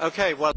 Okay, well...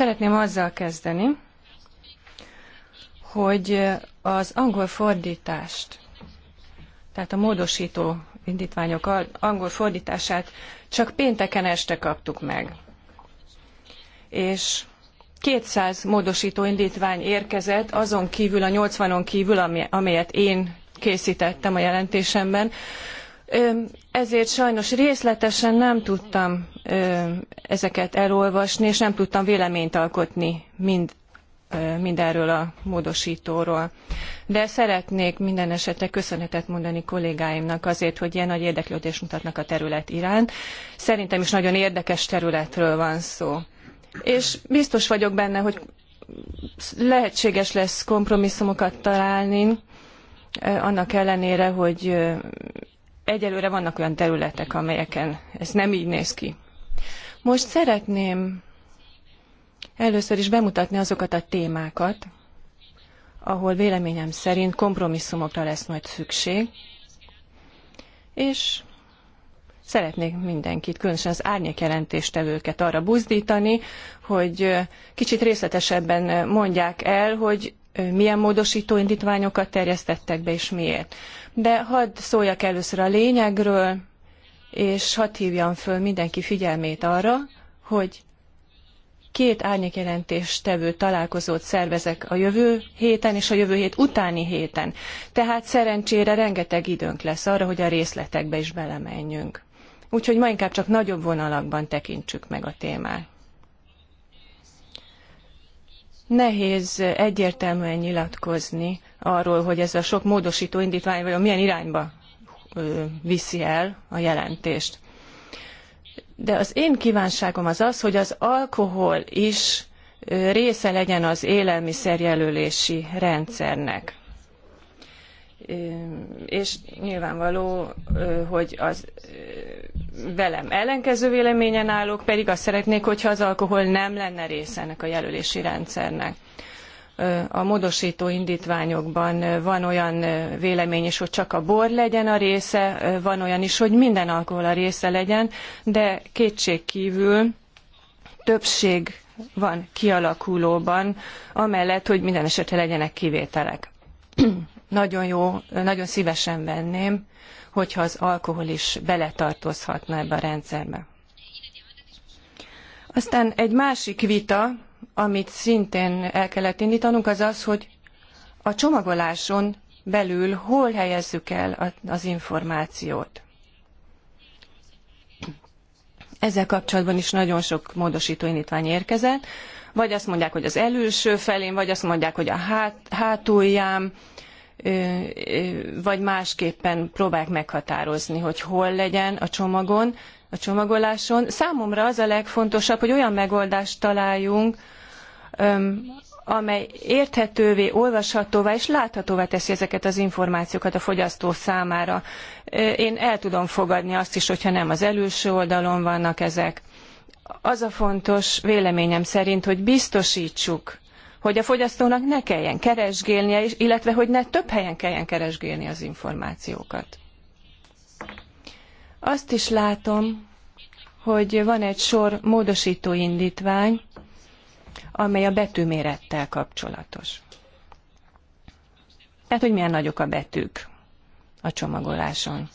Szeretném azzal kezdeni, hogy az angol fordítást, tehát a módosító indítványok angol fordítását csak pénteken este kaptuk meg. És 200 módosító indítvány érkezett, azon kívül a 80-on kívül, amelyet én készítettem a jelentésemben, ezért sajnos részletesen nem tudtam ezeket elolvasni, és nem tudtam véleményt alkotni mind, mindenről a módosítóról. De szeretnék minden esetre köszönetet mondani kollégáimnak azért, hogy ilyen nagy érdeklődést mutatnak a terület iránt. Szerintem is nagyon érdekes területről van szó. És biztos vagyok benne, hogy lehetséges lesz kompromisszumokat találni, annak ellenére, hogy egyelőre vannak olyan területek, amelyeken ez nem így néz ki. Most szeretném először is bemutatni azokat a témákat, ahol véleményem szerint kompromisszumokra lesz majd szükség, és szeretnék mindenkit, különösen az jelentéstevőket arra buzdítani, hogy kicsit részletesebben mondják el, hogy milyen módosító indítványokat terjesztettek be, és miért. De hadd szóljak először a lényegről, és hadd hívjam föl mindenki figyelmét arra, hogy két árnyékjelentéstevő találkozót szervezek a jövő héten és a jövő hét utáni héten. Tehát szerencsére rengeteg időnk lesz arra, hogy a részletekbe is belemenjünk. Úgyhogy ma inkább csak nagyobb vonalakban tekintsük meg a témát nehéz egyértelműen nyilatkozni arról, hogy ez a sok módosító indítvány vajon milyen irányba viszi el a jelentést. De az én kívánságom az az, hogy az alkohol is része legyen az élelmiszerjelölési rendszernek. És nyilvánvaló, hogy az velem ellenkező véleményen állók pedig azt szeretnék, hogyha az alkohol nem lenne része ennek a jelölési rendszernek. A módosító indítványokban van olyan vélemény is, hogy csak a bor legyen a része, van olyan is, hogy minden alkohol a része legyen, de kétség kívül többség van kialakulóban, amellett, hogy minden esetre legyenek kivételek. nagyon jó, nagyon szívesen venném, hogyha az alkohol is beletartozhatna ebbe a rendszerbe. Aztán egy másik vita, amit szintén el kellett indítanunk, az az, hogy a csomagoláson belül hol helyezzük el az információt. Ezzel kapcsolatban is nagyon sok módosító indítvány érkezett. Vagy azt mondják, hogy az előső felén, vagy azt mondják, hogy a hát, hátuljám, vagy másképpen próbálják meghatározni, hogy hol legyen a csomagon, a csomagoláson. Számomra az a legfontosabb, hogy olyan megoldást találjunk, amely érthetővé, olvashatóvá és láthatóvá teszi ezeket az információkat a fogyasztó számára. Én el tudom fogadni azt is, hogyha nem az előső oldalon vannak ezek. Az a fontos véleményem szerint, hogy biztosítsuk hogy a fogyasztónak ne kelljen keresgélnie, illetve hogy ne több helyen kelljen keresgélni az információkat. Azt is látom, hogy van egy sor módosító indítvány, amely a betűmérettel kapcsolatos. Tehát, hogy milyen nagyok a betűk a csomagoláson.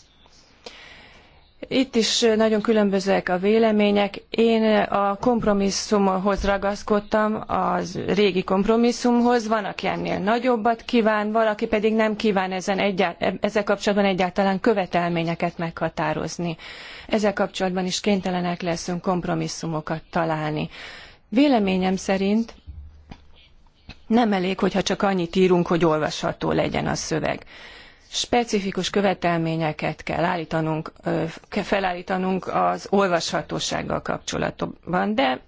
Itt is nagyon különbözőek a vélemények. Én a kompromisszumhoz ragaszkodtam, az régi kompromisszumhoz. Van, aki ennél nagyobbat kíván, valaki pedig nem kíván ezen egyált, ezzel kapcsolatban egyáltalán követelményeket meghatározni. Ezzel kapcsolatban is kénytelenek leszünk kompromisszumokat találni. Véleményem szerint nem elég, hogyha csak annyit írunk, hogy olvasható legyen a szöveg specifikus követelményeket kell állítanunk, felállítanunk az olvashatósággal kapcsolatban, de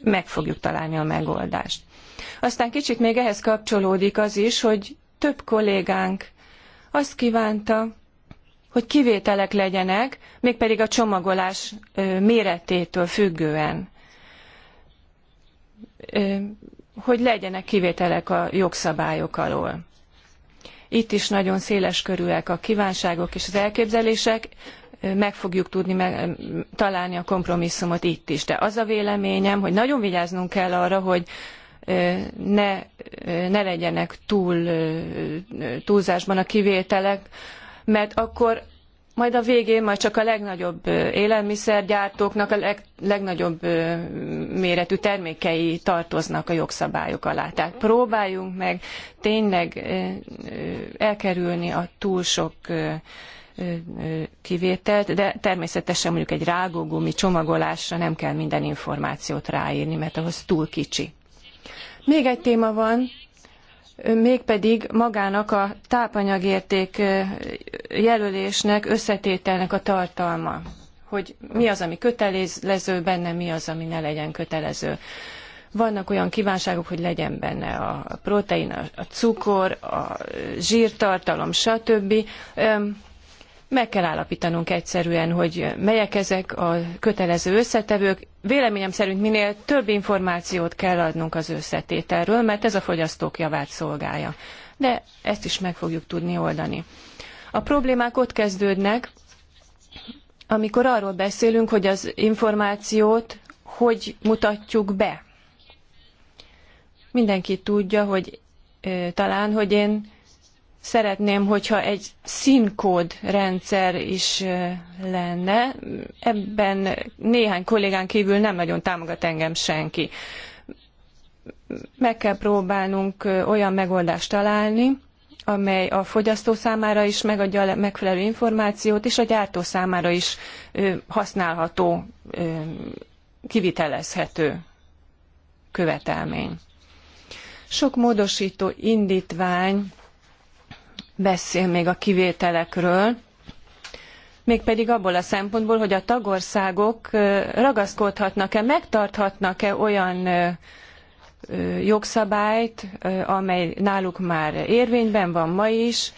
meg fogjuk találni a megoldást. Aztán kicsit még ehhez kapcsolódik az is, hogy több kollégánk azt kívánta, hogy kivételek legyenek, mégpedig a csomagolás méretétől függően. Hogy legyenek kivételek a jogszabályok alól. Itt is nagyon széles körűek a kívánságok és az elképzelések, meg fogjuk tudni meg, találni a kompromisszumot itt is. De az a véleményem, hogy nagyon vigyáznunk kell arra, hogy ne, ne legyenek túl, túlzásban a kivételek, mert akkor majd a végén majd csak a legnagyobb élelmiszergyártóknak a leg, legnagyobb méretű termékei tartoznak a jogszabályok alá. Tehát próbáljunk meg tényleg elkerülni a túl sok kivételt, de természetesen mondjuk egy rágógumi csomagolásra nem kell minden információt ráírni, mert ahhoz túl kicsi. Még egy téma van, mégpedig magának a tápanyagérték jelölésnek, összetételnek a tartalma. Hogy mi az, ami kötelező benne, mi az, ami ne legyen kötelező. Vannak olyan kívánságok, hogy legyen benne a protein, a cukor, a zsírtartalom, stb. Meg kell állapítanunk egyszerűen, hogy melyek ezek a kötelező összetevők. Véleményem szerint minél több információt kell adnunk az összetételről, mert ez a fogyasztók javát szolgálja. De ezt is meg fogjuk tudni oldani. A problémák ott kezdődnek, amikor arról beszélünk, hogy az információt hogy mutatjuk be. Mindenki tudja, hogy talán, hogy én szeretném, hogyha egy színkód rendszer is lenne. Ebben néhány kollégán kívül nem nagyon támogat engem senki. Meg kell próbálnunk olyan megoldást találni, amely a fogyasztó számára is megadja a megfelelő információt, és a gyártó számára is használható, kivitelezhető követelmény. Sok módosító indítvány beszél még a kivételekről, mégpedig abból a szempontból, hogy a tagországok ragaszkodhatnak-e, megtarthatnak-e olyan jogszabályt, amely náluk már érvényben van ma is,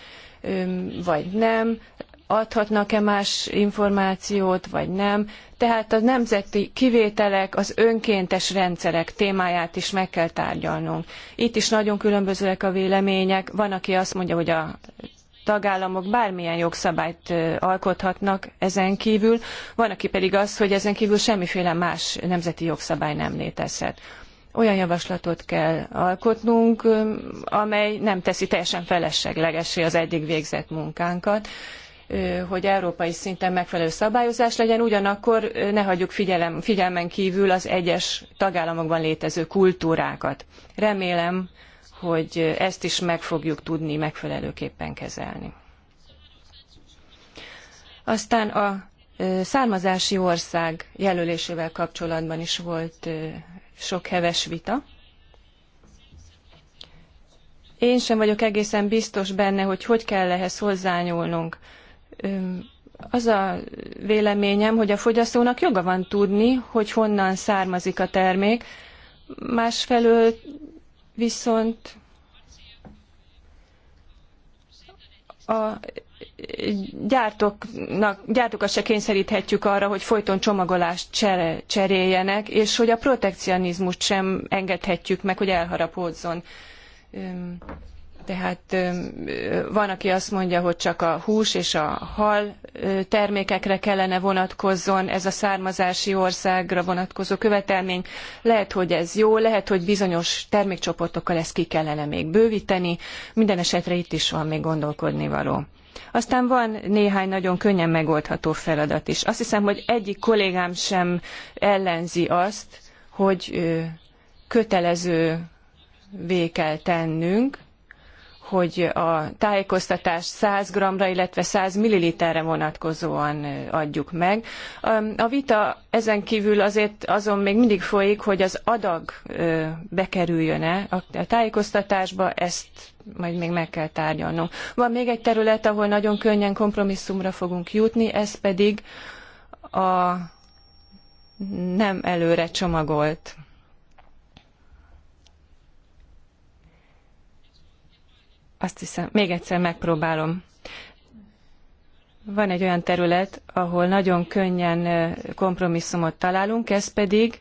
vagy nem, adhatnak-e más információt, vagy nem tehát a nemzeti kivételek, az önkéntes rendszerek témáját is meg kell tárgyalnunk. Itt is nagyon különbözőek a vélemények. Van, aki azt mondja, hogy a tagállamok bármilyen jogszabályt alkothatnak ezen kívül, van, aki pedig az, hogy ezen kívül semmiféle más nemzeti jogszabály nem létezhet. Olyan javaslatot kell alkotnunk, amely nem teszi teljesen feleslegesé az eddig végzett munkánkat, hogy európai szinten megfelelő szabályozás legyen, ugyanakkor ne hagyjuk figyelem, figyelmen kívül az egyes tagállamokban létező kultúrákat. Remélem, hogy ezt is meg fogjuk tudni megfelelőképpen kezelni. Aztán a származási ország jelölésével kapcsolatban is volt sok heves vita. Én sem vagyok egészen biztos benne, hogy hogy kell ehhez hozzányúlnunk az a véleményem, hogy a fogyasztónak joga van tudni, hogy honnan származik a termék, másfelől viszont a gyártóknak, gyártókat se kényszeríthetjük arra, hogy folyton csomagolást csere, cseréljenek, és hogy a protekcionizmust sem engedhetjük meg, hogy elharapódzon. Tehát van, aki azt mondja, hogy csak a hús és a hal termékekre kellene vonatkozzon ez a származási országra vonatkozó követelmény. Lehet, hogy ez jó, lehet, hogy bizonyos termékcsoportokkal ezt ki kellene még bővíteni. Minden esetre itt is van még gondolkodni való. Aztán van néhány nagyon könnyen megoldható feladat is. Azt hiszem, hogy egyik kollégám sem ellenzi azt, hogy kötelező vé kell tennünk hogy a tájékoztatást 100 g-ra, illetve 100 ml-re vonatkozóan adjuk meg. A vita ezen kívül azért azon még mindig folyik, hogy az adag bekerüljön-e a tájékoztatásba, ezt majd még meg kell tárgyalnunk. Van még egy terület, ahol nagyon könnyen kompromisszumra fogunk jutni, ez pedig a nem előre csomagolt Azt hiszem, még egyszer megpróbálom. Van egy olyan terület, ahol nagyon könnyen kompromisszumot találunk, ez pedig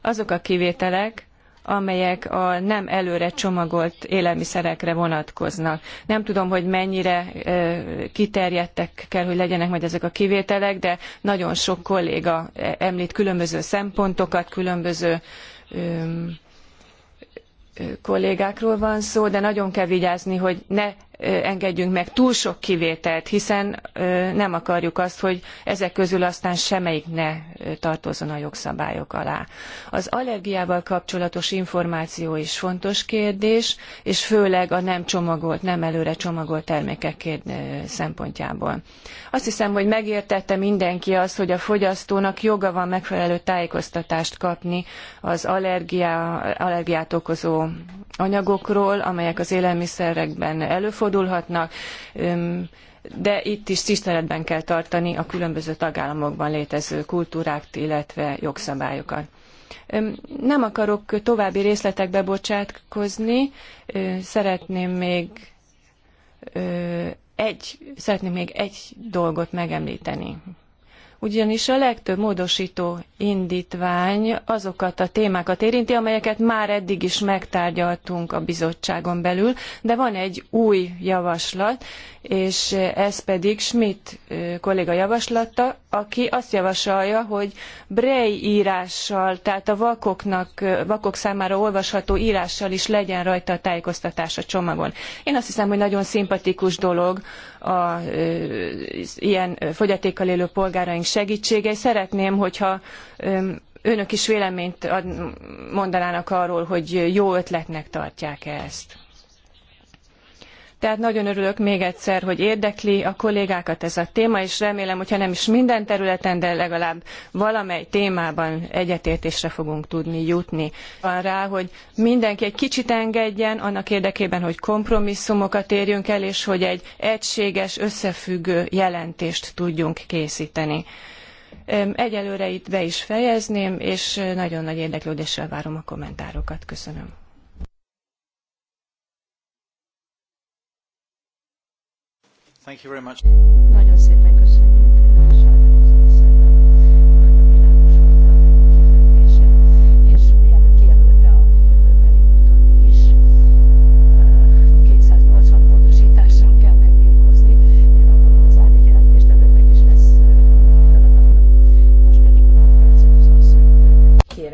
azok a kivételek, amelyek a nem előre csomagolt élelmiszerekre vonatkoznak. Nem tudom, hogy mennyire kiterjedtek kell, hogy legyenek majd ezek a kivételek, de nagyon sok kolléga e, említ különböző szempontokat, különböző öm, kollégákról van szó, de nagyon kell vigyázni, hogy ne engedjünk meg túl sok kivételt, hiszen nem akarjuk azt, hogy ezek közül aztán semmelyik ne tartozzon a jogszabályok alá. Az allergiával kapcsolatos információ is fontos kérdés, és főleg a nem csomagolt, nem előre csomagolt termékek szempontjából. Azt hiszem, hogy megértette mindenki azt, hogy a fogyasztónak joga van megfelelő tájékoztatást kapni az allergiát okozó anyagokról, amelyek az élelmiszerekben előfordulnak, fordulhatnak, de itt is tiszteletben kell tartani a különböző tagállamokban létező kultúrák, illetve jogszabályokat. Nem akarok további részletekbe bocsátkozni, szeretném még egy, szeretném még egy dolgot megemlíteni, ugyanis a legtöbb módosító indítvány azokat a témákat érinti, amelyeket már eddig is megtárgyaltunk a bizottságon belül, de van egy új javaslat, és ez pedig Schmidt kolléga javaslata, aki azt javasolja, hogy Braille írással, tehát a vakoknak, vakok számára olvasható írással is legyen rajta a tájékoztatás a csomagon. Én azt hiszem, hogy nagyon szimpatikus dolog a ilyen fogyatékkal élő polgáraink segítsége. Szeretném, hogyha önök is véleményt ad, mondanának arról, hogy jó ötletnek tartják-e ezt. Tehát nagyon örülök még egyszer, hogy érdekli a kollégákat ez a téma, és remélem, hogyha nem is minden területen, de legalább valamely témában egyetértésre fogunk tudni jutni. Van rá, hogy mindenki egy kicsit engedjen annak érdekében, hogy kompromisszumokat érjünk el, és hogy egy egységes, összefüggő jelentést tudjunk készíteni. Egyelőre itt be is fejezném, és nagyon nagy érdeklődéssel várom a kommentárokat. Köszönöm. Thank you very much. Nagyon szépen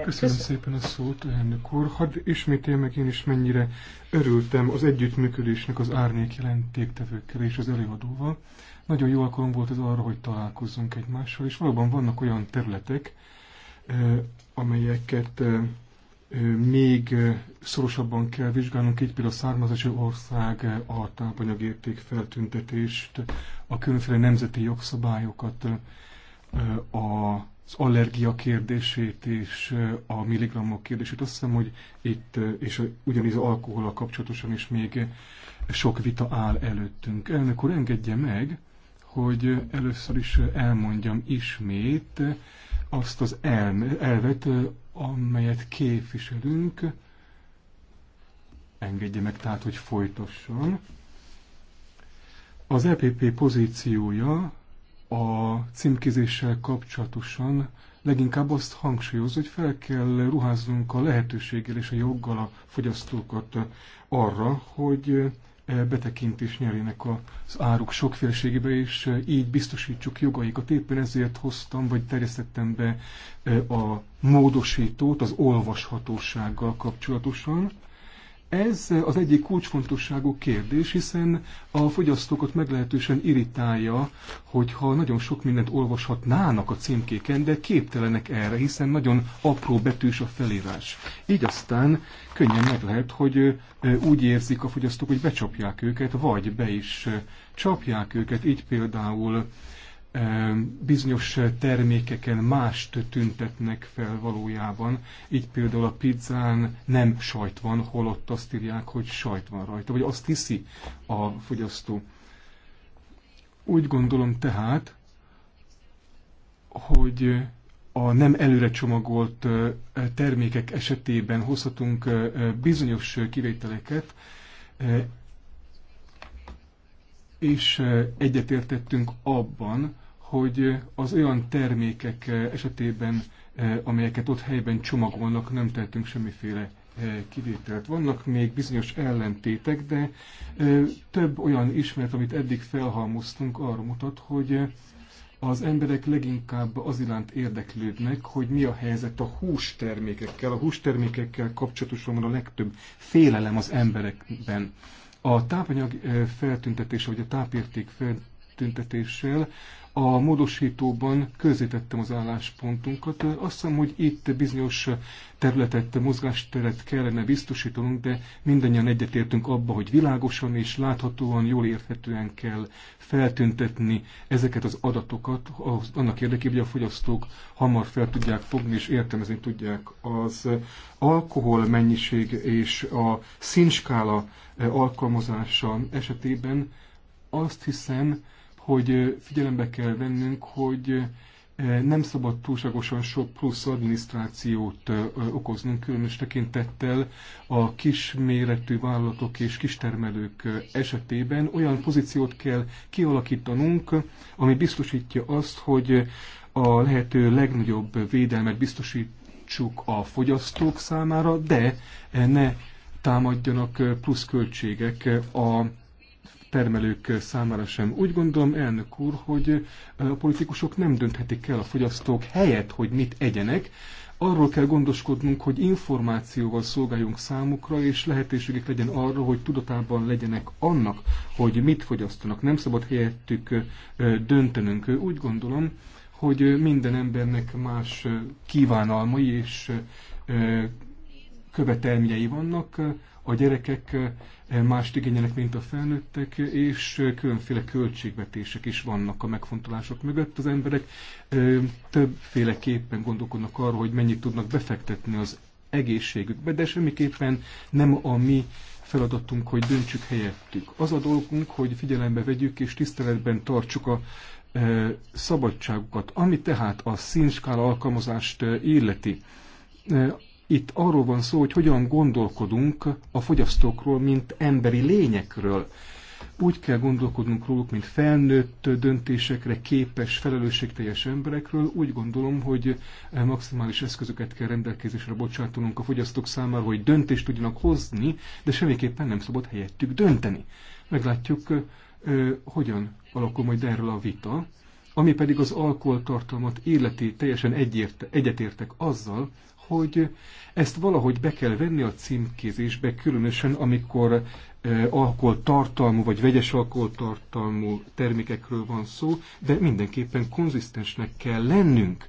Köszönöm szépen a szót, elnök úr. Hadd ismétél meg én is, mennyire örültem az együttműködésnek az árnyék jelentéktevőkkel és az előadóval. Nagyon jó alkalom volt ez arra, hogy találkozzunk egymással, és valóban vannak olyan területek, eh, amelyeket eh, eh, még szorosabban kell vizsgálnunk, így például a származási ország, a tápanyagérték feltüntetést, a különféle nemzeti jogszabályokat, a az allergia kérdését és a milligrammok kérdését. Azt hiszem, hogy itt, és ugyanis az a kapcsolatosan is még sok vita áll előttünk. Elnök úr, engedje meg, hogy először is elmondjam ismét azt az elvet, amelyet képviselünk. Engedje meg tehát, hogy folytasson. Az EPP pozíciója a címkézéssel kapcsolatosan leginkább azt hangsúlyoz, hogy fel kell ruháznunk a lehetőséggel és a joggal a fogyasztókat arra, hogy e betekintést nyerjenek az áruk sokféleségébe, és így biztosítsuk jogaikat. Éppen ezért hoztam, vagy terjesztettem be e, a módosítót az olvashatósággal kapcsolatosan. Ez az egyik kulcsfontosságú kérdés, hiszen a fogyasztókat meglehetősen irritálja, hogyha nagyon sok mindent olvashatnának a címkéken, de képtelenek erre, hiszen nagyon apró betűs a felírás. Így aztán könnyen meg lehet, hogy úgy érzik a fogyasztók, hogy becsapják őket, vagy be is csapják őket. Így például bizonyos termékeken mást tüntetnek fel valójában. Így például a pizzán nem sajt van, holott azt írják, hogy sajt van rajta, vagy azt hiszi a fogyasztó. Úgy gondolom tehát, hogy a nem előre csomagolt termékek esetében hozhatunk bizonyos kivételeket, és egyetértettünk abban, hogy az olyan termékek eh, esetében, eh, amelyeket ott helyben csomagolnak, nem tehetünk semmiféle eh, kivételt. Vannak még bizonyos ellentétek, de több olyan ismeret, amit eddig felhalmoztunk, arra mutat, hogy az emberek leginkább az iránt érdeklődnek, hogy mi a helyzet a hústermékekkel. A hústermékekkel kapcsolatosan van a legtöbb félelem az emberekben. A tápanyag feltüntetése, vagy a tápérték feltüntetéssel a módosítóban közzétettem az álláspontunkat. Azt hiszem, hogy itt bizonyos területet, mozgásteret kellene biztosítanunk, de mindannyian egyetértünk abba, hogy világosan és láthatóan, jól érthetően kell feltüntetni ezeket az adatokat, az, annak érdekében, hogy a fogyasztók hamar fel tudják fogni és értelmezni tudják az alkohol mennyiség és a színskála alkalmazása esetében azt hiszem, hogy figyelembe kell vennünk, hogy nem szabad túlságosan sok plusz adminisztrációt okoznunk, különös tekintettel a kisméretű vállalatok és kistermelők esetében. Olyan pozíciót kell kialakítanunk, ami biztosítja azt, hogy a lehető legnagyobb védelmet biztosítsuk a fogyasztók számára, de ne támadjanak pluszköltségek a termelők számára sem. Úgy gondolom, elnök úr, hogy a politikusok nem dönthetik el a fogyasztók helyett, hogy mit egyenek, arról kell gondoskodnunk, hogy információval szolgáljunk számukra, és lehetőségük legyen arra, hogy tudatában legyenek annak, hogy mit fogyasztanak. Nem szabad helyettük döntenünk. Úgy gondolom, hogy minden embernek más kívánalmai és követelményei vannak a gyerekek eh, mást igényelnek, mint a felnőttek, és különféle költségvetések is vannak a megfontolások mögött. Az emberek eh, többféleképpen gondolkodnak arról, hogy mennyit tudnak befektetni az egészségükbe, de semmiképpen nem a mi feladatunk, hogy döntsük helyettük. Az a dolgunk, hogy figyelembe vegyük és tiszteletben tartsuk a e, szabadságukat, ami tehát a színskála alkalmazást illeti. E, itt arról van szó, hogy hogyan gondolkodunk a fogyasztókról, mint emberi lényekről. Úgy kell gondolkodnunk róluk, mint felnőtt döntésekre képes, felelősségteljes emberekről. Úgy gondolom, hogy eh, maximális eszközöket kell rendelkezésre bocsátanunk a fogyasztók számára, hogy döntést tudjanak hozni, de semmiképpen nem szabad helyettük dönteni. Meglátjuk, eh, hogyan alakul majd erről a vita, ami pedig az alkoholtartalmat életi teljesen egyért, egyetértek azzal, hogy ezt valahogy be kell venni a címkézésbe, különösen amikor alkoholtartalmú vagy vegyes alkoholtartalmú termékekről van szó, de mindenképpen konzisztensnek kell lennünk.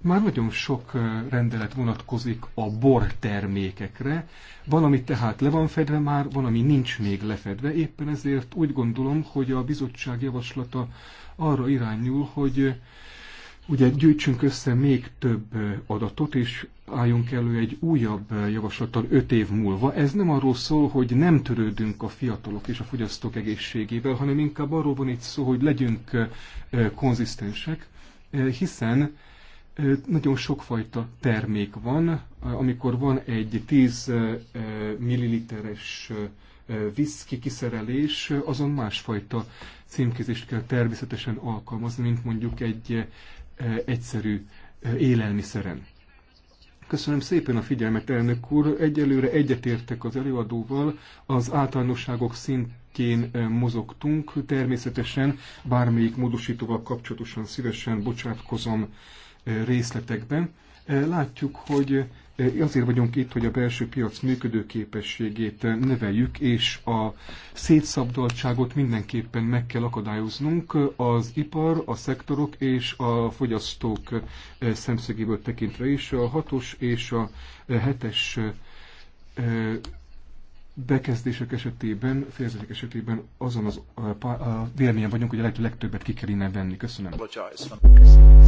Már nagyon sok rendelet vonatkozik a bor termékekre, van ami tehát le van fedve már, van ami nincs még lefedve, éppen ezért úgy gondolom, hogy a bizottság javaslata arra irányul, hogy ugye gyűjtsünk össze még több adatot, és álljunk elő egy újabb javaslattal öt év múlva. Ez nem arról szól, hogy nem törődünk a fiatalok és a fogyasztók egészségével, hanem inkább arról van itt szó, hogy legyünk konzisztensek, hiszen nagyon sokfajta termék van. Amikor van egy 10 milliliteres viszki kiszerelés, azon másfajta címkézést kell természetesen alkalmazni, mint mondjuk egy egyszerű élelmiszeren. Köszönöm szépen a figyelmet, elnök úr. Egyelőre egyetértek az előadóval, az általánosságok szintjén mozogtunk. Természetesen bármelyik módosítóval kapcsolatosan szívesen bocsátkozom részletekben. Látjuk, hogy Eh, azért vagyunk itt, hogy a belső piac működőképességét növeljük, és a szétszabdaltságot mindenképpen meg kell akadályoznunk az ipar, a szektorok és a fogyasztók eh, szemszögéből tekintve is. A hatos és a eh, hetes bekezdések esetében, félzetek esetében azon az a, a véleményen vagyunk, hogy a lehető legtöbbet ki kell innen venni. Köszönöm. Köszönöm. Köszönöm.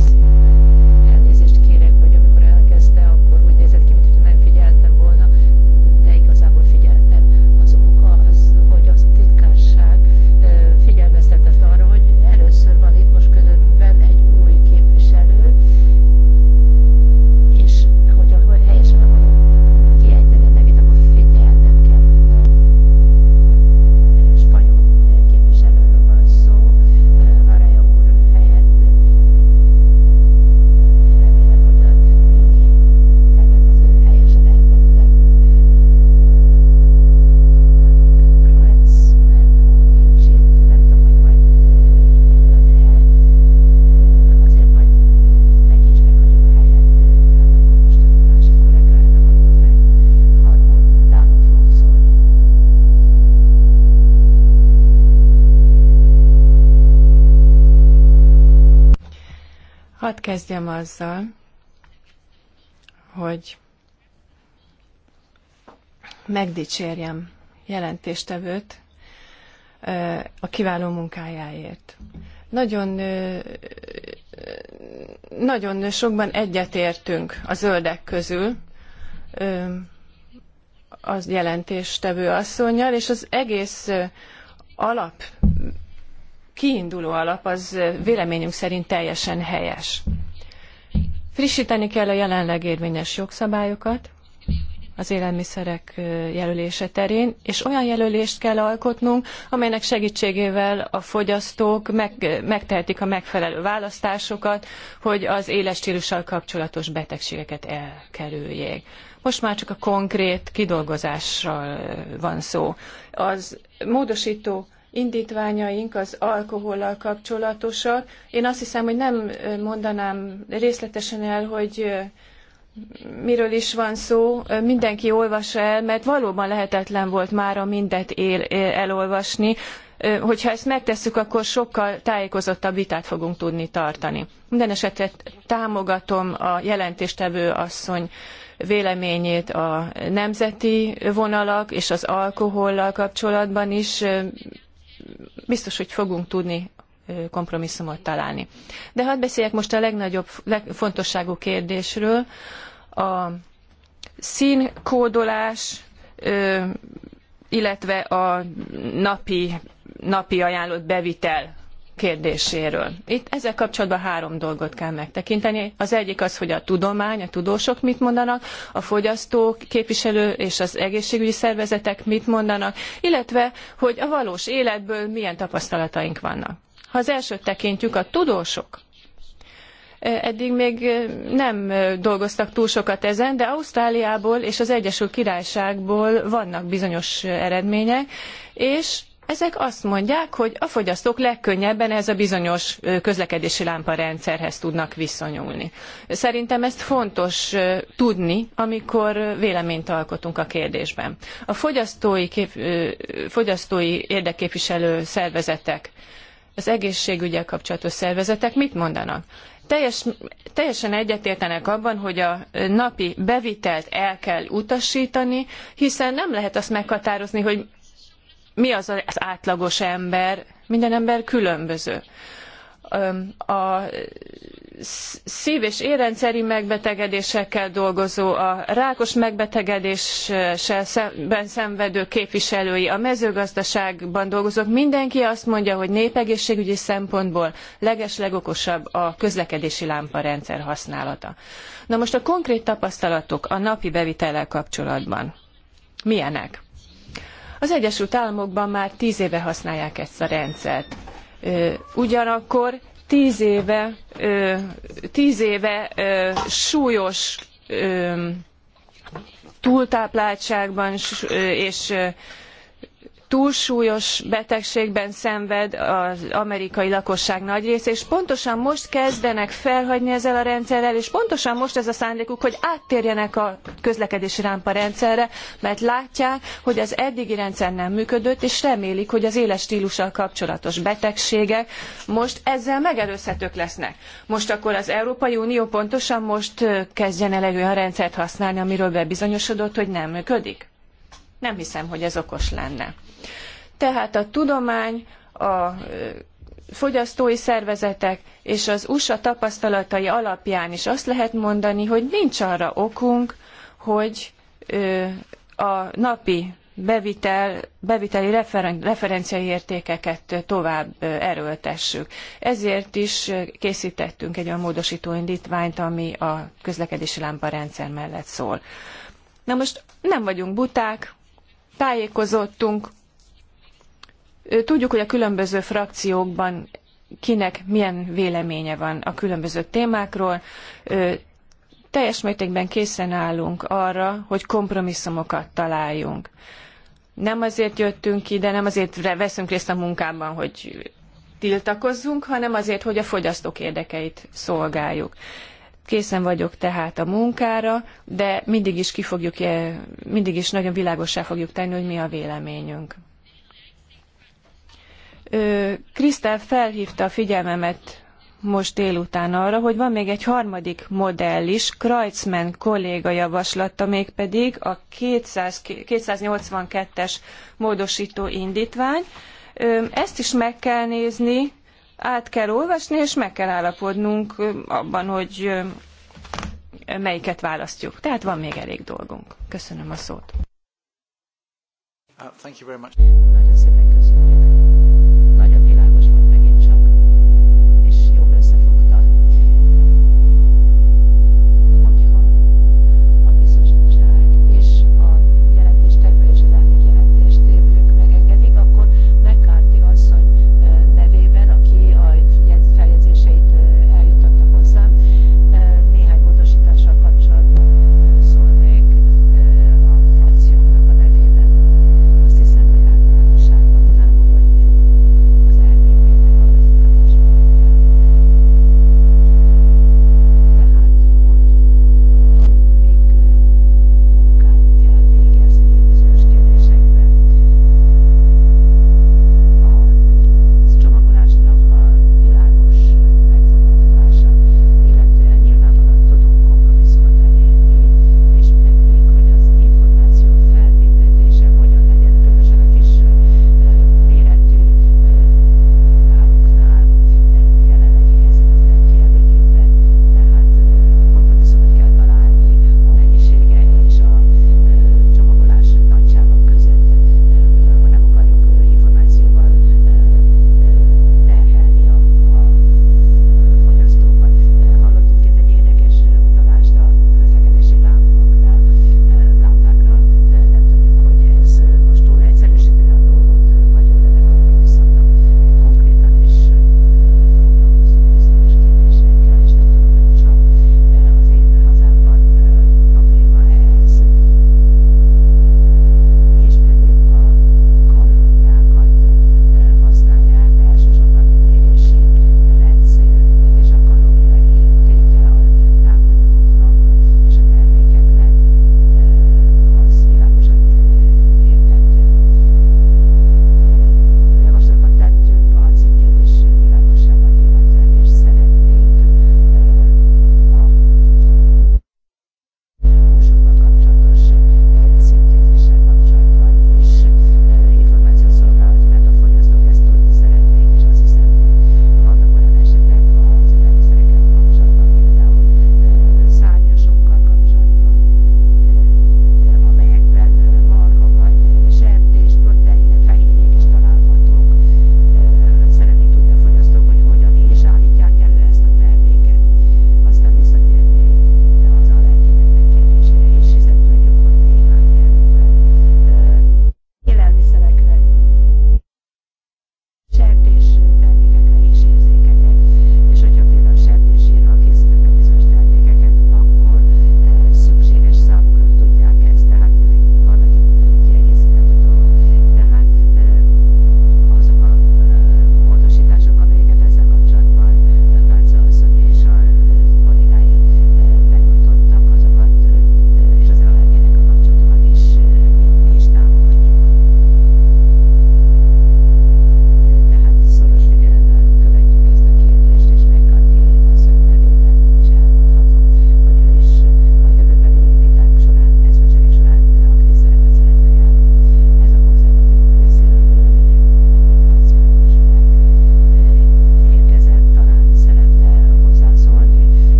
kezdjem azzal, hogy megdicsérjem jelentéstevőt a kiváló munkájáért. Nagyon, nagyon sokban egyetértünk a zöldek közül az jelentéstevő asszonynal, és az egész alap kiinduló alap az véleményünk szerint teljesen helyes. Frissíteni kell a jelenleg érvényes jogszabályokat az élelmiszerek jelölése terén, és olyan jelölést kell alkotnunk, amelynek segítségével a fogyasztók meg, megtehetik a megfelelő választásokat, hogy az éles stílussal kapcsolatos betegségeket elkerüljék. Most már csak a konkrét kidolgozásról van szó. Az módosító indítványaink az alkohollal kapcsolatosak. Én azt hiszem, hogy nem mondanám részletesen el, hogy miről is van szó, mindenki olvassa el, mert valóban lehetetlen volt mára mindet él, él, elolvasni. Hogyha ezt megtesszük, akkor sokkal tájékozottabb vitát fogunk tudni tartani. Minden esetre támogatom a jelentéstevő asszony véleményét a nemzeti vonalak és az alkohollal kapcsolatban is biztos, hogy fogunk tudni kompromisszumot találni. De hadd beszéljek most a legnagyobb, legfontosságú kérdésről, a színkódolás, illetve a napi, napi ajánlott bevitel kérdéséről. Itt ezzel kapcsolatban három dolgot kell megtekinteni. Az egyik az, hogy a tudomány, a tudósok mit mondanak, a fogyasztók, képviselő és az egészségügyi szervezetek mit mondanak, illetve, hogy a valós életből milyen tapasztalataink vannak. Ha az elsőt tekintjük, a tudósok eddig még nem dolgoztak túl sokat ezen, de Ausztráliából és az Egyesült Királyságból vannak bizonyos eredmények, és ezek azt mondják, hogy a fogyasztók legkönnyebben ez a bizonyos közlekedési lámparendszerhez tudnak viszonyulni. Szerintem ezt fontos tudni, amikor véleményt alkotunk a kérdésben. A fogyasztói, kép, fogyasztói érdekképviselő szervezetek, az egészségügyel kapcsolatos szervezetek mit mondanak? Teljes, teljesen egyetértenek abban, hogy a napi bevitelt el kell utasítani, hiszen nem lehet azt meghatározni, hogy mi az az átlagos ember, minden ember különböző. A szív- és érrendszeri megbetegedésekkel dolgozó, a rákos megbetegedéssel szemben szenvedő képviselői, a mezőgazdaságban dolgozók, mindenki azt mondja, hogy népegészségügyi szempontból legeslegokosabb a közlekedési lámparendszer használata. Na most a konkrét tapasztalatok a napi bevitellel kapcsolatban milyenek? Az Egyesült Államokban már tíz éve használják ezt a rendszert. Ugyanakkor tíz éve, tíz éve súlyos túltápláltságban és túlsúlyos betegségben szenved az amerikai lakosság nagy része, és pontosan most kezdenek felhagyni ezzel a rendszerrel, és pontosan most ez a szándékuk, hogy áttérjenek a közlekedési rámpa rendszerre, mert látják, hogy az eddigi rendszer nem működött, és remélik, hogy az éles stílussal kapcsolatos betegségek most ezzel megelőzhetők lesznek. Most akkor az Európai Unió pontosan most kezdjen el egy olyan rendszert használni, amiről bebizonyosodott, hogy nem működik? Nem hiszem, hogy ez okos lenne. Tehát a tudomány, a fogyasztói szervezetek és az USA tapasztalatai alapján is azt lehet mondani, hogy nincs arra okunk, hogy a napi bevitel, beviteli referen, referenciaértékeket tovább erőltessük. Ezért is készítettünk egy olyan módosító indítványt, ami a közlekedési lámparendszer mellett szól. Na most nem vagyunk buták, tájékozottunk, Tudjuk, hogy a különböző frakciókban kinek milyen véleménye van a különböző témákról. Teljes mértékben készen állunk arra, hogy kompromisszumokat találjunk. Nem azért jöttünk ide, nem azért veszünk részt a munkában, hogy tiltakozzunk, hanem azért, hogy a fogyasztók érdekeit szolgáljuk. Készen vagyok tehát a munkára, de mindig is, ki fogjuk, mindig is nagyon világossá fogjuk tenni, hogy mi a véleményünk. Krisztel felhívta a figyelmemet most délután arra, hogy van még egy harmadik modell is, Kreutzmann kolléga javaslata mégpedig a 200, 282-es módosító indítvány. Ezt is meg kell nézni, át kell olvasni, és meg kell állapodnunk abban, hogy melyiket választjuk. Tehát van még elég dolgunk. Köszönöm a szót. Uh,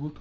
szót.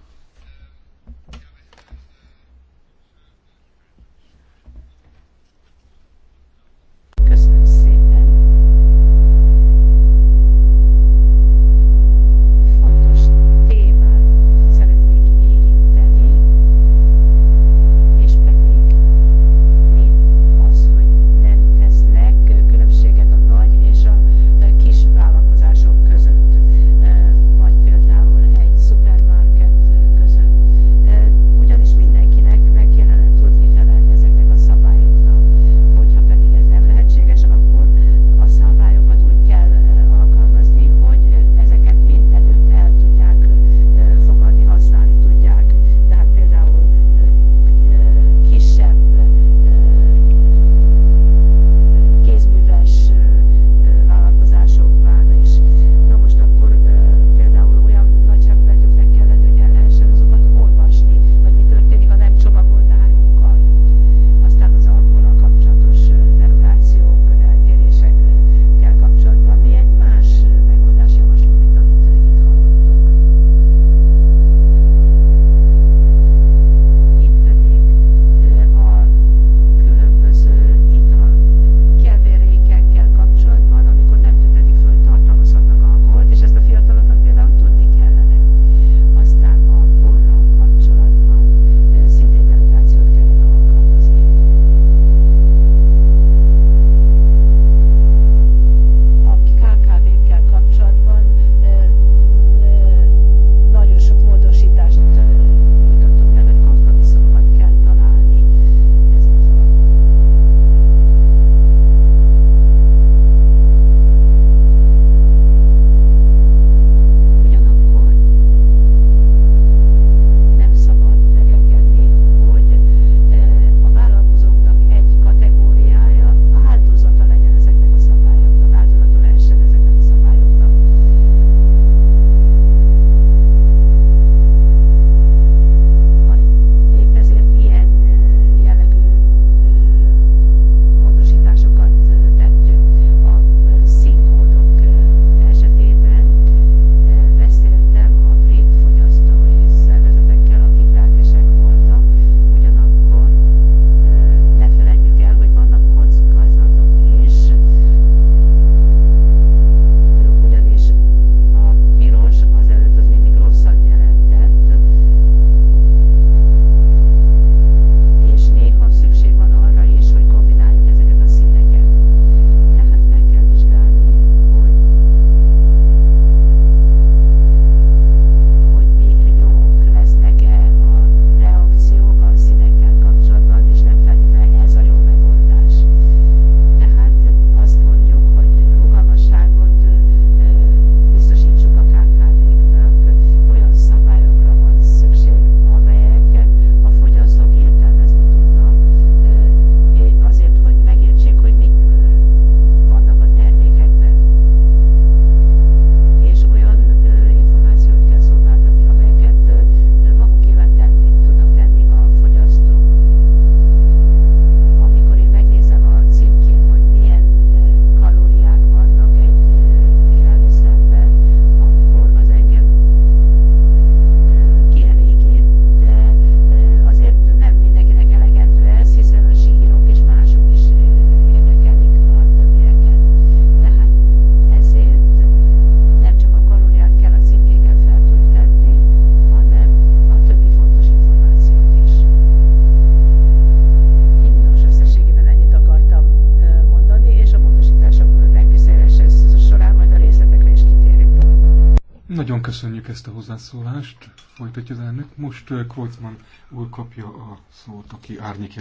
Köszönjük ezt a hozzászólást. Folytatja az elnök. Most Krolcman úr kapja a szót, aki árnyék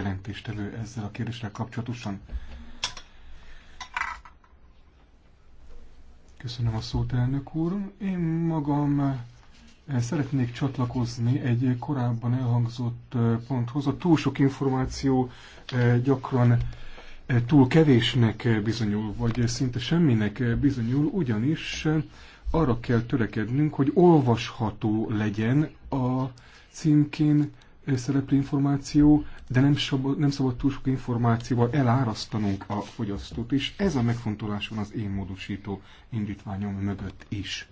elő ezzel a kérdéssel kapcsolatosan. Köszönöm a szót, elnök úr. Én magam szeretnék csatlakozni egy korábban elhangzott ponthoz. A túl sok információ gyakran túl kevésnek bizonyul, vagy szinte semminek bizonyul, ugyanis arra kell törekednünk, hogy olvasható legyen a címkén szereplő információ, de nem szabad, nem szabad túl sok információval elárasztanunk a fogyasztót, és ez a megfontolás van az én módosító indítványom mögött is.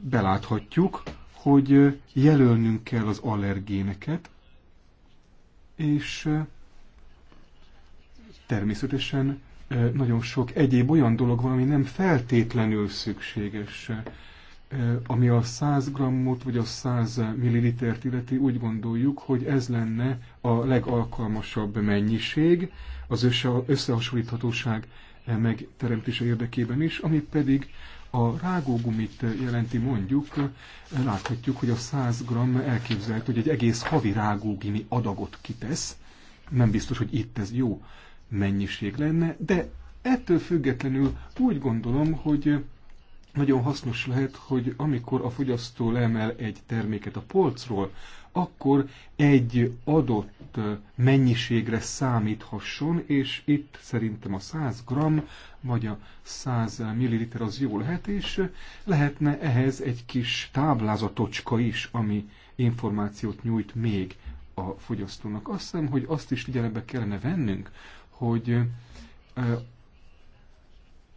Beláthatjuk, hogy jelölnünk kell az allergéneket, és természetesen nagyon sok egyéb olyan dolog van, ami nem feltétlenül szükséges. Ami a 100 grammot vagy a 100 millilitert illeti, úgy gondoljuk, hogy ez lenne a legalkalmasabb mennyiség az összehasonlíthatóság megteremtése érdekében is, ami pedig a rágógumit jelenti mondjuk, láthatjuk, hogy a 100 g elképzelhető, hogy egy egész havi rágógumi adagot kitesz, nem biztos, hogy itt ez jó mennyiség lenne, de ettől függetlenül úgy gondolom, hogy nagyon hasznos lehet, hogy amikor a fogyasztó lemel egy terméket a polcról, akkor egy adott mennyiségre számíthasson, és itt szerintem a 100 g vagy a 100 ml az jó lehet, és lehetne ehhez egy kis táblázatocska is, ami információt nyújt még a fogyasztónak. Azt hiszem, hogy azt is figyelembe kellene vennünk, hogy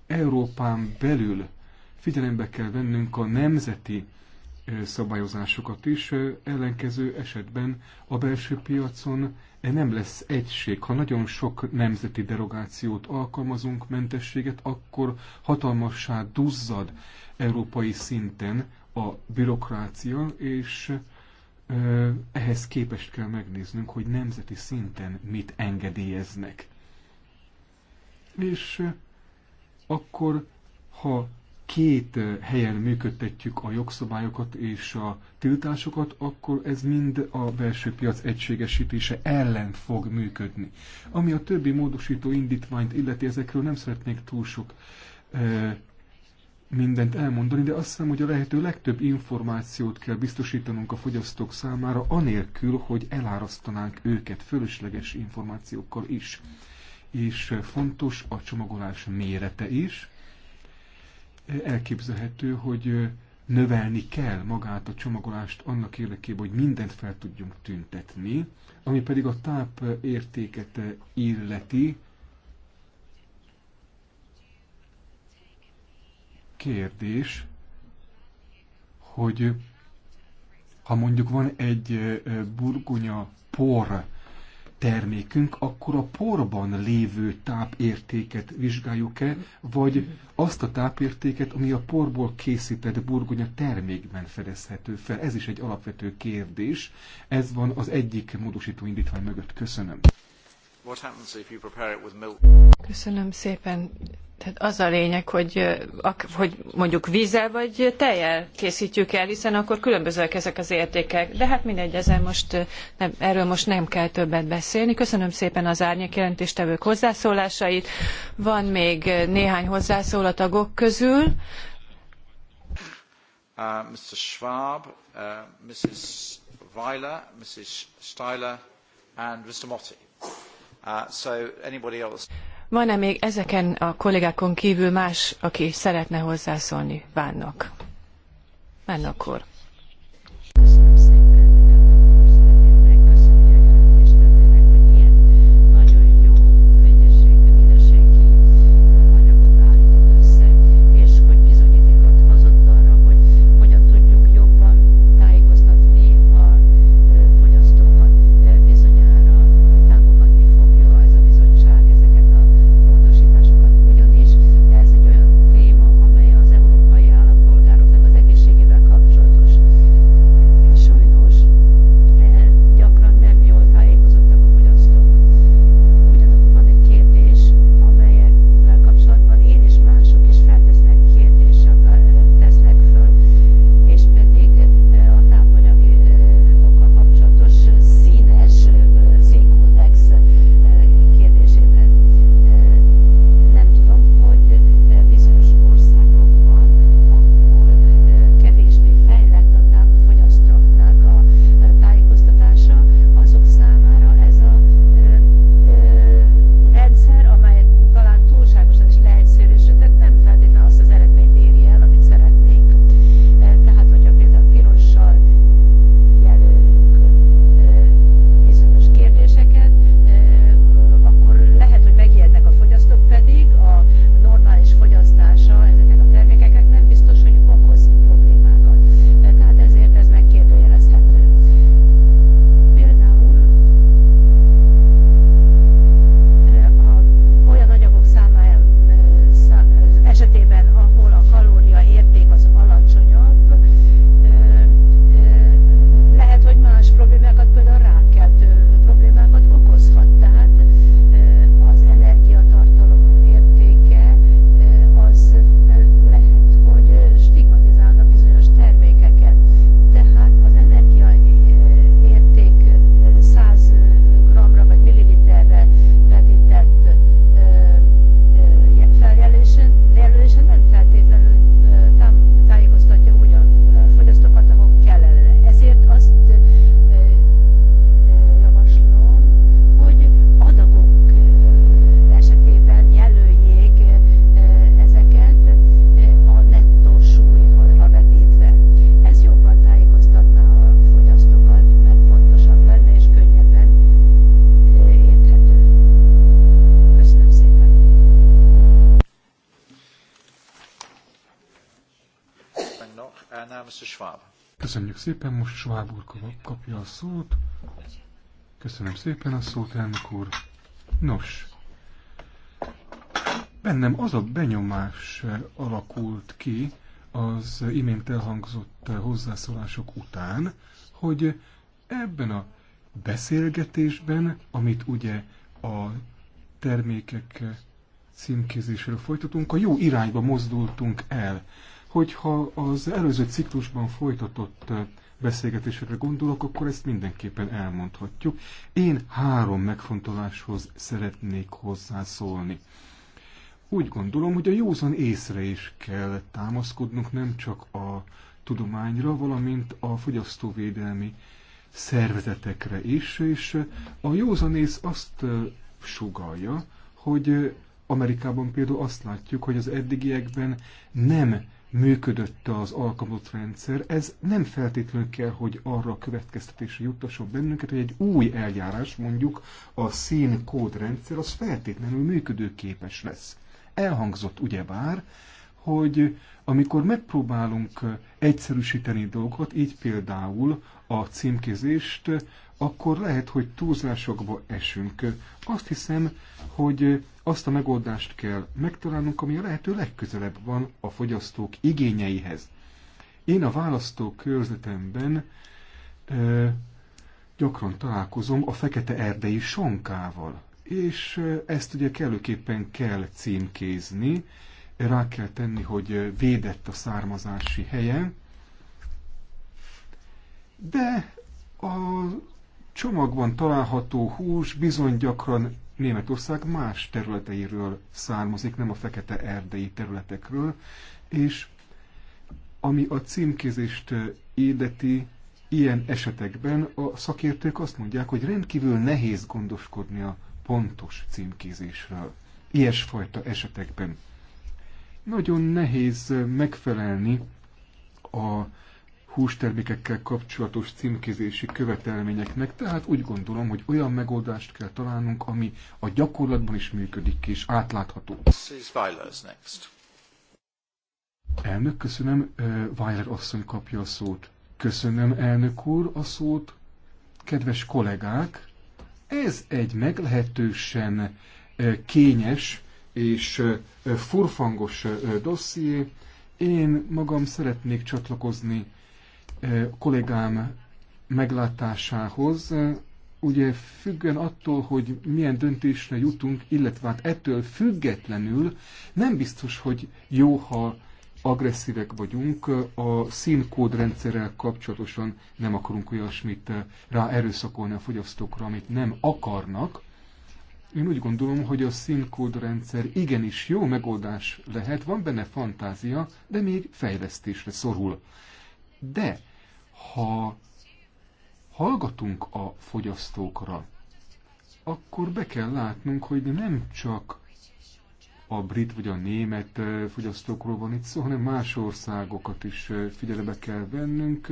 Európán belül figyelembe kell vennünk a nemzeti szabályozásokat is, ellenkező esetben a belső piacon eh, nem lesz egység. Ha nagyon sok nemzeti derogációt alkalmazunk, mentességet, akkor hatalmassá duzzad európai szinten a bürokrácia, és ehhez képest kell megnéznünk, hogy nemzeti szinten mit engedélyeznek és akkor, ha két helyen működtetjük a jogszabályokat és a tiltásokat, akkor ez mind a belső piac egységesítése ellen fog működni. Ami a többi módosító indítványt illeti, ezekről nem szeretnék túl sok e, mindent elmondani, de azt hiszem, hogy a lehető legtöbb információt kell biztosítanunk a fogyasztók számára, anélkül, hogy elárasztanánk őket fölösleges információkkal is. Mm és fontos a csomagolás mérete is. Elképzelhető, hogy növelni kell magát a csomagolást annak érdekében, hogy mindent fel tudjunk tüntetni, ami pedig a táp értéket illeti. Kérdés, hogy ha mondjuk van egy burgonya por, termékünk, akkor a porban lévő tápértéket vizsgáljuk-e, vagy azt a tápértéket, ami a porból készített burgonya termékben fedezhető fel? Ez is egy alapvető kérdés. Ez van az egyik módosító indítvány mögött. Köszönöm. What happens if you prepare it with milk? Köszönöm szépen. Tehát az a lényeg, hogy, hogy mondjuk vízzel vagy tejjel készítjük el, hiszen akkor különbözőek ezek az értékek. De hát mindegy, ezzel most nem, erről most nem kell többet beszélni. Köszönöm szépen az árnyék jelentéstevők hozzászólásait. Van még néhány hozzászól a tagok közül. Uh, Mr. Schwab, uh, Mrs. Weiler, Mrs. Steiler and Mr. Motti. Uh, Van-e még ezeken a kollégákon kívül más, aki szeretne hozzászólni? Vánnak. Vánnak úr. Most Schwab úr kapja a szót. Köszönöm szépen a szót, elnök úr. Nos, bennem az a benyomás alakult ki az imént elhangzott hozzászólások után, hogy ebben a beszélgetésben, amit ugye a termékek címkézésről folytatunk, a jó irányba mozdultunk el. Hogyha az előző ciklusban folytatott beszélgetésekre gondolok, akkor ezt mindenképpen elmondhatjuk. Én három megfontoláshoz szeretnék hozzászólni. Úgy gondolom, hogy a józan észre is kell támaszkodnunk, nem csak a tudományra, valamint a fogyasztóvédelmi szervezetekre is, és a józan ész azt sugalja, hogy Amerikában például azt látjuk, hogy az eddigiekben nem működött az alkalmazott rendszer, ez nem feltétlenül kell, hogy arra a következtetésre juttasson bennünket, hogy egy új eljárás, mondjuk a színkód rendszer, az feltétlenül működőképes lesz. Elhangzott ugyebár, hogy amikor megpróbálunk egyszerűsíteni dolgot, így például a címkézést, akkor lehet, hogy túlzásokba esünk. Azt hiszem, hogy azt a megoldást kell megtalálnunk, ami a lehető legközelebb van a fogyasztók igényeihez. Én a választó körzetemben e, gyakran találkozom a fekete erdei sonkával, és ezt ugye kellőképpen kell címkézni, rá kell tenni, hogy védett a származási helye, de a csomagban található hús bizony gyakran Németország más területeiről származik, nem a fekete erdei területekről, és ami a címkézést édeti, ilyen esetekben a szakértők azt mondják, hogy rendkívül nehéz gondoskodni a pontos címkézésről. Ilyesfajta esetekben. Nagyon nehéz megfelelni a hústermékekkel kapcsolatos címkézési követelményeknek, tehát úgy gondolom, hogy olyan megoldást kell találnunk, ami a gyakorlatban is működik és átlátható. Elnök, köszönöm. Weiler asszony kapja a szót. Köszönöm, elnök úr, a szót. Kedves kollégák, ez egy meglehetősen kényes és furfangos dosszié. Én magam szeretnék csatlakozni kollégám meglátásához, ugye függően attól, hogy milyen döntésre jutunk, illetve hát ettől függetlenül nem biztos, hogy jó, ha agresszívek vagyunk, a színkódrendszerrel kapcsolatosan nem akarunk olyasmit rá erőszakolni a fogyasztókra, amit nem akarnak. Én úgy gondolom, hogy a színkódrendszer igenis jó megoldás lehet, van benne fantázia, de még fejlesztésre szorul. De ha hallgatunk a fogyasztókra, akkor be kell látnunk, hogy nem csak a brit vagy a német fogyasztókról van itt szó, hanem más országokat is figyelembe kell vennünk,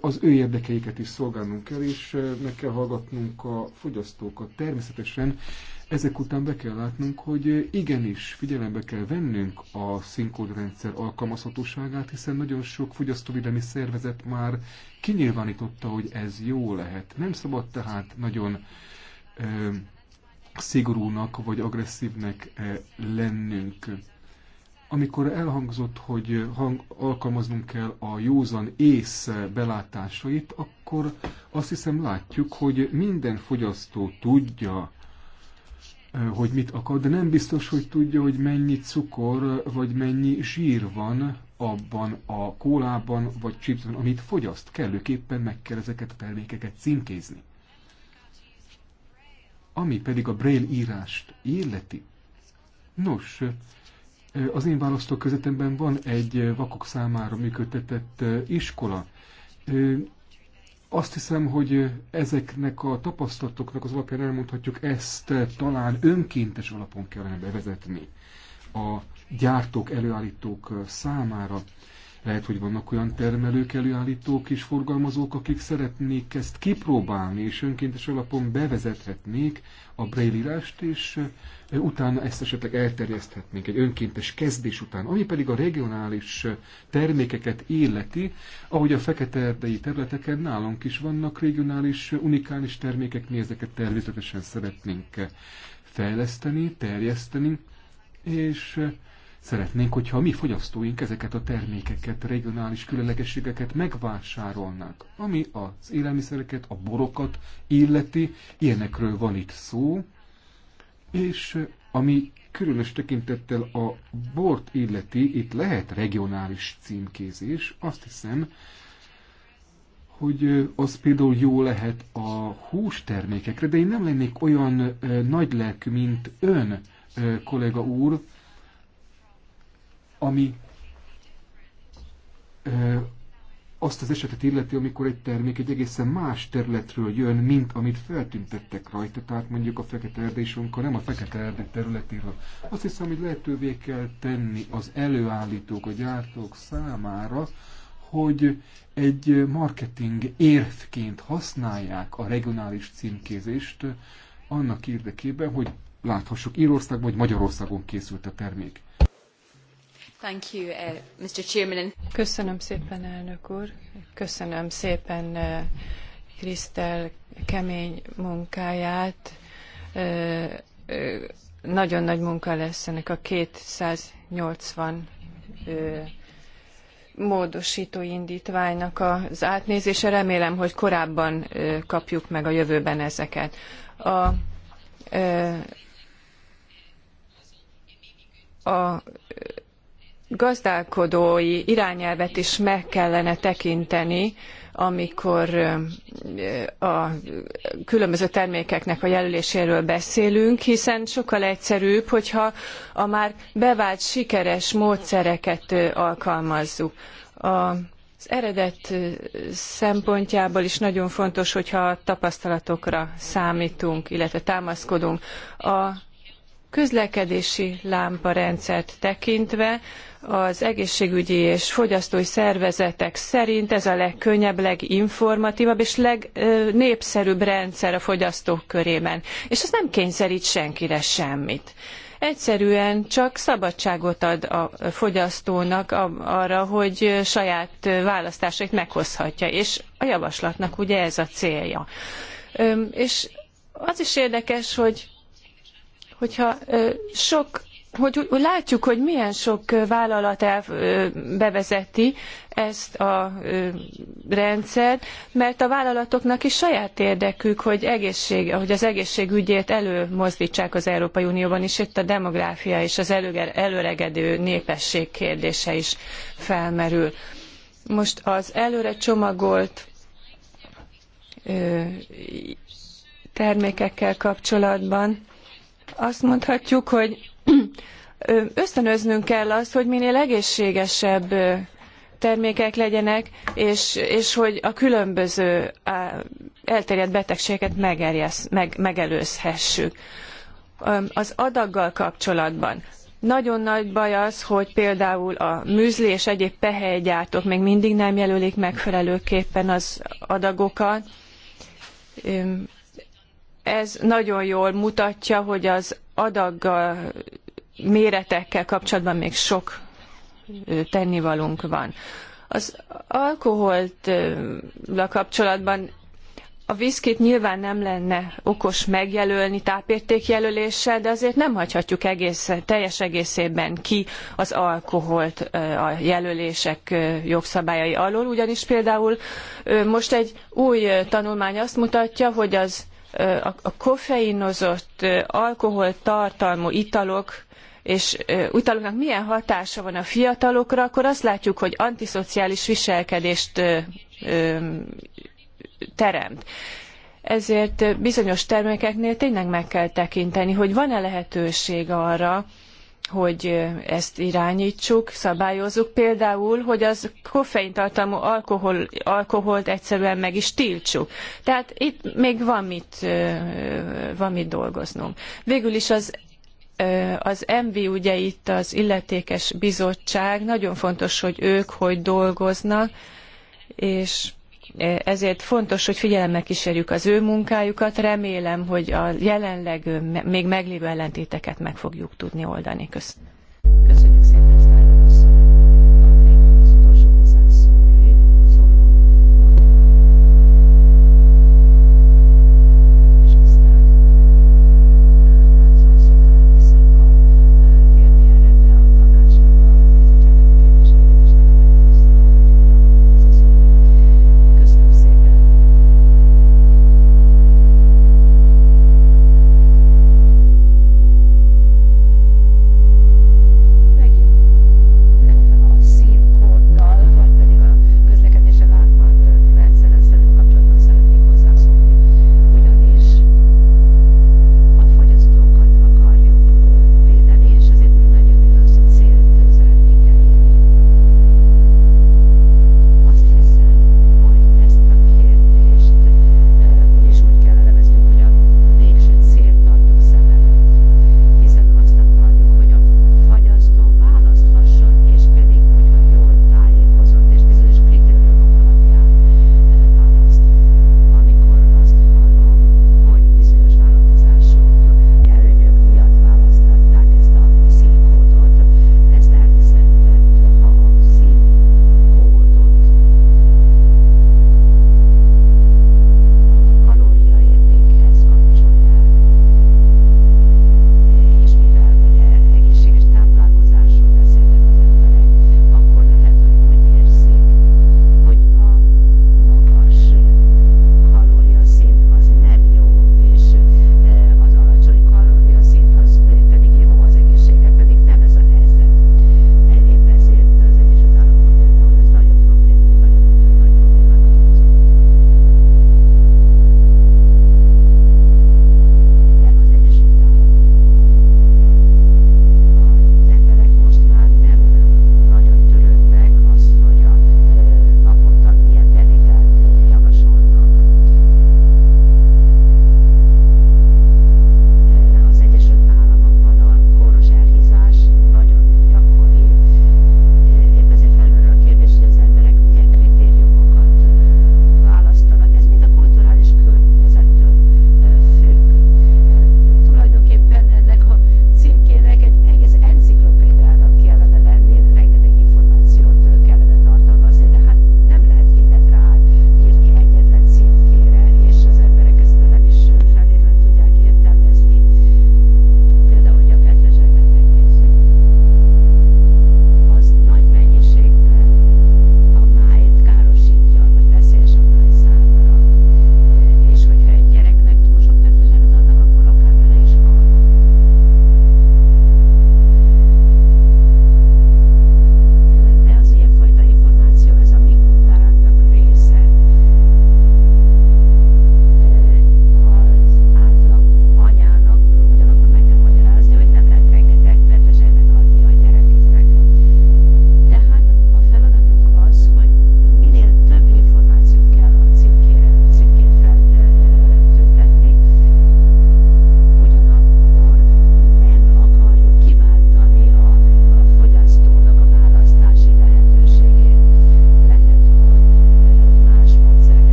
az ő érdekeiket is szolgálnunk kell, és meg kell hallgatnunk a fogyasztókat. Természetesen ezek után be kell látnunk, hogy igenis figyelembe kell vennünk a színkódrendszer alkalmazhatóságát, hiszen nagyon sok fogyasztóvédelmi szervezet már kinyilvánította, hogy ez jó lehet. Nem szabad tehát nagyon ö, szigorúnak vagy agresszívnek lennünk. Amikor elhangzott, hogy hang, alkalmaznunk kell a józan ész belátásait, akkor azt hiszem látjuk, hogy minden fogyasztó tudja, hogy mit akar, de nem biztos, hogy tudja, hogy mennyi cukor vagy mennyi zsír van abban a kólában vagy chipsben, amit fogyaszt. Kellőképpen meg kell ezeket a termékeket címkézni. Ami pedig a braille írást illeti. Nos, az én választóközetemben van egy vakok számára működtetett iskola. Azt hiszem, hogy ezeknek a tapasztalatoknak az alapján elmondhatjuk, ezt talán önkéntes alapon kellene bevezetni a gyártók, előállítók számára. Lehet, hogy vannak olyan termelők, előállítók és forgalmazók, akik szeretnék ezt kipróbálni, és önkéntes alapon bevezethetnék a brailleírást, és utána ezt esetleg elterjeszthetnénk egy önkéntes kezdés után. Ami pedig a regionális termékeket illeti, ahogy a fekete erdei területeken nálunk is vannak regionális, unikális termékek, mi ezeket természetesen szeretnénk fejleszteni, terjeszteni, és Szeretnénk, hogyha a mi fogyasztóink ezeket a termékeket, regionális különlegességeket megvásárolnák, ami az élelmiszereket, a borokat illeti, ilyenekről van itt szó, és eh, ami különös tekintettel a bort illeti, itt lehet regionális címkézés, azt hiszem, hogy eh, az például jó lehet a hústermékekre, de én nem lennék olyan eh, nagy lelkű, mint ön, kollega úr, ami azt az esetet illeti, amikor egy termék egy egészen más területről jön, mint amit feltüntettek rajta, tehát mondjuk a fekete erdély sonka, nem a fekete erdély területéről. Azt hiszem, hogy lehetővé kell tenni az előállítók, a gyártók számára, hogy egy marketing érvként használják a regionális címkézést annak érdekében, hogy láthassuk Írországban vagy Magyarországon készült a termék. Uh, Köszönöm szépen, elnök úr. Köszönöm szépen uh, kemény munkáját. Uh, uh, nagyon nagy munka lesz ennek a 280 uh, módosító indítványnak az átnézése. Remélem, hogy korábban kapjuk meg a jövőben ezeket. a, a gazdálkodói irányelvet is meg kellene tekinteni, amikor a különböző termékeknek a jelöléséről beszélünk, hiszen sokkal egyszerűbb, hogyha a már bevált sikeres módszereket alkalmazzuk. A az eredet szempontjából is nagyon fontos, hogyha a tapasztalatokra számítunk, illetve támaszkodunk. A közlekedési lámparendszert tekintve az egészségügyi és fogyasztói szervezetek szerint ez a legkönnyebb, leginformatívabb és legnépszerűbb rendszer a fogyasztók körében. És ez nem kényszerít senkire semmit egyszerűen csak szabadságot ad a fogyasztónak arra, hogy saját választásait meghozhatja, és a javaslatnak ugye ez a célja. És az is érdekes, hogy hogyha sok hogy, hogy látjuk, hogy milyen sok vállalat el, bevezeti ezt a ö, rendszert, mert a vállalatoknak is saját érdekük, hogy, egészség, hogy az egészségügyét előmozdítsák az Európai Unióban, és itt a demográfia és az előregedő népesség kérdése is felmerül. Most az előre csomagolt ö, termékekkel kapcsolatban azt mondhatjuk, hogy ösztönöznünk kell azt, hogy minél egészségesebb termékek legyenek, és, és hogy a különböző elterjedt betegségeket meg, megelőzhessük. Az adaggal kapcsolatban nagyon nagy baj az, hogy például a műzli és egyéb pehelygyártók még mindig nem jelölik megfelelőképpen az adagokat. Ez nagyon jól mutatja, hogy az adag méretekkel kapcsolatban még sok tennivalunk van. Az alkoholt kapcsolatban a viszkit nyilván nem lenne okos megjelölni tápértékjelöléssel, de azért nem hagyhatjuk egész, teljes egészében ki az alkoholt a jelölések jogszabályai alól, ugyanis például most egy új tanulmány azt mutatja, hogy az a koffeinozott alkoholtartalmú italok és utalóknak milyen hatása van a fiatalokra, akkor azt látjuk, hogy antiszociális viselkedést teremt. Ezért bizonyos termékeknél tényleg meg kell tekinteni, hogy van-e lehetőség arra, hogy ezt irányítsuk, szabályozzuk. Például, hogy az koffeintartalmú alkohol, alkoholt egyszerűen meg is tiltsuk. Tehát itt még van mit, van mit dolgoznunk. Végül is az az MV ugye itt az illetékes bizottság, nagyon fontos, hogy ők hogy dolgoznak, és E, ezért fontos, hogy figyelemmel kísérjük az ő munkájukat. Remélem, hogy a jelenleg még meglévő ellentéteket meg fogjuk tudni oldani. Köszönöm.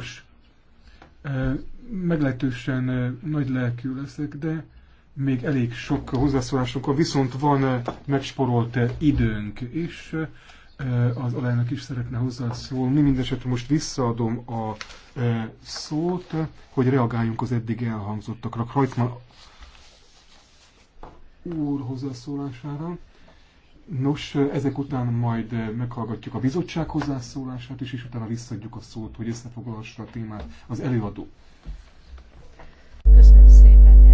Nos, meglehetősen nagy lelkű leszek, de még elég sok hozzászólásunk. van, viszont van megsporolt időnk, és az alájának is szeretne hozzászólni. Mindenesetre most visszaadom a szót, hogy reagáljunk az eddig elhangzottakra. Krajcman úr hozzászólására. Nos, ezek után majd meghallgatjuk a bizottság hozzászólását is, és utána visszadjuk a szót, hogy összefoglalhassa a témát az előadó. Köszönöm szépen!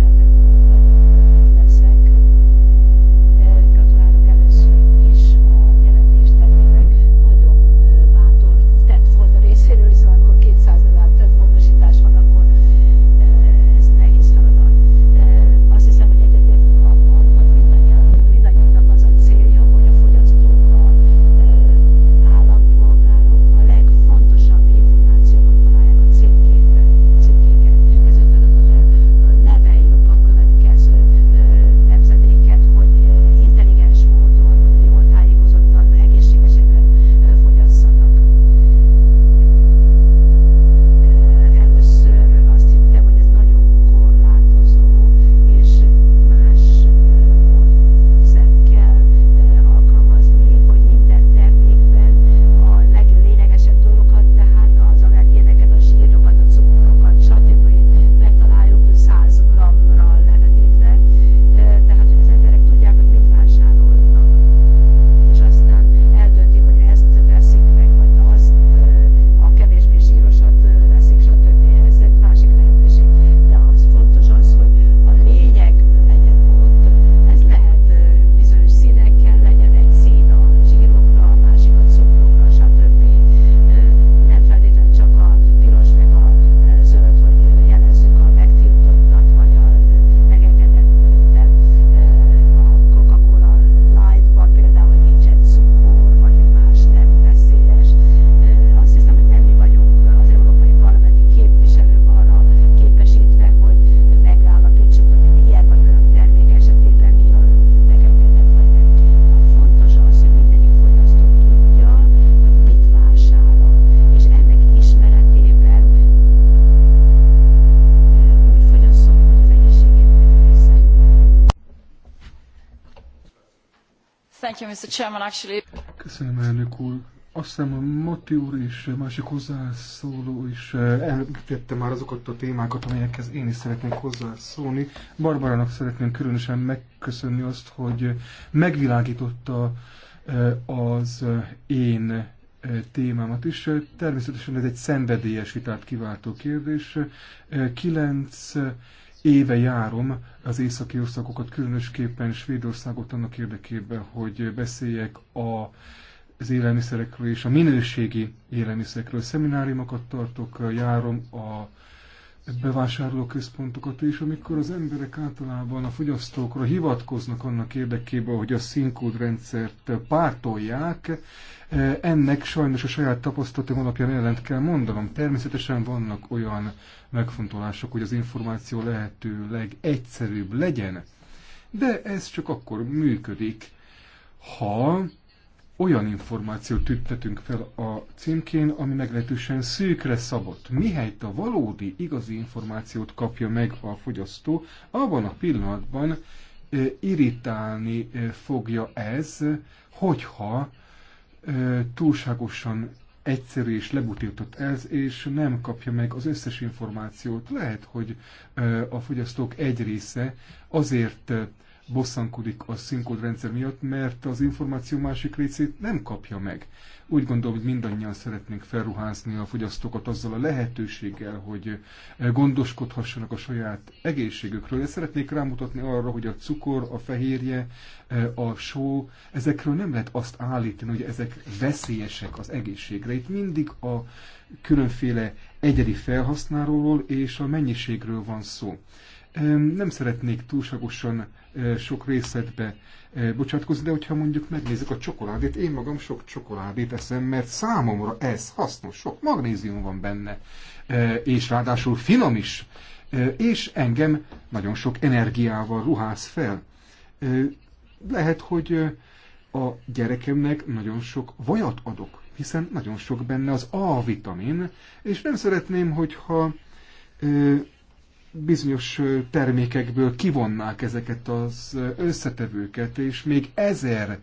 Mr. Chairman, actually... Köszönöm, elnök úr. Azt hiszem a Mati úr és másik hozzászóló is említette eh, már azokat a témákat, amelyekhez én is szeretnék hozzászólni. Barbaranak szeretném különösen megköszönni azt, hogy megvilágította eh, az eh, én témámat is. Természetesen ez egy szenvedélyes vitát kiváltó kérdés. Kilenc éve járom az északi országokat, különösképpen Svédországot annak érdekében, hogy beszéljek a az élelmiszerekről és a minőségi élelmiszerekről szemináriumokat tartok, járom a bevásárlóközpontokat és amikor az emberek általában a fogyasztókra hivatkoznak annak érdekében, hogy a színkód rendszert pártolják, eh, ennek sajnos a saját tapasztalatom alapján ellent kell mondanom. Természetesen vannak olyan megfontolások, hogy az információ lehető legegyszerűbb legyen, de ez csak akkor működik, ha olyan információt tüntetünk fel a címkén, ami meglehetősen szűkre szabott. Mihelyt a valódi, igazi információt kapja meg a fogyasztó, abban a pillanatban irritálni fogja ez, hogyha túlságosan egyszerű és lebutított ez, és nem kapja meg az összes információt. Lehet, hogy a fogyasztók egy része azért bosszankodik a színkód rendszer miatt, mert az információ másik részét nem kapja meg. Úgy gondolom, hogy mindannyian szeretnénk felruházni a fogyasztókat azzal a lehetőséggel, hogy gondoskodhassanak a saját egészségükről. De szeretnék rámutatni arra, hogy a cukor, a fehérje, a só, ezekről nem lehet azt állítani, hogy ezek veszélyesek az egészségre. Itt mindig a különféle egyedi felhasználóról és a mennyiségről van szó. Nem szeretnék túlságosan e, sok részletbe e, bocsátkozni, de hogyha mondjuk megnézzük a csokoládét, én magam sok csokoládét eszem, mert számomra ez hasznos, sok magnézium van benne, e, és ráadásul finom is, és engem nagyon sok energiával ruház fel. Lehet, hogy a gyerekemnek nagyon sok vajat adok, hiszen nagyon sok benne az A vitamin, és nem szeretném, hogyha bizonyos termékekből kivonnák ezeket az összetevőket, és még ezer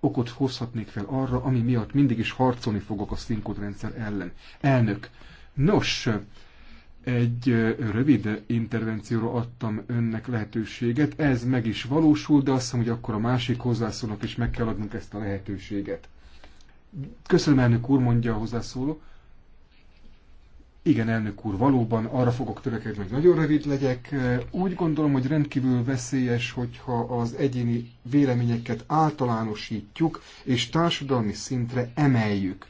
okot hozhatnék fel arra, ami miatt mindig is harcolni fogok a színkódrendszer ellen. Elnök, nos, egy rövid intervencióra adtam önnek lehetőséget, ez meg is valósul, de azt hiszem, hogy akkor a másik hozzászólnak is meg kell adnunk ezt a lehetőséget. Köszönöm, elnök úr, mondja a hozzászóló. Igen, elnök úr, valóban arra fogok törekedni, hogy nagyon rövid legyek. Úgy gondolom, hogy rendkívül veszélyes, hogyha az egyéni véleményeket általánosítjuk és társadalmi szintre emeljük.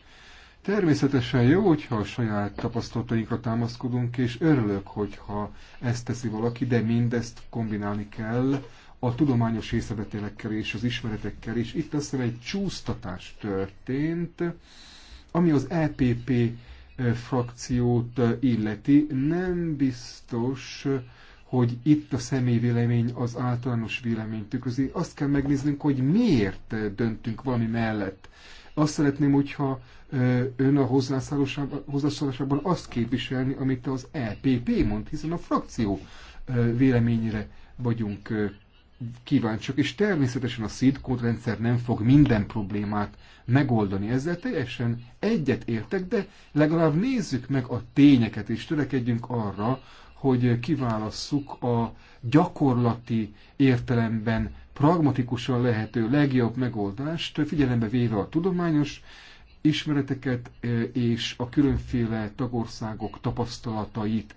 Természetesen jó, hogyha a saját tapasztalatainkra támaszkodunk, és örülök, hogyha ezt teszi valaki, de mindezt kombinálni kell a tudományos észrevetélekkel és az ismeretekkel, is. itt aztán egy csúsztatás történt, ami az EPP frakciót illeti, nem biztos, hogy itt a személyvélemény az általános vélemény tükrözi. Azt kell megnéznünk, hogy miért döntünk valami mellett. Azt szeretném, hogyha ön a hozzászólásában azt képviselni, amit az EPP mond, hiszen a frakció véleményére vagyunk kíváncsiak, és természetesen a SID rendszer nem fog minden problémát megoldani. Ezzel teljesen egyet értek, de legalább nézzük meg a tényeket, és törekedjünk arra, hogy kiválasszuk a gyakorlati értelemben pragmatikusan lehető legjobb megoldást, figyelembe véve a tudományos ismereteket eh, és a különféle tagországok tapasztalatait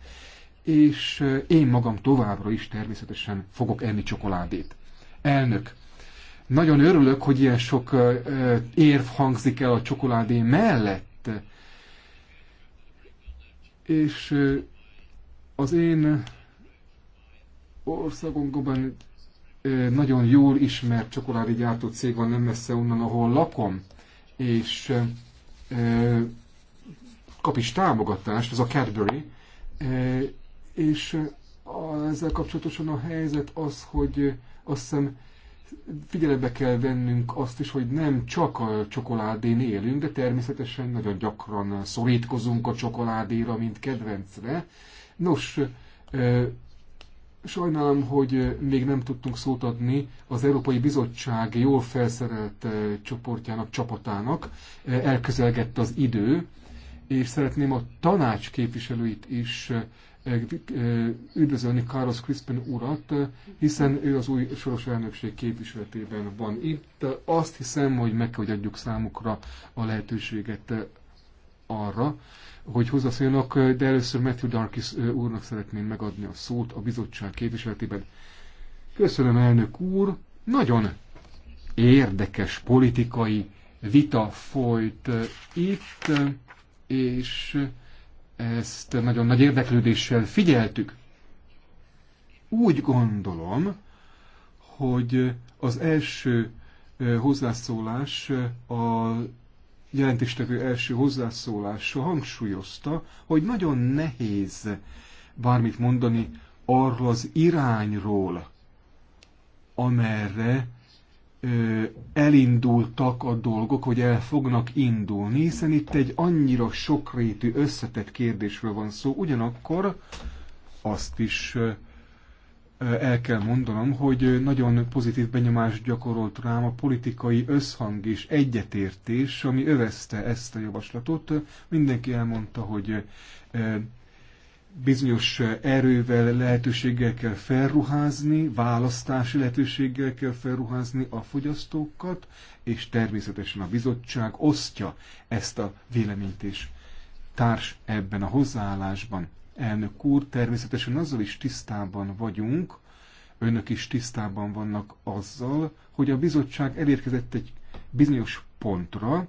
és én magam továbbra is természetesen fogok enni csokoládét. Elnök, nagyon örülök, hogy ilyen sok érv hangzik el a csokoládé mellett, és az én országomban nagyon jól ismert csokoládégyártó cég van nem messze onnan, ahol lakom, és kap is támogatást, ez a Cadbury, és ezzel kapcsolatosan a helyzet az, hogy azt hiszem figyelembe kell vennünk azt is, hogy nem csak a csokoládén élünk, de természetesen nagyon gyakran szorítkozunk a csokoládéra, mint kedvencre. Nos, sajnálom, hogy még nem tudtunk szót adni az Európai Bizottság jól felszerelt csoportjának, csapatának. Elközelgett az idő, és szeretném a tanács képviselőit is üdvözölni Carlos Crispin urat, hiszen ő az új soros elnökség képviseletében van itt. Azt hiszem, hogy meg kell, hogy adjuk számukra a lehetőséget arra, hogy hozzászóljanak, de először Matthew Darkis úrnak szeretném megadni a szót a bizottság képviseletében. Köszönöm, elnök úr! Nagyon érdekes politikai vita folyt itt, és ezt nagyon nagy érdeklődéssel figyeltük. Úgy gondolom, hogy az első hozzászólás a jelentéstevő első hozzászólása hangsúlyozta, hogy nagyon nehéz bármit mondani arról az irányról, amerre elindultak a dolgok, hogy el fognak indulni, hiszen itt egy annyira sokrétű, összetett kérdésről van szó, ugyanakkor azt is el kell mondanom, hogy nagyon pozitív benyomást gyakorolt rám a politikai összhang és egyetértés, ami övezte ezt a javaslatot. Mindenki elmondta, hogy bizonyos erővel, lehetőségekkel felruházni, választási lehetőséggel kell felruházni a fogyasztókat, és természetesen a bizottság osztja ezt a véleményt is. Társ ebben a hozzáállásban, elnök úr, természetesen azzal is tisztában vagyunk, önök is tisztában vannak azzal, hogy a bizottság elérkezett egy bizonyos pontra,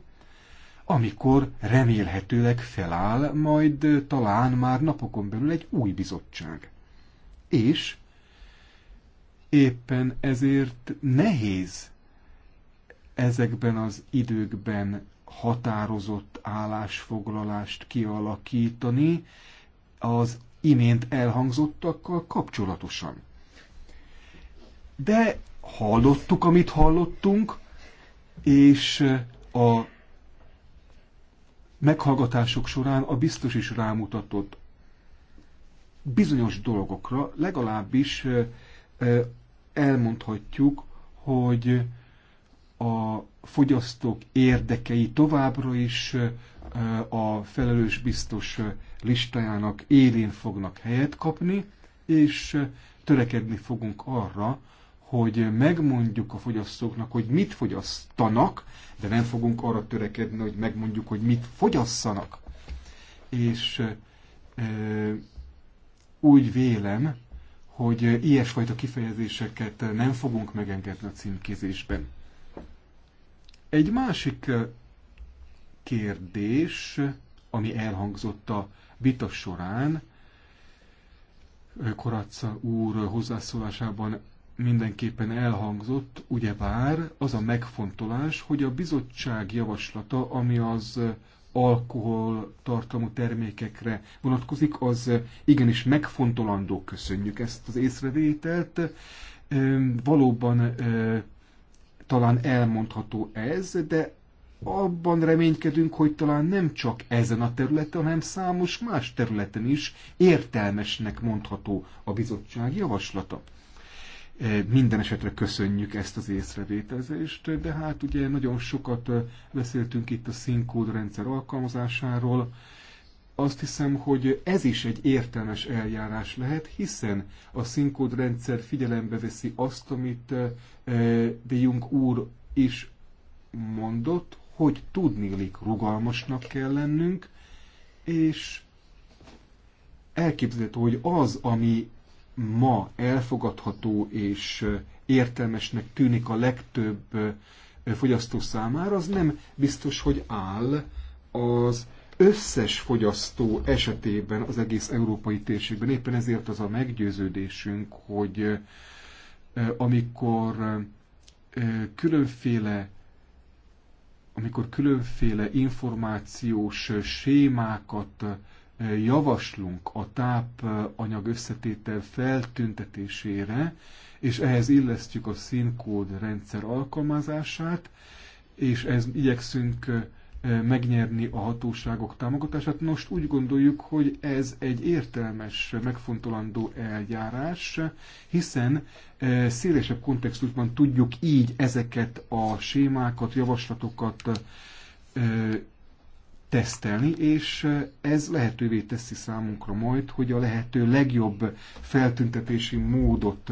amikor remélhetőleg feláll majd talán már napokon belül egy új bizottság. És éppen ezért nehéz ezekben az időkben határozott állásfoglalást kialakítani az imént elhangzottakkal kapcsolatosan. De hallottuk, amit hallottunk, és a meghallgatások során a biztos is rámutatott bizonyos dolgokra, legalábbis elmondhatjuk, hogy a fogyasztók érdekei továbbra is a felelős biztos listájának élén fognak helyet kapni, és törekedni fogunk arra, hogy megmondjuk a fogyasztóknak, hogy mit fogyasztanak, de nem fogunk arra törekedni, hogy megmondjuk, hogy mit fogyasszanak. És e, úgy vélem, hogy ilyesfajta kifejezéseket nem fogunk megengedni a címkézésben. Egy másik kérdés, ami elhangzott a vita során, Koratza úr hozzászólásában mindenképpen elhangzott, ugyebár az a megfontolás, hogy a bizottság javaslata, ami az alkohol tartalmú termékekre vonatkozik, az igenis megfontolandó. Köszönjük ezt az észrevételt. Valóban talán elmondható ez, de abban reménykedünk, hogy talán nem csak ezen a területen, hanem számos más területen is értelmesnek mondható a bizottság javaslata. Eh, minden esetre köszönjük ezt az észrevételzést, de hát ugye nagyon sokat eh, beszéltünk itt a színkód rendszer alkalmazásáról. Azt hiszem, hogy ez is egy értelmes eljárás lehet, hiszen a színkód rendszer figyelembe veszi azt, amit eh, de Jung úr is mondott, hogy tudnélik rugalmasnak kell lennünk, és elképzelhető, hogy az, ami ma elfogadható és értelmesnek tűnik a legtöbb fogyasztó számára, az nem biztos, hogy áll az összes fogyasztó esetében az egész európai térségben. Éppen ezért az a meggyőződésünk, hogy amikor különféle amikor különféle információs sémákat javaslunk a tápanyag összetétel feltüntetésére, és ehhez illesztjük a színkód rendszer alkalmazását, és ez igyekszünk megnyerni a hatóságok támogatását. Most úgy gondoljuk, hogy ez egy értelmes, megfontolandó eljárás, hiszen szélesebb kontextusban tudjuk így ezeket a sémákat, javaslatokat tesztelni, és ez lehetővé teszi számunkra majd, hogy a lehető legjobb feltüntetési módot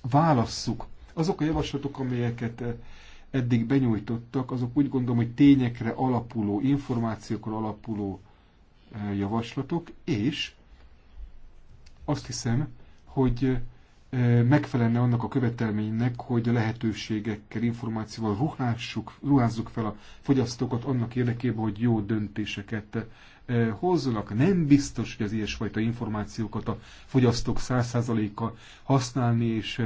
válasszuk. Azok a javaslatok, amelyeket eddig benyújtottak, azok úgy gondolom, hogy tényekre alapuló, információkra alapuló javaslatok, és azt hiszem, hogy megfelelne annak a követelménynek, hogy a lehetőségekkel, információval ruhássuk, ruházzuk fel a fogyasztókat annak érdekében, hogy jó döntéseket hozzanak. Nem biztos, hogy az ilyesfajta információkat a fogyasztók százszázaléka használni és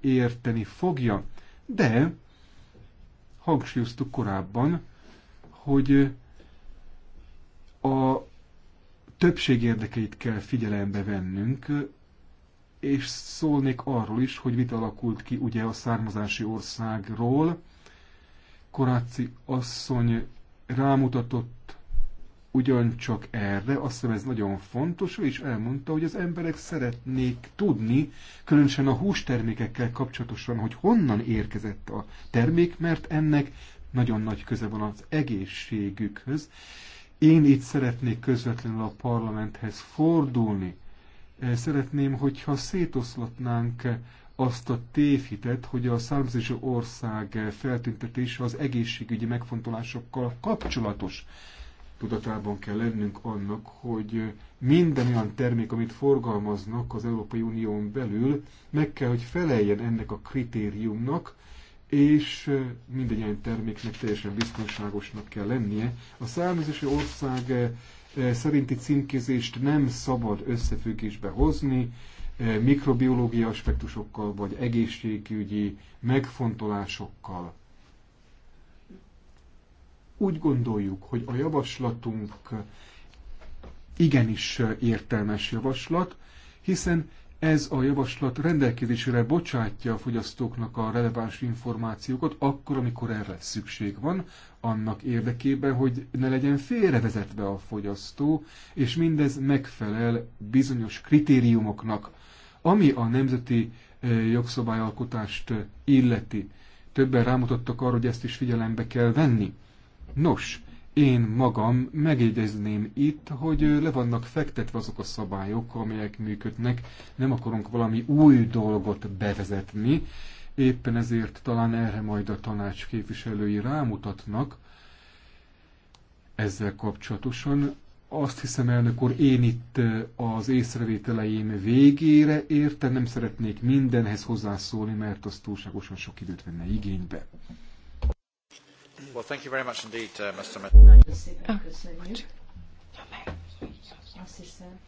érteni fogja, de hangsúlyoztuk korábban, hogy a többség érdekeit kell figyelembe vennünk, és szólnék arról is, hogy vita alakult ki ugye a származási országról. Koráci asszony rámutatott ugyancsak erre, azt hiszem ez nagyon fontos, és elmondta, hogy az emberek szeretnék tudni, különösen a hústermékekkel kapcsolatosan, hogy honnan érkezett a termék, mert ennek nagyon nagy köze van az egészségükhöz. Én itt szeretnék közvetlenül a parlamenthez fordulni, Szeretném, hogyha szétoszlatnánk azt a tévhitet, hogy a származási ország feltüntetése az egészségügyi megfontolásokkal kapcsolatos. Tudatában kell lennünk annak, hogy minden olyan termék, amit forgalmaznak az Európai Unión belül, meg kell, hogy feleljen ennek a kritériumnak, és minden ilyen terméknek teljesen biztonságosnak kell lennie. A származási ország szerinti címkézést nem szabad összefüggésbe hozni mikrobiológiai aspektusokkal vagy egészségügyi megfontolásokkal. Úgy gondoljuk, hogy a javaslatunk igenis értelmes javaslat, hiszen ez a javaslat rendelkezésére bocsátja a fogyasztóknak a releváns információkat akkor, amikor erre szükség van, annak érdekében, hogy ne legyen félrevezetve a fogyasztó, és mindez megfelel bizonyos kritériumoknak, ami a nemzeti eh, jogszabályalkotást eh, illeti. Többen rámutattak arra, hogy ezt is figyelembe kell venni. Nos, én magam megjegyezném itt, hogy eh, le vannak fektetve azok a szabályok, amelyek működnek, nem akarunk valami új dolgot bevezetni, Éppen ezért talán erre majd a tanács képviselői rámutatnak ezzel kapcsolatosan. Azt hiszem, elnök úr, én itt eh, az észrevételeim végére értem, nem szeretnék mindenhez hozzászólni, mert az túlságosan sok időt venne igénybe. Well, thank you very much indeed, uh, Mr. Nagyon szépen köszönjük. Azt hiszem,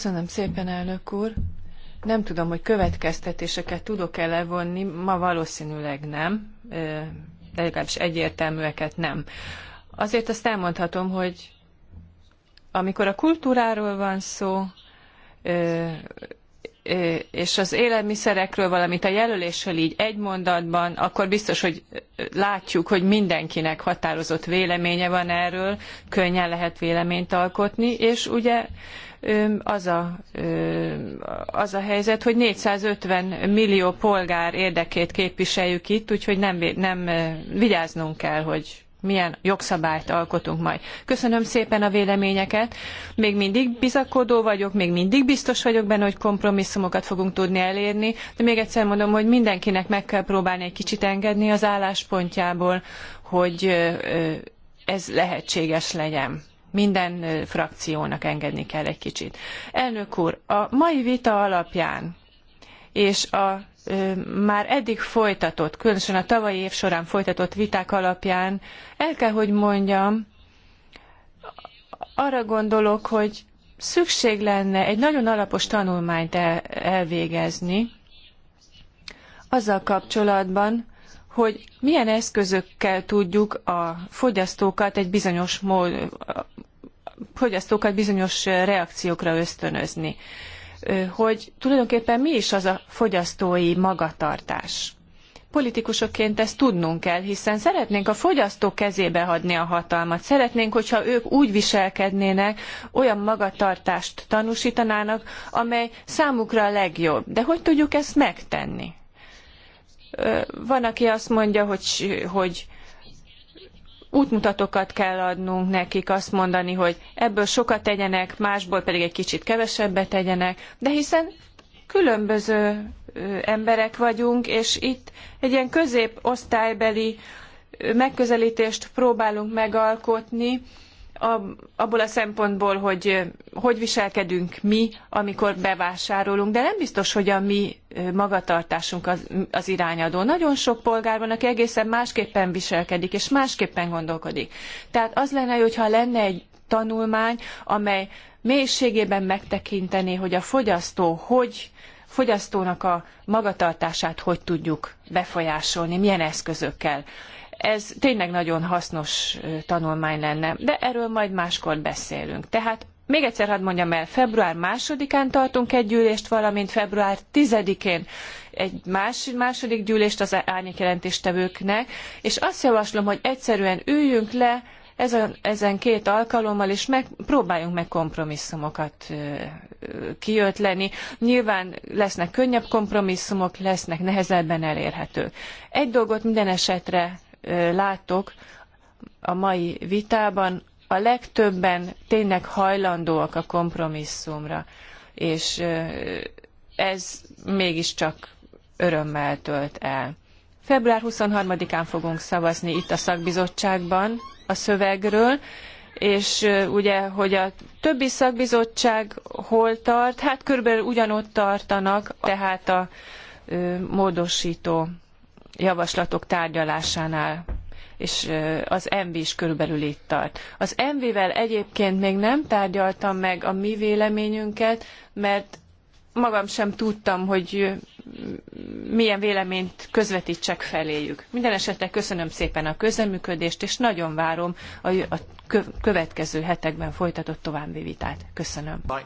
Köszönöm szépen, elnök úr. Nem tudom, hogy következtetéseket tudok-e levonni, ma valószínűleg nem, de legalábbis egyértelműeket nem. Azért azt elmondhatom, hogy amikor a kultúráról van szó, és az élelmiszerekről, valamint a jelölésről így egy mondatban, akkor biztos, hogy látjuk, hogy mindenkinek határozott véleménye van erről, könnyen lehet véleményt alkotni, és ugye az a, az a helyzet, hogy 450 millió polgár érdekét képviseljük itt, úgyhogy nem, nem vigyáznunk kell, hogy milyen jogszabályt alkotunk majd. Köszönöm szépen a véleményeket. Még mindig bizakodó vagyok, még mindig biztos vagyok benne, hogy kompromisszumokat fogunk tudni elérni, de még egyszer mondom, hogy mindenkinek meg kell próbálni egy kicsit engedni az álláspontjából, hogy ez lehetséges legyen. Minden frakciónak engedni kell egy kicsit. Elnök úr, a mai vita alapján és a már eddig folytatott, különösen a tavalyi év során folytatott viták alapján, el kell, hogy mondjam, arra gondolok, hogy szükség lenne egy nagyon alapos tanulmányt elvégezni azzal kapcsolatban, hogy milyen eszközökkel tudjuk a fogyasztókat egy bizonyos mód, fogyasztókat bizonyos reakciókra ösztönözni hogy tulajdonképpen mi is az a fogyasztói magatartás. Politikusokként ezt tudnunk kell, hiszen szeretnénk a fogyasztók kezébe adni a hatalmat. Szeretnénk, hogyha ők úgy viselkednének, olyan magatartást tanúsítanának, amely számukra a legjobb. De hogy tudjuk ezt megtenni? Van, aki azt mondja, hogy, hogy útmutatókat kell adnunk nekik, azt mondani, hogy ebből sokat tegyenek, másból pedig egy kicsit kevesebbet tegyenek, de hiszen különböző emberek vagyunk, és itt egy ilyen középosztálybeli megközelítést próbálunk megalkotni, abból a szempontból, hogy hogy viselkedünk mi, amikor bevásárolunk, de nem biztos, hogy a mi magatartásunk az, az irányadó. Nagyon sok polgár van, aki egészen másképpen viselkedik, és másképpen gondolkodik. Tehát az lenne, hogyha lenne egy tanulmány, amely mélységében megtekinteni, hogy a fogyasztó hogy fogyasztónak a magatartását hogy tudjuk befolyásolni, milyen eszközökkel. Ez tényleg nagyon hasznos tanulmány lenne, de erről majd máskor beszélünk. Tehát még egyszer hadd mondjam el, február másodikán tartunk egy gyűlést, valamint február tizedikén én egy más, második gyűlést az árnyékjelentéstevőknek, és azt javaslom, hogy egyszerűen üljünk le ezen, ezen két alkalommal, és meg, próbáljunk meg kompromisszumokat ö, kiötleni. Nyilván lesznek könnyebb kompromisszumok, lesznek nehezebben elérhetők. Egy dolgot minden esetre látok a mai vitában, a legtöbben tényleg hajlandóak a kompromisszumra, és ez mégiscsak örömmel tölt el. Február 23-án fogunk szavazni itt a szakbizottságban a szövegről, és ugye, hogy a többi szakbizottság hol tart, hát körülbelül ugyanott tartanak, tehát a módosító javaslatok tárgyalásánál és az MV is körülbelül itt tart. Az MV-vel egyébként még nem tárgyaltam meg a mi véleményünket, mert magam sem tudtam, hogy milyen véleményt közvetítsek feléjük. Minden esetre köszönöm szépen a közeműködést, és nagyon várom a, következő hetekben folytatott további vitát. Köszönöm. Uh,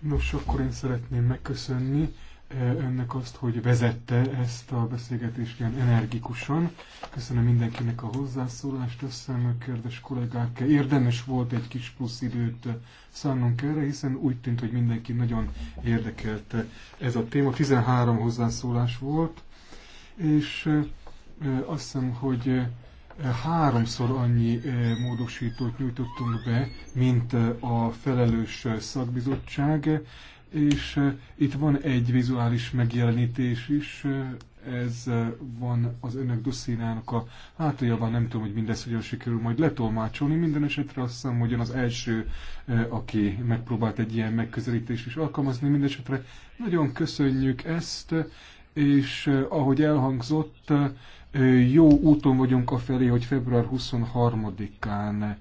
Nos, akkor én szeretném megköszönni önnek azt, hogy vezette ezt a beszélgetést ilyen energikusan. Köszönöm mindenkinek a hozzászólást, a kérdés kollégák. Érdemes volt egy kis plusz időt szánnunk erre, hiszen úgy tűnt, hogy mindenki nagyon érdekelte. ez a téma. 13 hozzászólás volt, és azt hiszem, hogy háromszor annyi módosítót nyújtottunk be, mint a felelős szakbizottság és itt van egy vizuális megjelenítés is, ez van az önök dosszinának a hátuljában, nem tudom, hogy mindez hogyan sikerül majd letolmácsolni, minden esetre azt hiszem, hogy az első, aki megpróbált egy ilyen megközelítést is alkalmazni, minden esetre nagyon köszönjük ezt, és ahogy elhangzott, jó úton vagyunk a felé hogy február 23-án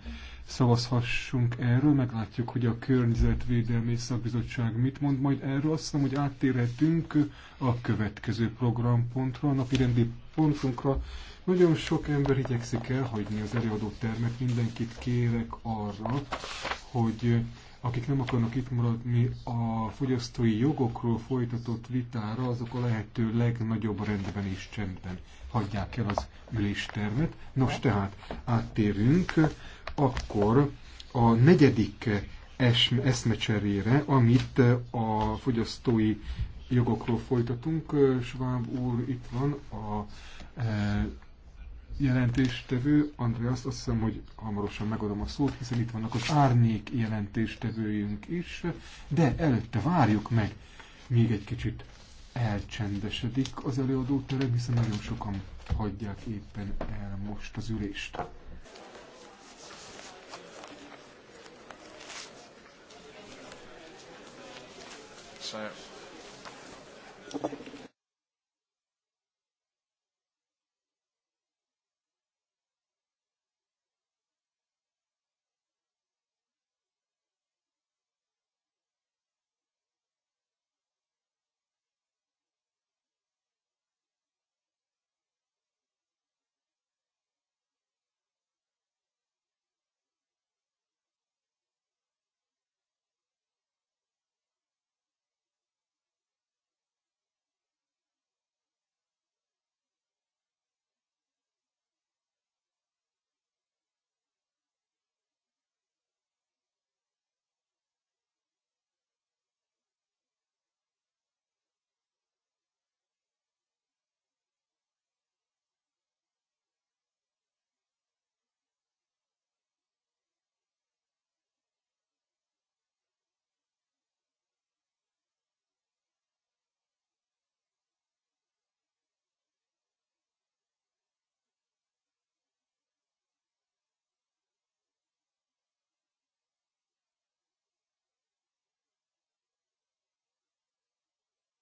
szavazhassunk erről, meglátjuk, hogy a Környezetvédelmi Szakbizottság mit mond majd erről. Azt hiszem, hogy áttérhetünk a következő programpontra, a napi rendi pontunkra. Nagyon sok ember igyekszik elhagyni az előadó termet, mindenkit kérek arra, hogy akik nem akarnak itt maradni a fogyasztói jogokról folytatott vitára, azok a lehető legnagyobb rendben és csendben hagyják el az üléstermet. Nos, tehát áttérünk akkor a negyedik eszmecserére, amit a fogyasztói jogokról folytatunk. Schwab úr itt van, a e, jelentéstevő. Andreas, azt hiszem, hogy hamarosan megadom a szót, hiszen itt vannak az árnyék jelentéstevőjünk is, de előtte várjuk meg, még egy kicsit elcsendesedik az előadó terem, hiszen nagyon sokan hagyják éppen el most az ülést. So.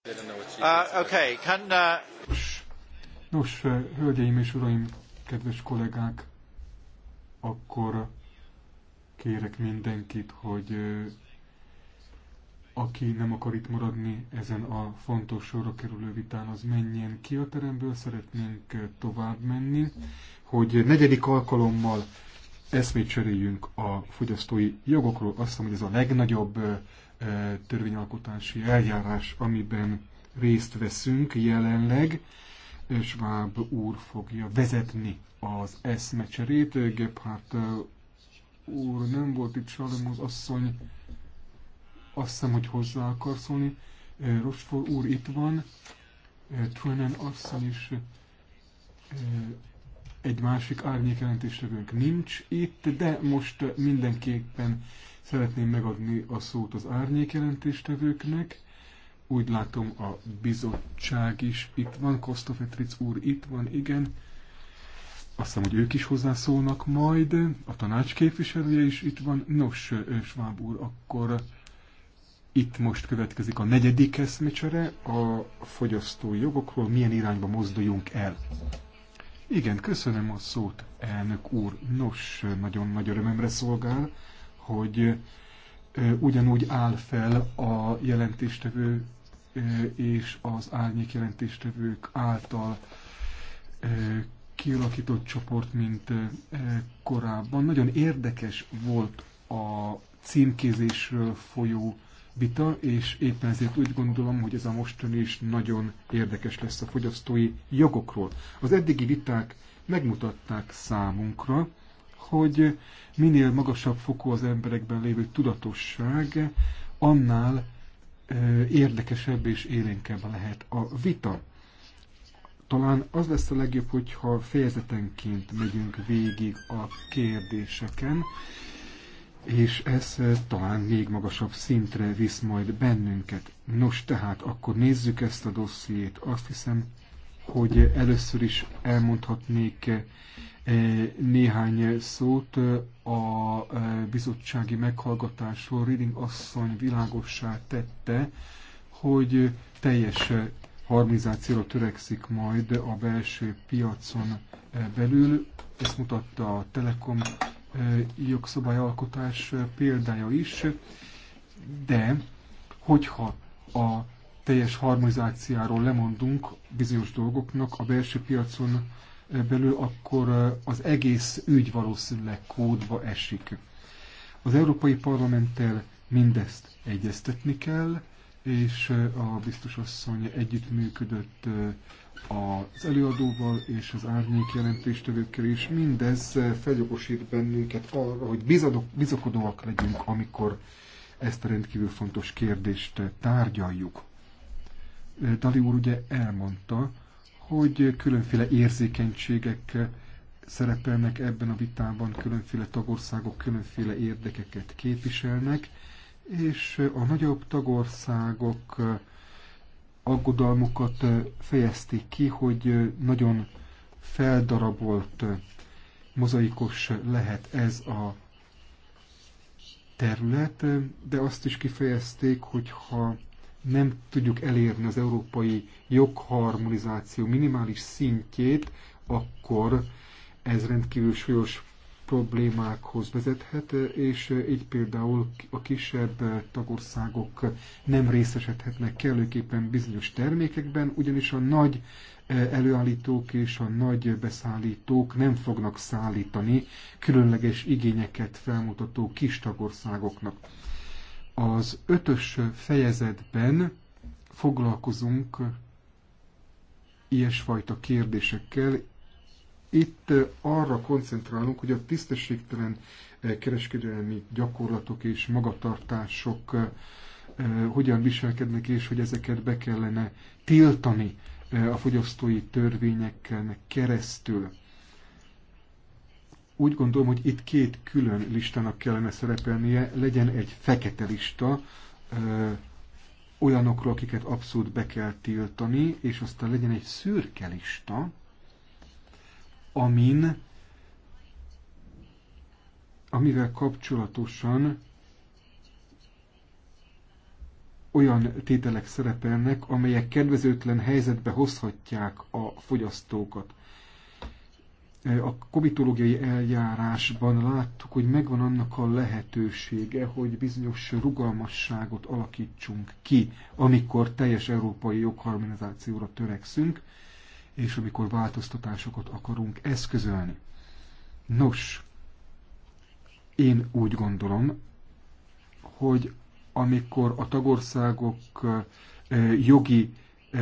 Uh, uh, Nos, uh, hölgyeim és uraim, kedves kollégák, akkor kérek mindenkit, hogy uh, aki nem akar itt maradni ezen a fontos sorra kerülő vitán, az menjen ki a teremből, szeretnénk tovább menni, hogy negyedik alkalommal eszmét cseréljünk a fogyasztói jogokról. Azt hiszem, hogy ez a legnagyobb törvényalkotási eljárás, amiben részt veszünk jelenleg. Schwab úr fogja vezetni az eszmecserét. Gebhardt úr nem volt itt, az asszony azt hiszem, hogy hozzá akar szólni. Rochefort úr itt van, Trunen asszony is egy másik árnyékjelentéstevőnk nincs itt, de most mindenképpen Szeretném megadni a szót az árnyékjelentéstevőknek. Úgy látom, a bizottság is itt van, Kostofetric úr itt van, igen. Azt hiszem, hogy ők is hozzászólnak majd, a tanács képviselője is itt van. Nos, Schwab úr, akkor itt most következik a negyedik eszmecsere, a fogyasztói jogokról, milyen irányba mozduljunk el. Igen, köszönöm a szót, elnök úr. Nos, nagyon nagy örömemre szolgál, hogy ugyanúgy áll fel a jelentéstevő és az árnyék jelentéstevők által kialakított csoport, mint korábban. Nagyon érdekes volt a címkézésről folyó vita, és éppen ezért úgy gondolom, hogy ez a mostani is nagyon érdekes lesz a fogyasztói jogokról. Az eddigi viták megmutatták számunkra, hogy minél magasabb fokú az emberekben lévő tudatosság, annál érdekesebb és élénkebb lehet a vita. Talán az lesz a legjobb, hogyha fejezetenként megyünk végig a kérdéseken, és ez talán még magasabb szintre visz majd bennünket. Nos, tehát akkor nézzük ezt a dossziét. Azt hiszem, hogy először is elmondhatnék eh, néhány szót a eh, bizottsági meghallgatásról. Reading asszony világossá tette, hogy teljes harmonizációra törekszik majd a belső piacon eh, belül. Ezt mutatta a Telekom jogszabályalkotás példája is, de hogyha a teljes harmonizáciáról lemondunk bizonyos dolgoknak a belső piacon belül, akkor eh, az egész ügy valószínűleg kódba esik. Az Európai Parlamenttel mindezt egyeztetni kell, és eh, a biztos asszony együttműködött eh, az előadóval és az árnyék jelentéstevőkkel, és mindez feljogosít bennünket arra, hogy bizadok, bizakodóak legyünk, amikor ezt a rendkívül fontos kérdést tárgyaljuk. Dali úr ugye elmondta, hogy különféle érzékenységek szerepelnek ebben a vitában, különféle tagországok különféle érdekeket képviselnek, és a nagyobb tagországok aggodalmukat fejezték ki, hogy nagyon feldarabolt, mozaikos lehet ez a terület, de azt is kifejezték, hogy ha nem tudjuk elérni az európai jogharmonizáció minimális szintjét, akkor ez rendkívül súlyos problémákhoz vezethet, és így például a kisebb tagországok nem részesedhetnek kellőképpen bizonyos termékekben, ugyanis a nagy előállítók és a nagy beszállítók nem fognak szállítani különleges igényeket felmutató kis tagországoknak. Az ötös fejezetben foglalkozunk ilyesfajta kérdésekkel. Itt arra koncentrálunk, hogy a tisztességtelen eh, kereskedelmi gyakorlatok és magatartások eh, hogyan viselkednek, és hogy ezeket be kellene tiltani eh, a fogyasztói törvényekkel keresztül úgy gondolom, hogy itt két külön listának kellene szerepelnie, legyen egy fekete lista ö, olyanokról, akiket abszolút be kell tiltani, és aztán legyen egy szürke lista, amin, amivel kapcsolatosan olyan tételek szerepelnek, amelyek kedvezőtlen helyzetbe hozhatják a fogyasztókat a komitológiai eljárásban láttuk, hogy megvan annak a lehetősége, hogy bizonyos rugalmasságot alakítsunk ki, amikor teljes európai jogharmonizációra törekszünk, és amikor változtatásokat akarunk eszközölni. Nos, én úgy gondolom, hogy amikor a tagországok eh, jogi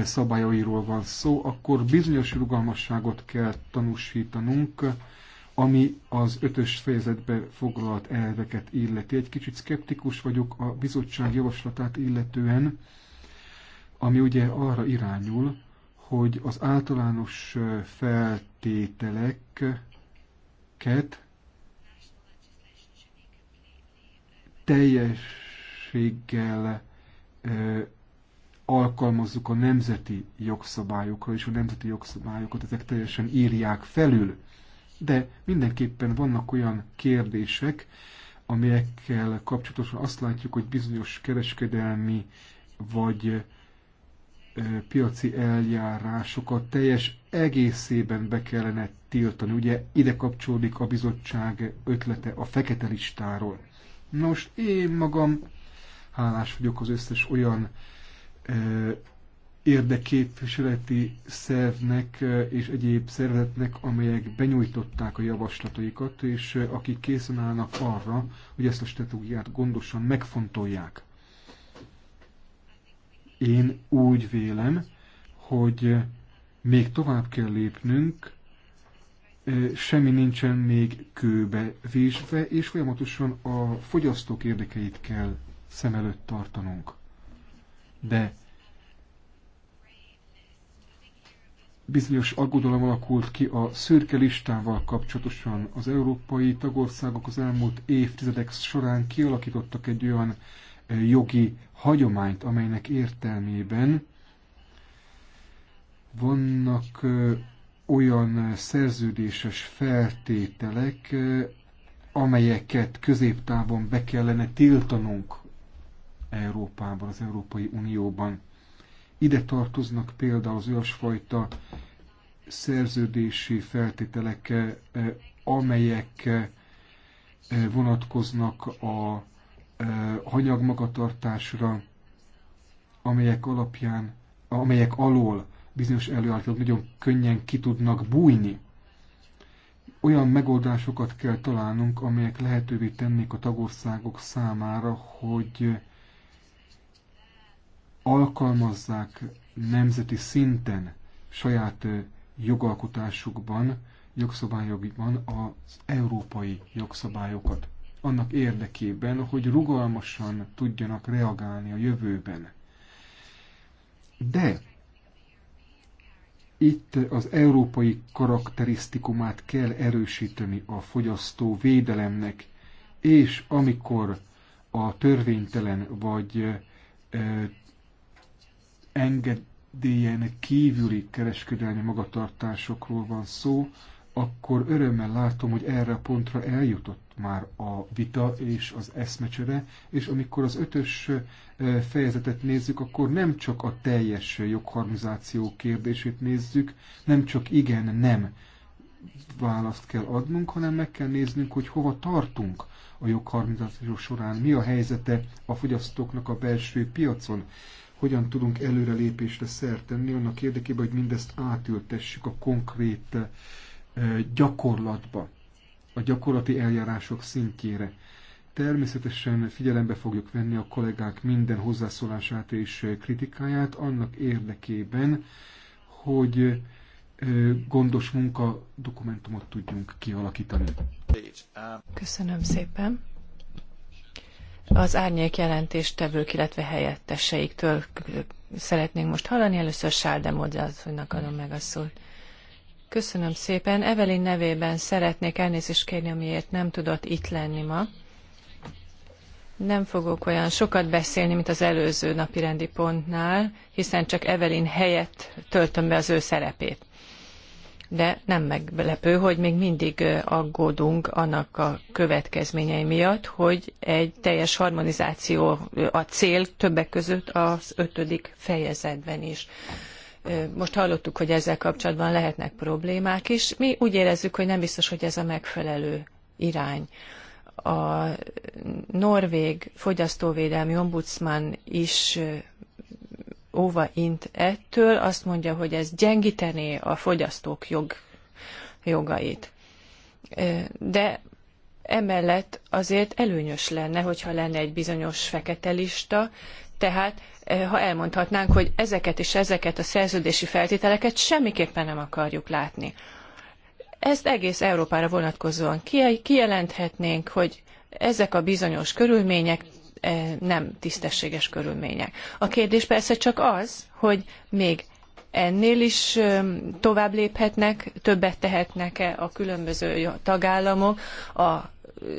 szabályairól van szó, akkor bizonyos rugalmasságot kell tanúsítanunk, ami az ötös fejezetbe foglalt elveket illeti. Egy kicsit szkeptikus vagyok a bizottság javaslatát illetően, ami ugye arra irányul, hogy az általános feltételeket teljességgel alkalmazzuk a nemzeti jogszabályokra, és a nemzeti jogszabályokat ezek teljesen írják felül. De mindenképpen vannak olyan kérdések, amelyekkel kapcsolatosan azt látjuk, hogy bizonyos kereskedelmi vagy piaci eljárásokat teljes egészében be kellene tiltani. Ugye ide kapcsolódik a bizottság ötlete a fekete listáról. Nos, én magam hálás vagyok az összes olyan érdeképviseleti szervnek és egyéb szervezetnek, amelyek benyújtották a javaslataikat, és akik készen állnak arra, hogy ezt a stratégiát gondosan megfontolják. Én úgy vélem, hogy még tovább kell lépnünk, semmi nincsen még kőbe vésve, és folyamatosan a fogyasztók érdekeit kell szem előtt tartanunk. De bizonyos aggodalom alakult ki a szürke listával kapcsolatosan. Az európai tagországok az elmúlt évtizedek során kialakítottak egy olyan eh, jogi hagyományt, amelynek értelmében vannak eh, olyan szerződéses feltételek, eh, amelyeket középtávon be kellene tiltanunk Európában, az Európai Unióban. Ide tartoznak például az olyasfajta szerződési feltételek, eh, amelyek eh, vonatkoznak a eh, hanyag magatartásra, amelyek alapján, amelyek alól bizonyos előállítók nagyon könnyen ki tudnak bújni. Olyan megoldásokat kell találnunk, amelyek lehetővé tennék a tagországok számára, hogy alkalmazzák nemzeti szinten saját jogalkotásukban, jogszabályokban az európai jogszabályokat. Annak érdekében, hogy rugalmasan tudjanak reagálni a jövőben. De itt az európai karakterisztikumát kell erősíteni a fogyasztó védelemnek, és amikor a törvénytelen vagy engedélyen kívüli kereskedelmi magatartásokról van szó, akkor örömmel látom, hogy erre a pontra eljutott már a vita és az eszmecsere, és amikor az ötös fejezetet nézzük, akkor nem csak a teljes jogharmonizáció kérdését nézzük, nem csak igen-nem választ kell adnunk, hanem meg kell néznünk, hogy hova tartunk a jogharmonizáció során, mi a helyzete a fogyasztóknak a belső piacon hogyan tudunk előrelépésre szert tenni, annak érdekében, hogy mindezt átültessük a konkrét eh, gyakorlatba, a gyakorlati eljárások szintjére. Természetesen figyelembe fogjuk venni a kollégák minden hozzászólását és kritikáját annak érdekében, hogy eh, gondos munka dokumentumot tudjunk kialakítani. Köszönöm szépen az árnyék jelentéstevők, illetve helyetteseiktől szeretnénk most hallani. Először Sálde Modzászonynak adom meg a szót. Köszönöm szépen. Evelin nevében szeretnék elnézést kérni, amiért nem tudott itt lenni ma. Nem fogok olyan sokat beszélni, mint az előző napi rendi pontnál, hiszen csak Evelin helyett töltöm be az ő szerepét de nem meglepő, hogy még mindig aggódunk annak a következményei miatt, hogy egy teljes harmonizáció a cél többek között az ötödik fejezetben is. Most hallottuk, hogy ezzel kapcsolatban lehetnek problémák is. Mi úgy érezzük, hogy nem biztos, hogy ez a megfelelő irány a norvég fogyasztóvédelmi ombudsman is óva int ettől, azt mondja, hogy ez gyengítené a fogyasztók jog, jogait. De emellett azért előnyös lenne, hogyha lenne egy bizonyos fekete lista, tehát ha elmondhatnánk, hogy ezeket és ezeket a szerződési feltételeket semmiképpen nem akarjuk látni. Ezt egész Európára vonatkozóan kijelenthetnénk, hogy ezek a bizonyos körülmények E, nem tisztességes körülmények. A kérdés persze csak az, hogy még ennél is tovább léphetnek, többet tehetnek-e a különböző tagállamok a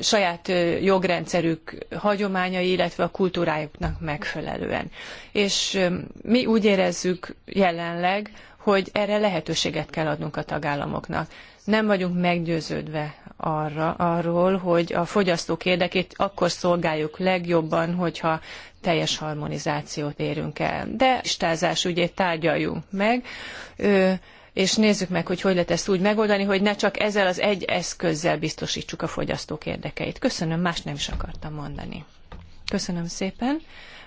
saját jogrendszerük hagyományai, illetve a kultúrájuknak megfelelően. És mi úgy érezzük jelenleg, hogy erre lehetőséget kell adnunk a tagállamoknak nem vagyunk meggyőződve arra, arról, hogy a fogyasztók érdekét akkor szolgáljuk legjobban, hogyha teljes harmonizációt érünk el. De listázás ügyét tárgyaljunk meg, és nézzük meg, hogy hogy lehet ezt úgy megoldani, hogy ne csak ezzel az egy eszközzel biztosítsuk a fogyasztók érdekeit. Köszönöm, más nem is akartam mondani. Köszönöm szépen.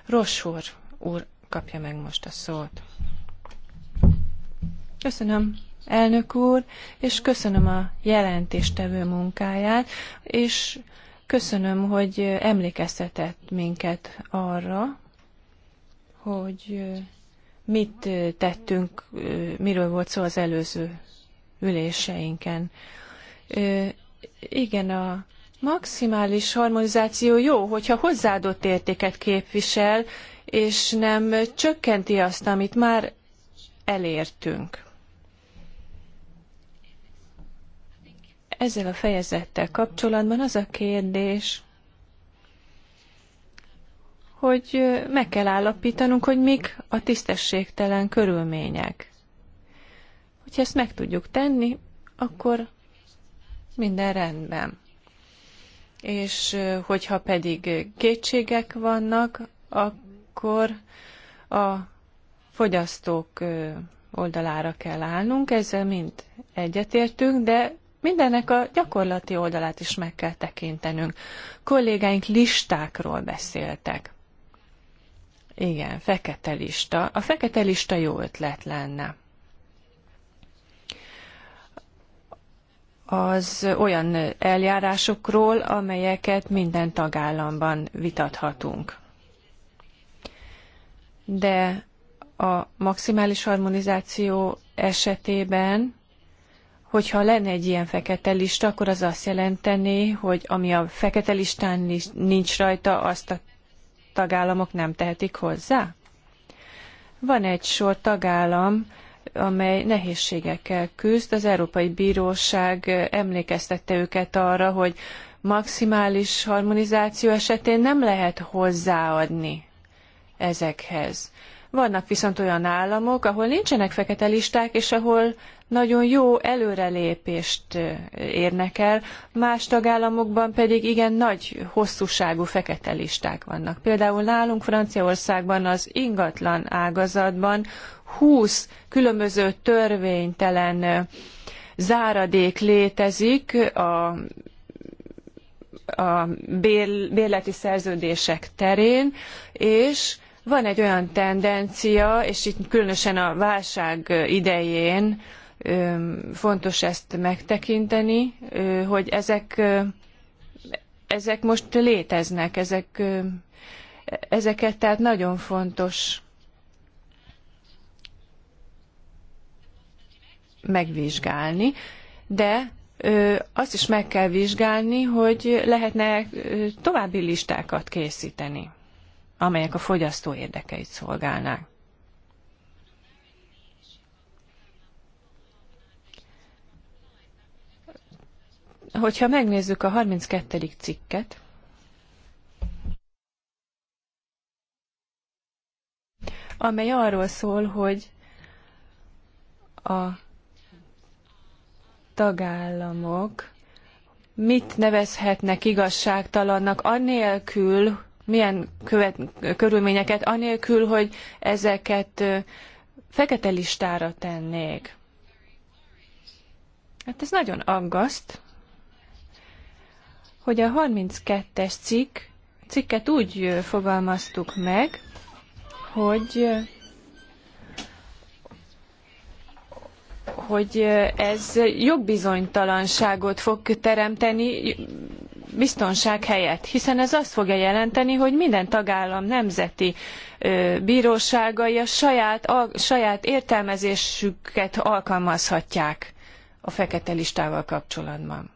Rossor úr kapja meg most a szót. Köszönöm elnök úr, és köszönöm a jelentéstevő munkáját, és köszönöm, hogy emlékeztetett minket arra, hogy mit tettünk, miről volt szó az előző üléseinken. Igen, a maximális harmonizáció jó, hogyha hozzáadott értéket képvisel, és nem csökkenti azt, amit már elértünk. Ezzel a fejezettel kapcsolatban az a kérdés, hogy meg kell állapítanunk, hogy mik a tisztességtelen körülmények. Hogyha ezt meg tudjuk tenni, akkor minden rendben. És hogyha pedig kétségek vannak, akkor a fogyasztók oldalára kell állnunk, ezzel mind egyetértünk, de Mindennek a gyakorlati oldalát is meg kell tekintenünk. Kollégáink listákról beszéltek. Igen, fekete lista. A fekete lista jó ötlet lenne. az olyan eljárásokról, amelyeket minden tagállamban vitathatunk. De a maximális harmonizáció esetében hogyha lenne egy ilyen fekete lista, akkor az azt jelenteni, hogy ami a fekete listán nincs rajta, azt a tagállamok nem tehetik hozzá? Van egy sor tagállam, amely nehézségekkel küzd. Az Európai Bíróság emlékeztette őket arra, hogy maximális harmonizáció esetén nem lehet hozzáadni ezekhez. Vannak viszont olyan államok, ahol nincsenek fekete listák, és ahol nagyon jó előrelépést érnek el, más tagállamokban pedig igen nagy hosszúságú fekete listák vannak. Például nálunk Franciaországban az ingatlan ágazatban 20 különböző törvénytelen záradék létezik a a bérleti szerződések terén, és van egy olyan tendencia, és itt különösen a válság idején, fontos ezt megtekinteni, hogy ezek, ezek most léteznek, ezek, ezeket tehát nagyon fontos megvizsgálni, de azt is meg kell vizsgálni, hogy lehetne további listákat készíteni, amelyek a fogyasztó érdekeit szolgálnák. Hogyha megnézzük a 32. cikket, amely arról szól, hogy a tagállamok mit nevezhetnek igazságtalannak, anélkül, milyen követ, körülményeket, anélkül, hogy ezeket fekete listára tennék. Hát ez nagyon aggaszt, hogy a 32-es cikk, cikket úgy fogalmaztuk meg, hogy hogy ez jogbizonytalanságot fog teremteni biztonság helyett, hiszen ez azt fogja jelenteni, hogy minden tagállam nemzeti bíróságai a saját, a saját értelmezésüket alkalmazhatják a fekete listával kapcsolatban.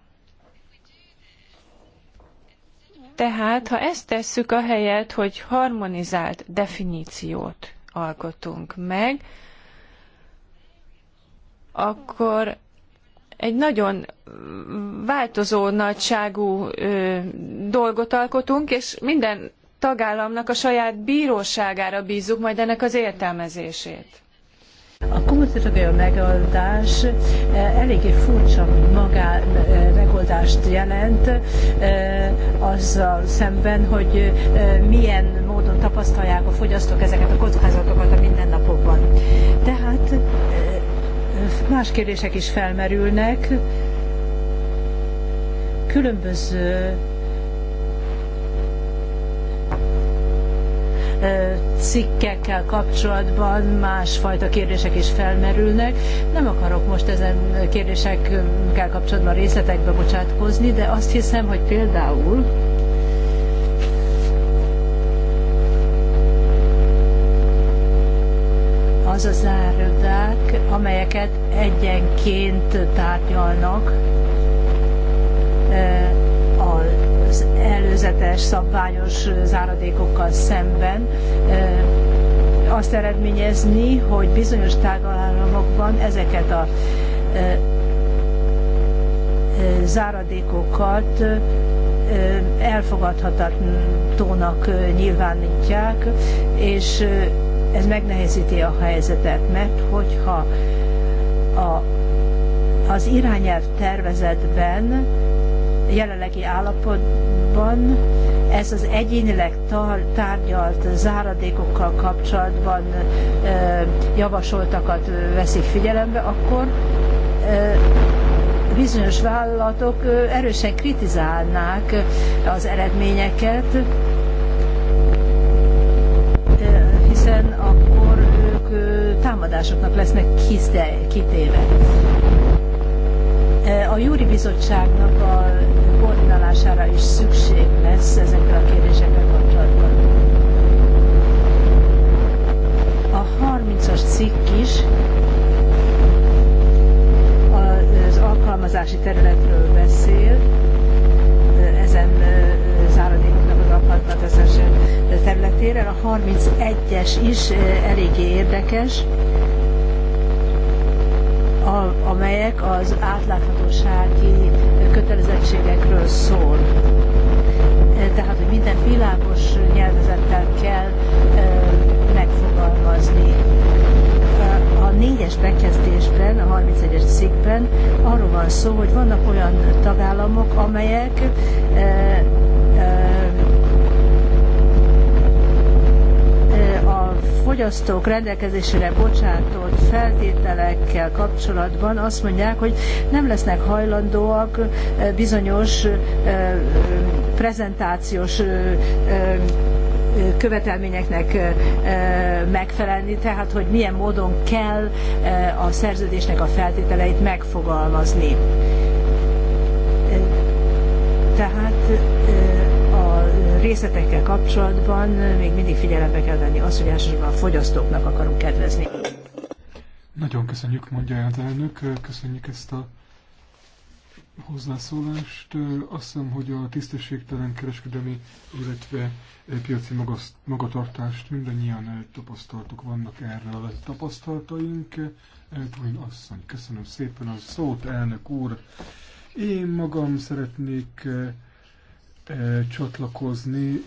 Tehát, ha ezt tesszük a helyet, hogy harmonizált definíciót alkotunk meg, akkor egy nagyon változó nagyságú ö, dolgot alkotunk, és minden tagállamnak a saját bíróságára bízzuk majd ennek az értelmezését. A kumulatív megoldás eh, eléggé furcsa magá eh, megoldást jelent eh, azzal szemben, hogy milyen módon tapasztalják a fogyasztók ezeket a kockázatokat a mindennapokban. Tehát más kérdések is felmerülnek, különböző cikkekkel kapcsolatban másfajta kérdések is felmerülnek. Nem akarok most ezen kérdésekkel kapcsolatban részletekbe bocsátkozni, de azt hiszem, hogy például az az árodák, amelyeket egyenként tárgyalnak a előzetes szabványos záradékokkal szemben azt eredményezni, hogy bizonyos tagállamokban ezeket a záradékokat elfogadhatatónak nyilvánítják, és ez megnehezíti a helyzetet, mert hogyha a, az irányelv tervezetben jelenlegi állapotban ez az egyénileg tárgyalt záradékokkal kapcsolatban javasoltakat veszik figyelembe, akkor bizonyos vállalatok erősen kritizálnák az eredményeket, hiszen akkor ők támadásoknak lesznek kitéve. Eh, a Júri Bizottságnak a koordinálására is szükség lesz ezekkel a kérdésekkel kapcsolatban. A 30-as cikk is az alkalmazási területről beszél, eh, ezen eh, záradékoknak az alkalmazási területére. A 31-es is eléggé érdekes, amelyek az átláthatósági kötelezettségekről szól. E, tehát, hogy minden világos nyelvezettel kell e, megfogalmazni. E, a négyes bekezdésben, a 31-es cikkben arról van szó, hogy vannak olyan tagállamok, amelyek fogyasztók rendelkezésére bocsátott feltételekkel kapcsolatban azt mondják, hogy nem lesznek hajlandóak bizonyos prezentációs követelményeknek megfelelni, tehát hogy milyen módon kell a szerződésnek a feltételeit megfogalmazni. részletekkel kapcsolatban még mindig figyelembe kell venni azt, hogy elsősorban a fogyasztóknak akarunk kedvezni. Nagyon köszönjük, mondja az elnök, köszönjük ezt a hozzászólást. Azt hiszem, hogy a tisztességtelen kereskedelmi, illetve piaci magatartást mindannyian tapasztaltuk, vannak erre, a tapasztalataink. Eltúlin asszony, köszönöm szépen a szót, elnök úr. Én magam szeretnék csatlakozni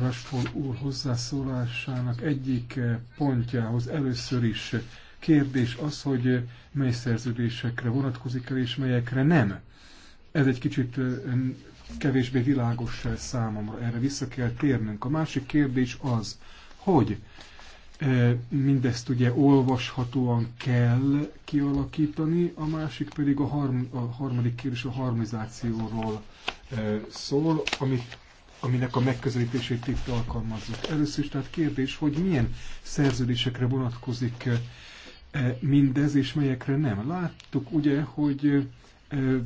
Rasford úr hozzászólásának egyik pontjához. Először is kérdés az, hogy mely szerződésekre vonatkozik el, és melyekre nem. Ez egy kicsit kevésbé világos számomra. Erre vissza kell térnünk. A másik kérdés az, hogy mindezt ugye olvashatóan kell kialakítani, a másik pedig a, harm, a harmadik kérdés a harmonizációról szól, amit, aminek a megközelítését itt alkalmazzuk. Először is tehát kérdés, hogy milyen szerződésekre vonatkozik mindez, és melyekre nem. Láttuk ugye, hogy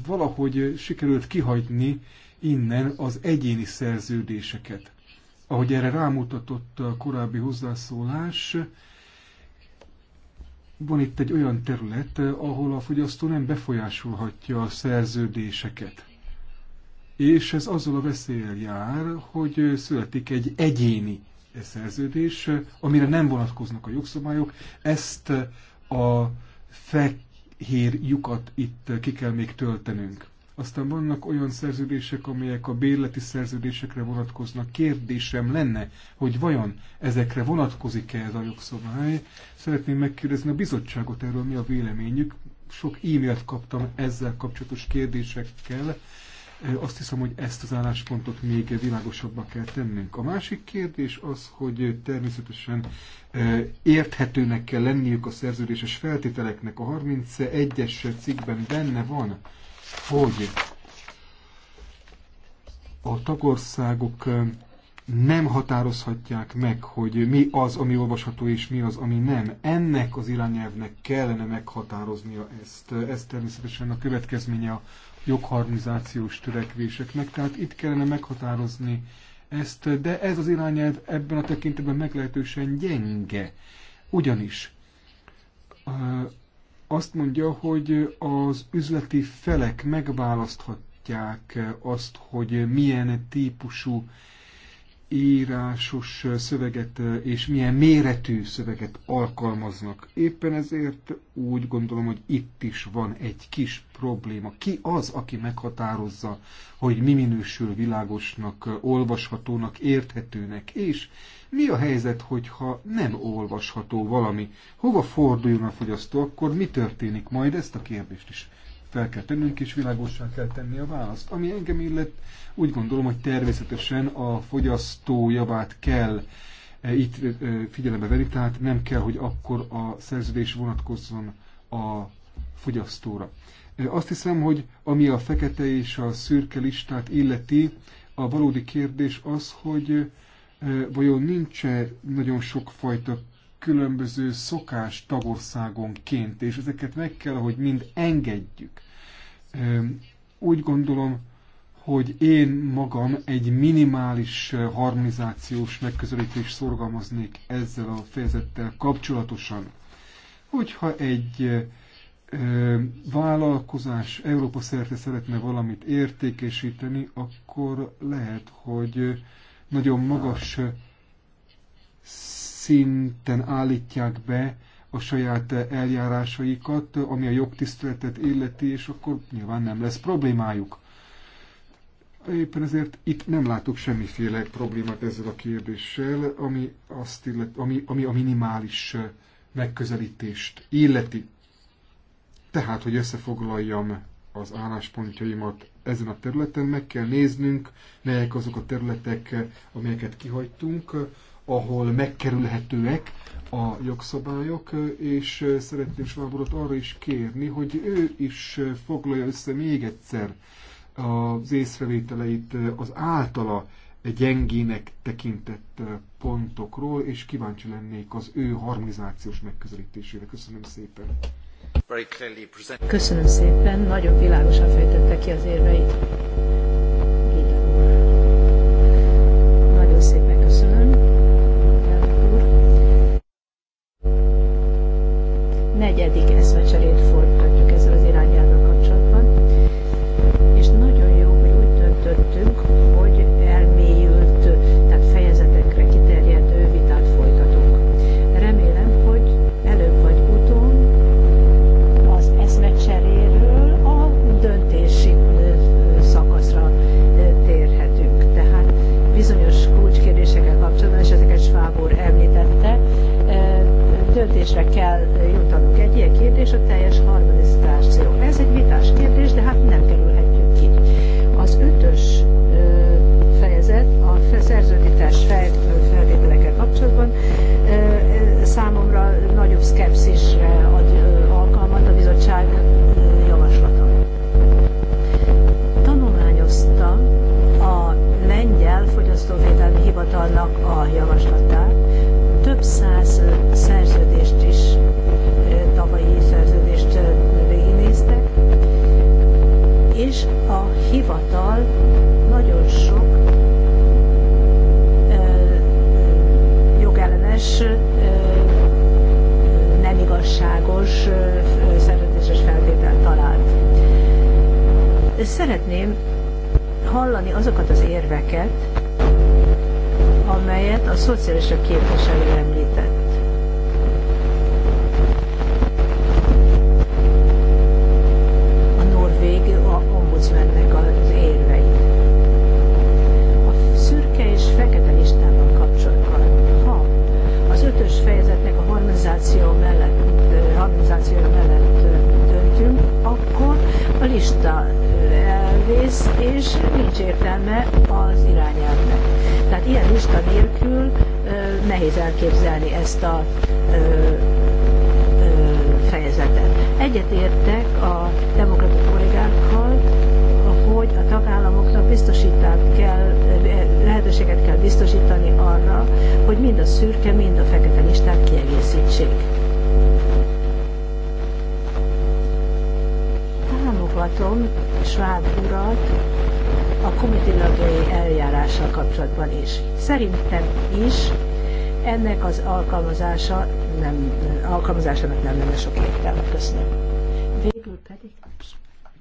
valahogy sikerült kihagyni innen az egyéni szerződéseket. Ahogy erre rámutatott a korábbi hozzászólás, van itt egy olyan terület, ahol a fogyasztó nem befolyásolhatja a szerződéseket és ez azzal a veszélyel jár, hogy születik egy egyéni szerződés, amire nem vonatkoznak a jogszabályok. Ezt a fehér lyukat itt ki kell még töltenünk. Aztán vannak olyan szerződések, amelyek a bérleti szerződésekre vonatkoznak. Kérdésem lenne, hogy vajon ezekre vonatkozik-e ez a jogszabály. Szeretném megkérdezni a bizottságot erről, mi a véleményük. Sok e-mailt kaptam ezzel kapcsolatos kérdésekkel, azt hiszem, hogy ezt az álláspontot még világosabbá kell tennünk. A másik kérdés az, hogy természetesen érthetőnek kell lenniük a szerződéses feltételeknek. A 31-es cikkben benne van, hogy a tagországok nem határozhatják meg, hogy mi az, ami olvasható, és mi az, ami nem. Ennek az irányelvnek kellene meghatároznia ezt. Ez természetesen a következménye a jogharmonizációs törekvéseknek, tehát itt kellene meghatározni ezt, de ez az irányelv ebben a tekintetben meglehetősen gyenge. Ugyanis azt mondja, hogy az üzleti felek megválaszthatják azt, hogy milyen típusú írásos szöveget és milyen méretű szöveget alkalmaznak. Éppen ezért úgy gondolom, hogy itt is van egy kis probléma. Ki az, aki meghatározza, hogy mi minősül világosnak, olvashatónak, érthetőnek, és mi a helyzet, hogyha nem olvasható valami? Hova forduljon a fogyasztó, akkor mi történik? Majd ezt a kérdést is fel kell tennünk, és világosan kell tenni a választ. Ami engem illet, úgy gondolom, hogy természetesen a fogyasztó javát kell e, itt e, figyelembe venni, tehát nem kell, hogy akkor a szerződés vonatkozzon a fogyasztóra. E, azt hiszem, hogy ami a fekete és a szürke listát illeti, a valódi kérdés az, hogy vajon nincs -e nagyon sokfajta különböző szokás tagországonként, és ezeket meg kell, hogy mind engedjük. Úgy gondolom, hogy én magam egy minimális harmonizációs megközelítést szorgalmaznék ezzel a fejezettel kapcsolatosan. Hogyha egy vállalkozás Európa szerte szeretne valamit értékesíteni, akkor lehet, hogy nagyon magas szinten állítják be a saját eljárásaikat, ami a jogtiszteletet illeti, és akkor nyilván nem lesz problémájuk. Éppen ezért itt nem látok semmiféle problémát ezzel a kérdéssel, ami, azt illet, ami, ami a minimális megközelítést illeti. Tehát, hogy összefoglaljam az álláspontjaimat ezen a területen, meg kell néznünk, melyek azok a területek, amelyeket kihagytunk, ahol megkerülhetőek a jogszabályok, és szeretném Sváborot arra is kérni, hogy ő is foglalja össze még egyszer az észrevételeit az általa gyengének tekintett pontokról, és kíváncsi lennék az ő harmonizációs megközelítésére. Köszönöm szépen! Köszönöm szépen, nagyon világosan fejtette ki az érveit.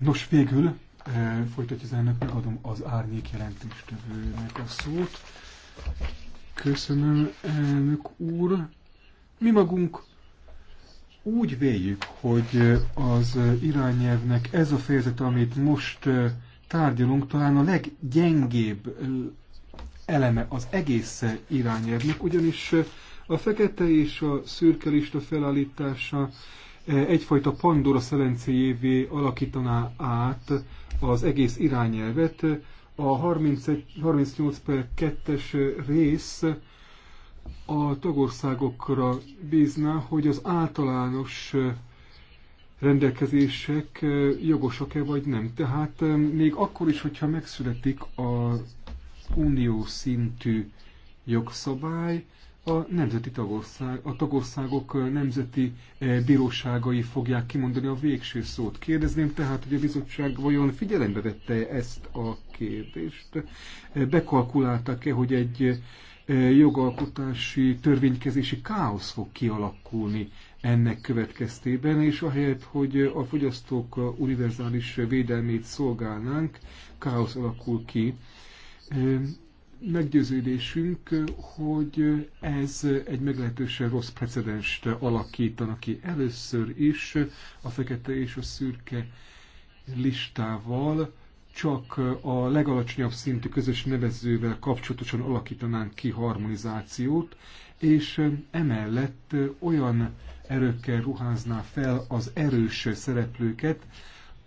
Nos, végül eh, folytatja az elnök, megadom az árnyék jelentéstevőnek a szót. Köszönöm, elnök úr. Mi magunk úgy véljük, hogy az irányelvnek ez a fejezet, amit most eh, tárgyalunk, talán a leggyengébb eh, eleme az egész irányelvnek, ugyanis a fekete és a szürke lista felállítása egyfajta Pandora szelencéjévé alakítaná át az egész irányelvet. A 31, 38 per 2-es rész a tagországokra bízná, hogy az általános rendelkezések jogosak-e vagy nem. Tehát még akkor is, hogyha megszületik a unió szintű jogszabály, a nemzeti tagország, a tagországok nemzeti bíróságai fogják kimondani a végső szót. Kérdezném tehát, hogy a bizottság vajon figyelembe vette -e ezt a kérdést? Bekalkuláltak-e, hogy egy jogalkotási, törvénykezési káosz fog kialakulni ennek következtében, és ahelyett, hogy a fogyasztók univerzális védelmét szolgálnánk, káosz alakul ki meggyőződésünk, hogy ez egy meglehetősen rossz precedenst alakítanak ki. Először is a fekete és a szürke listával csak a legalacsonyabb szintű közös nevezővel kapcsolatosan alakítanánk ki harmonizációt, és emellett olyan erőkkel ruházná fel az erős szereplőket,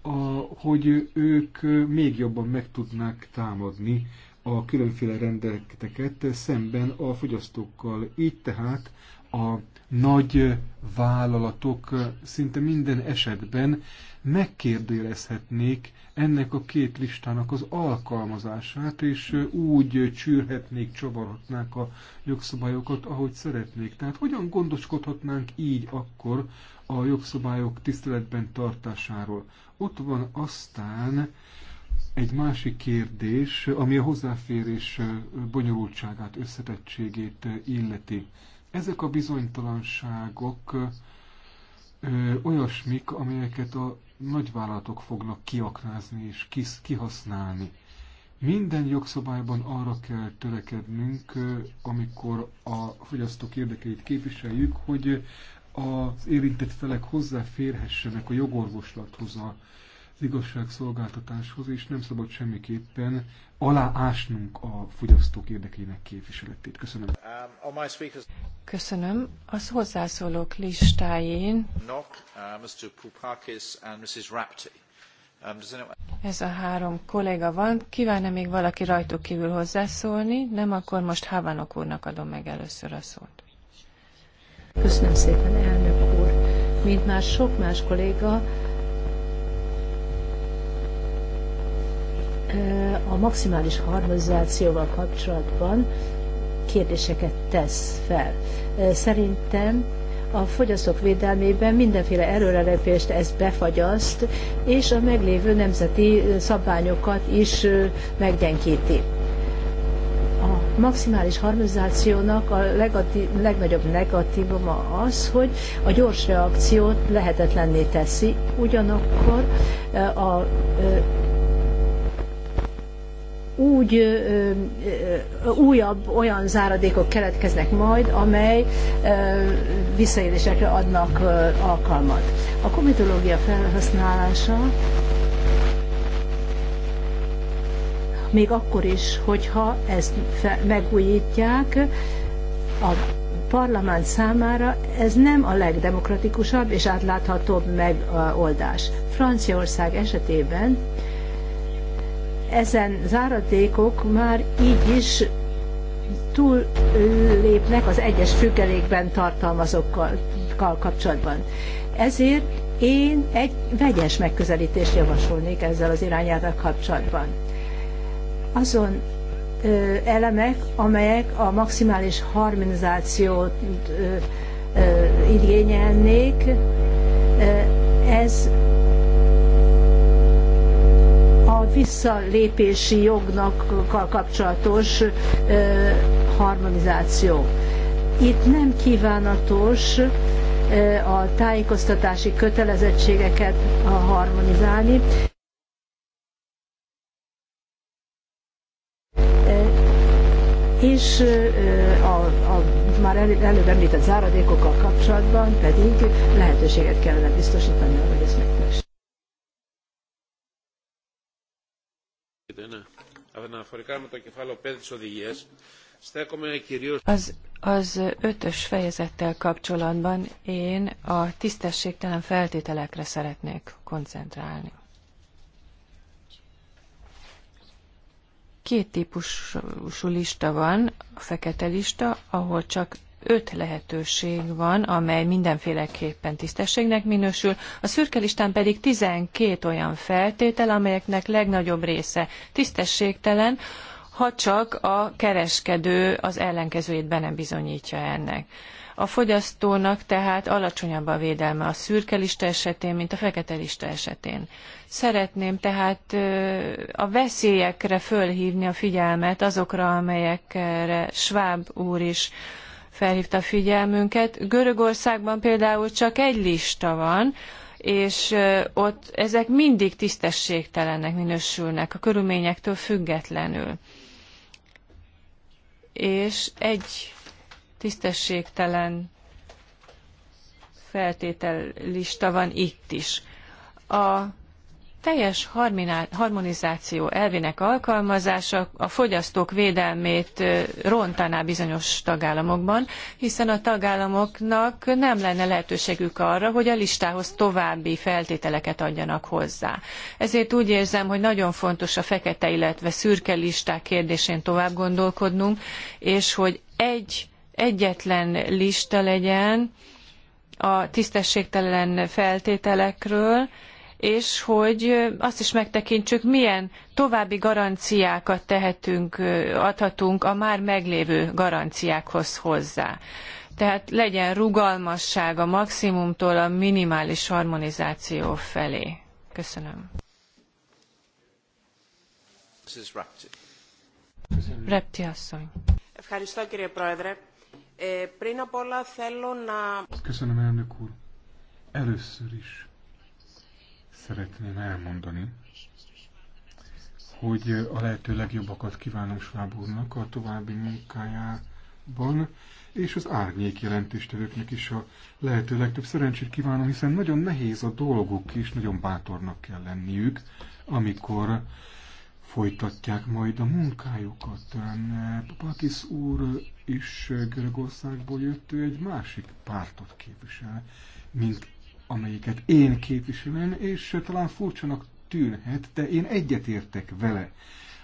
a, hogy ők még jobban meg tudnák támadni a különféle rendeleteket szemben a fogyasztókkal. Így tehát a nagy vállalatok szinte minden esetben megkérdőjelezhetnék ennek a két listának az alkalmazását, és úgy csűrhetnék, csavarhatnák a jogszabályokat, ahogy szeretnék. Tehát hogyan gondoskodhatnánk így akkor a jogszabályok tiszteletben tartásáról? Ott van aztán egy másik kérdés, ami a hozzáférés bonyolultságát, összetettségét illeti. Ezek a bizonytalanságok olyasmik, amelyeket a nagyvállalatok fognak kiaknázni és kihasználni. Minden jogszabályban arra kell törekednünk, amikor a fogyasztók érdekeit képviseljük, hogy az érintett felek hozzáférhessenek a jogorvoslathoz, a az igazságszolgáltatáshoz, és nem szabad semmiképpen aláásnunk a fogyasztók érdekének képviseletét. Köszönöm. Um, Köszönöm. Az hozzászólók listáján uh, um, ez a három kolléga van. Kívánne még valaki rajtuk kívül hozzászólni? Nem, akkor most Hávanok úrnak adom meg először a szót. Köszönöm szépen, elnök úr. Mint már sok más kolléga, a maximális harmonizációval kapcsolatban kérdéseket tesz fel. Szerintem a fogyasztók védelmében mindenféle erőrelepést ez befagyaszt, és a meglévő nemzeti szabványokat is meggyengíti. A maximális harmonizációnak a legati, legnagyobb negatívuma az, hogy a gyors reakciót lehetetlenné teszi, ugyanakkor a úgy ö, ö, újabb olyan záradékok keletkeznek majd, amely ö, visszaélésekre adnak ö, alkalmat. A komitológia felhasználása még akkor is, hogyha ezt fe, megújítják, a parlament számára ez nem a legdemokratikusabb és átláthatóbb megoldás. Franciaország esetében ezen záradékok már így is túl lépnek az egyes függelékben tartalmazókkal kapcsolatban. Ezért én egy vegyes megközelítést javasolnék ezzel az irányával kapcsolatban. Azon elemek, amelyek a maximális harmonizációt igényelnék, ez a visszalépési jognak kapcsolatos harmonizáció. Itt nem kívánatos a tájékoztatási kötelezettségeket harmonizálni. És a, a már előbb említett záradékokkal kapcsolatban pedig lehetőséget kellene biztosítani, hogy ezt meg Az, az ötös fejezettel kapcsolatban én a tisztességtelen feltételekre szeretnék koncentrálni. Két típusú lista van, a fekete lista, ahol csak öt lehetőség van, amely mindenféleképpen tisztességnek minősül, a szürke listán pedig 12 olyan feltétel, amelyeknek legnagyobb része tisztességtelen, ha csak a kereskedő az ellenkezőjét be nem bizonyítja ennek. A fogyasztónak tehát alacsonyabb a védelme a szürke lista esetén, mint a fekete lista esetén. Szeretném tehát a veszélyekre fölhívni a figyelmet, azokra, amelyekre Schwab úr is felhívta a figyelmünket. Görögországban például csak egy lista van, és ott ezek mindig tisztességtelennek minősülnek, a körülményektől függetlenül. És egy tisztességtelen feltétellista van itt is. A teljes harmonizáció elvének alkalmazása a fogyasztók védelmét rontaná bizonyos tagállamokban, hiszen a tagállamoknak nem lenne lehetőségük arra, hogy a listához további feltételeket adjanak hozzá. Ezért úgy érzem, hogy nagyon fontos a fekete, illetve szürke listák kérdésén tovább gondolkodnunk, és hogy egy egyetlen lista legyen a tisztességtelen feltételekről, és hogy azt is megtekintsük, milyen további garanciákat tehetünk, adhatunk a már meglévő garanciákhoz hozzá. Tehát legyen rugalmasság a maximumtól a minimális harmonizáció felé. Köszönöm. Repti asszony. Köszönöm, elnök úr. Először is szeretném elmondani, hogy a lehető legjobbakat kívánom Schwab úrnak a további munkájában, és az árnyék jelentéstevőknek is a lehető legtöbb szerencsét kívánom, hiszen nagyon nehéz a dolguk is, nagyon bátornak kell lenniük, amikor folytatják majd a munkájukat. Papakis úr is Görögországból jött, ő egy másik pártot képvisel, mint amelyiket én képviselem, és talán furcsanak tűnhet, de én egyetértek vele.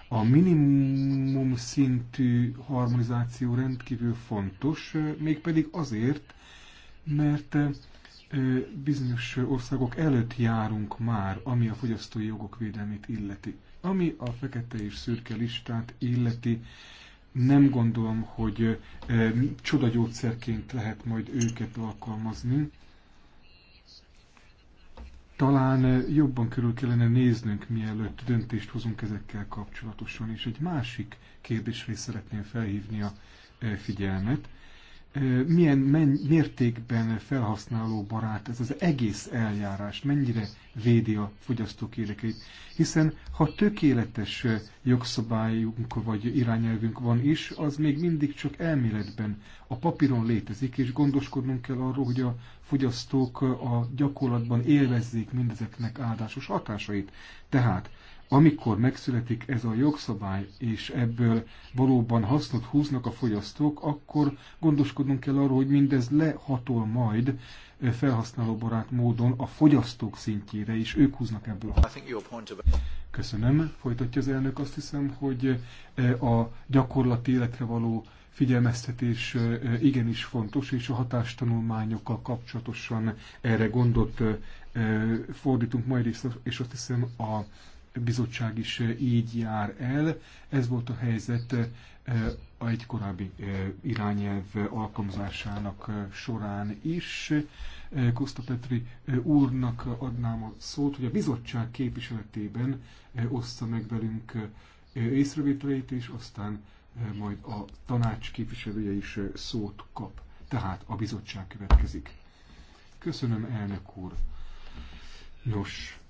A minimum szintű harmonizáció rendkívül fontos, mégpedig azért, mert bizonyos országok előtt járunk már, ami a fogyasztói jogok védelmét illeti. Ami a fekete és szürke listát illeti, nem gondolom, hogy csodagyógyszerként lehet majd őket alkalmazni talán jobban körül kellene néznünk, mielőtt döntést hozunk ezekkel kapcsolatosan. És egy másik kérdésre szeretném felhívni a figyelmet milyen mértékben felhasználó barát ez az egész eljárás, mennyire védi a fogyasztók érdekeit. Hiszen ha tökéletes jogszabályunk vagy irányelvünk van is, az még mindig csak elméletben a papíron létezik, és gondoskodnunk kell arról, hogy a fogyasztók a gyakorlatban élvezzék mindezeknek áldásos hatásait. Tehát amikor megszületik ez a jogszabály, és ebből valóban hasznot húznak a fogyasztók, akkor gondoskodnunk kell arról, hogy mindez lehatol majd felhasználóbarát módon a fogyasztók szintjére, és ők húznak ebből. Köszönöm. Folytatja az elnök. Azt hiszem, hogy a gyakorlati életre való figyelmeztetés igenis fontos, és a hatástanulmányokkal kapcsolatosan erre gondot fordítunk majd, és azt hiszem a bizottság is eh, így jár el. Ez volt a helyzet eh, egy korábbi eh, irányelv alkalmazásának során is. Kosta Petri úrnak adnám a szót, hogy a bizottság képviseletében ossza meg velünk észrevételeit, és aztán majd a tanács képviselője is szót kap. Tehát a bizottság következik. Köszönöm, elnök úr. Nos,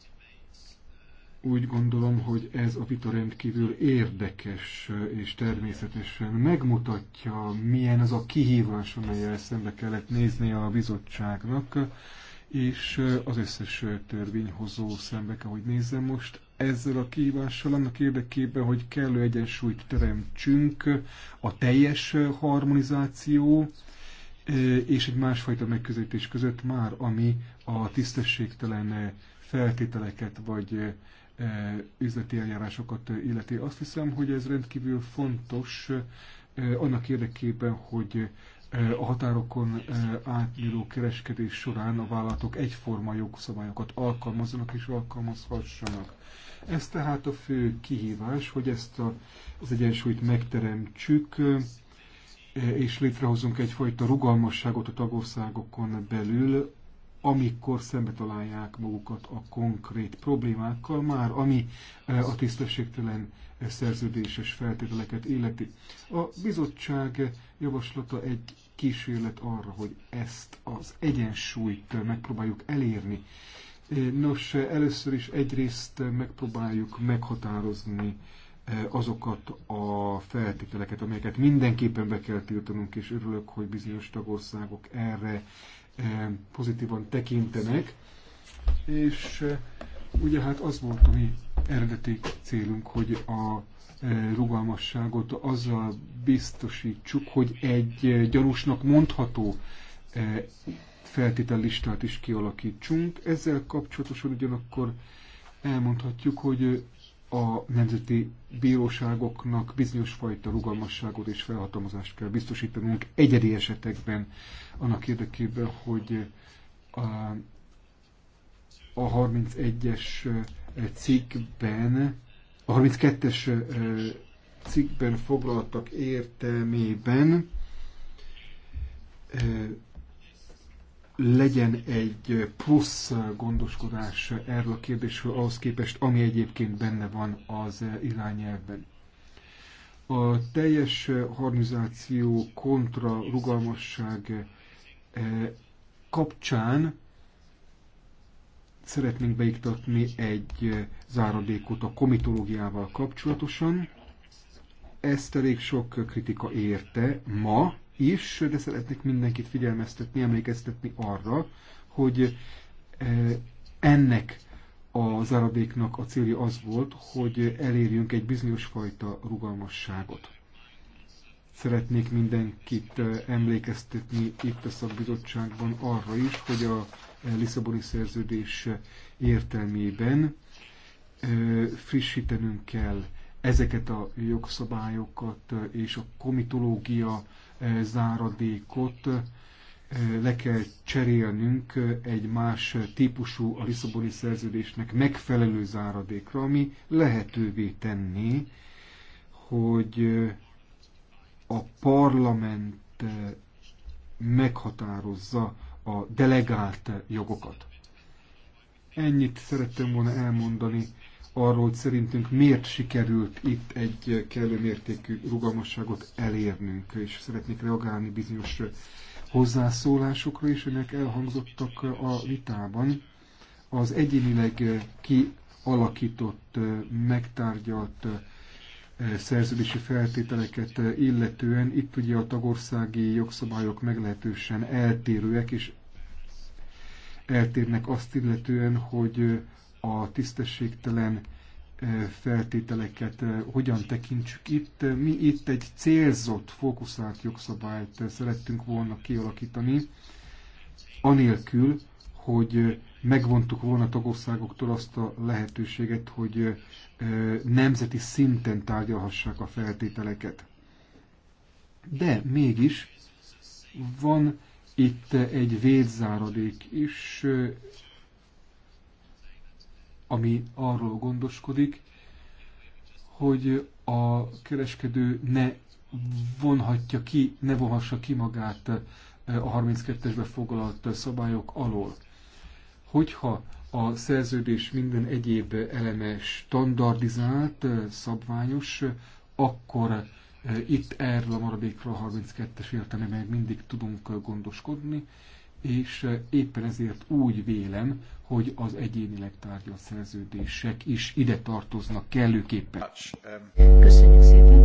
úgy gondolom, hogy ez a vita rendkívül érdekes eh, és természetesen megmutatja, milyen az a kihívás, amelyel szembe kellett nézni a bizottságnak, és eh, az összes eh, törvényhozó szembe kell, hogy nézzem most ezzel a kihívással annak érdekében, hogy kellő egyensúlyt teremtsünk a teljes harmonizáció és egy másfajta megközelítés között már, ami a tisztességtelen feltételeket vagy üzleti eljárásokat illeti. Azt hiszem, hogy ez rendkívül fontos annak érdekében, hogy a határokon átnyúló kereskedés során a vállalatok egyforma jogszabályokat alkalmazzanak és alkalmazhassanak. Ez tehát a fő kihívás, hogy ezt a, az egyensúlyt megteremtsük, és létrehozunk egyfajta rugalmasságot a tagországokon belül amikor szembe találják magukat a konkrét problémákkal, már ami eh, a tisztességtelen eh, szerződéses feltételeket illeti. A bizottság eh, javaslata egy kísérlet arra, hogy ezt az egyensúlyt megpróbáljuk elérni. Nos, először is egyrészt megpróbáljuk meghatározni azokat a feltételeket, amelyeket mindenképpen be kell tiltanunk, és örülök, hogy bizonyos tagországok erre pozitívan tekintenek, és ugye hát az volt a mi eredeti célunk, hogy a rugalmasságot azzal biztosítsuk, hogy egy gyanúsnak mondható feltétellistát is kialakítsunk. Ezzel kapcsolatosan ugyanakkor elmondhatjuk, hogy a nemzeti bíróságoknak bizonyos fajta rugalmasságot és felhatalmazást kell biztosítanunk egyedi esetekben annak érdekében, hogy a, a 31-es eh, cikkben, a 32-es eh, cikkben foglaltak értelmében eh, legyen egy plusz gondoskodás erről a kérdésről ahhoz képest, ami egyébként benne van az irányelvben. A teljes harmonizáció kontra rugalmasság eh, kapcsán szeretnénk beiktatni egy eh, záradékot a komitológiával kapcsolatosan. Ezt elég sok kritika érte ma, is, de szeretnék mindenkit figyelmeztetni, emlékeztetni arra, hogy e, ennek a áradéknak a célja az volt, hogy elérjünk egy bizonyos fajta rugalmasságot. Szeretnék mindenkit e, emlékeztetni itt a szakbizottságban arra is, hogy a Lisszaboni szerződés értelmében e, frissítenünk kell ezeket a jogszabályokat és a komitológia eh, záradékot eh, le kell cserélnünk egy más típusú a Lisszaboni szerződésnek megfelelő záradékra, ami lehetővé tenni, hogy eh, a parlament meghatározza a delegált jogokat. Ennyit szerettem volna elmondani arról, hogy szerintünk miért sikerült itt egy kellő mértékű rugalmasságot elérnünk, és szeretnék reagálni bizonyos hozzászólásokra is, ennek elhangzottak a vitában. Az egyénileg kialakított, megtárgyalt eh, szerződési feltételeket illetően itt ugye a tagországi jogszabályok meglehetősen eltérőek, és eltérnek azt illetően, hogy a tisztességtelen feltételeket hogyan tekintsük itt. Mi itt egy célzott, fókuszált jogszabályt szerettünk volna kialakítani, anélkül, hogy megvontuk volna tagországoktól azt a lehetőséget, hogy nemzeti szinten tárgyalhassák a feltételeket. De mégis van itt egy védzáradék is, ami arról gondoskodik, hogy a kereskedő ne vonhatja ki, ne vonhassa ki magát eh, a 32-esbe foglalt szabályok alól. Hogyha a szerződés minden egyéb eleme standardizált, eh, szabványos, akkor eh, itt erről a maradékról a 32-es értelemben mindig tudunk gondoskodni, és eh, éppen ezért úgy vélem, hogy az egyénileg tárgyalt szerződések is ide tartoznak kellőképpen. Köszönjük szépen!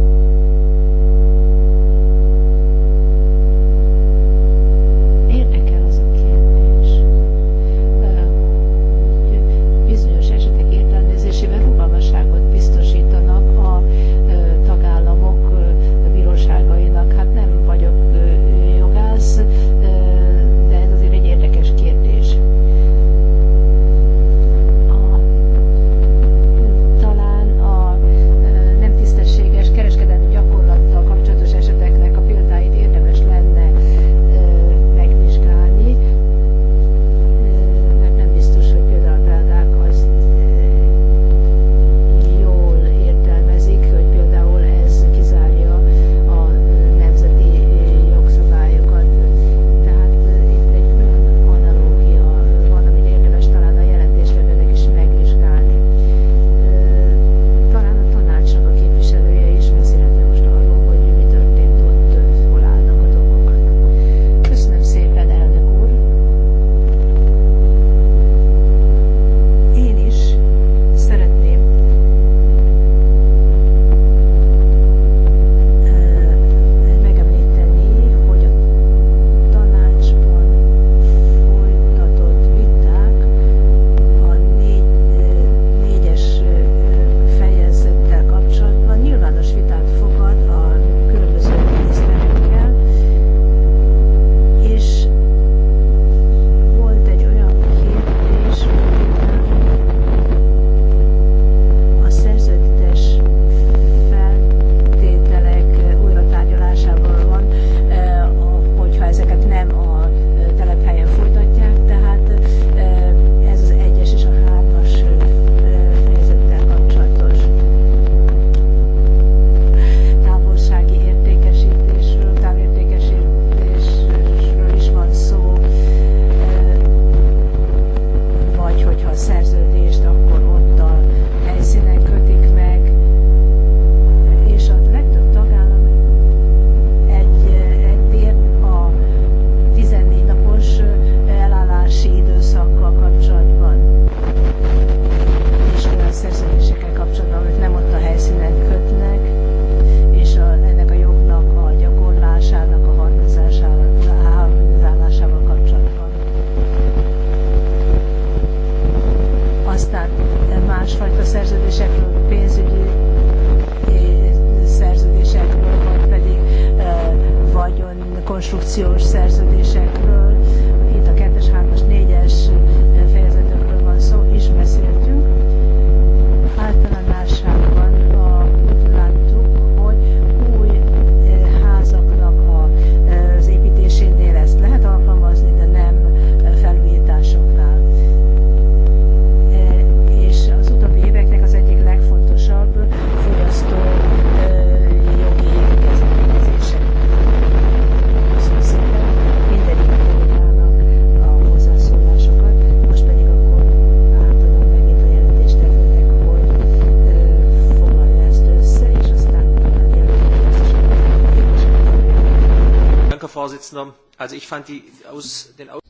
Ich fand die aus den aus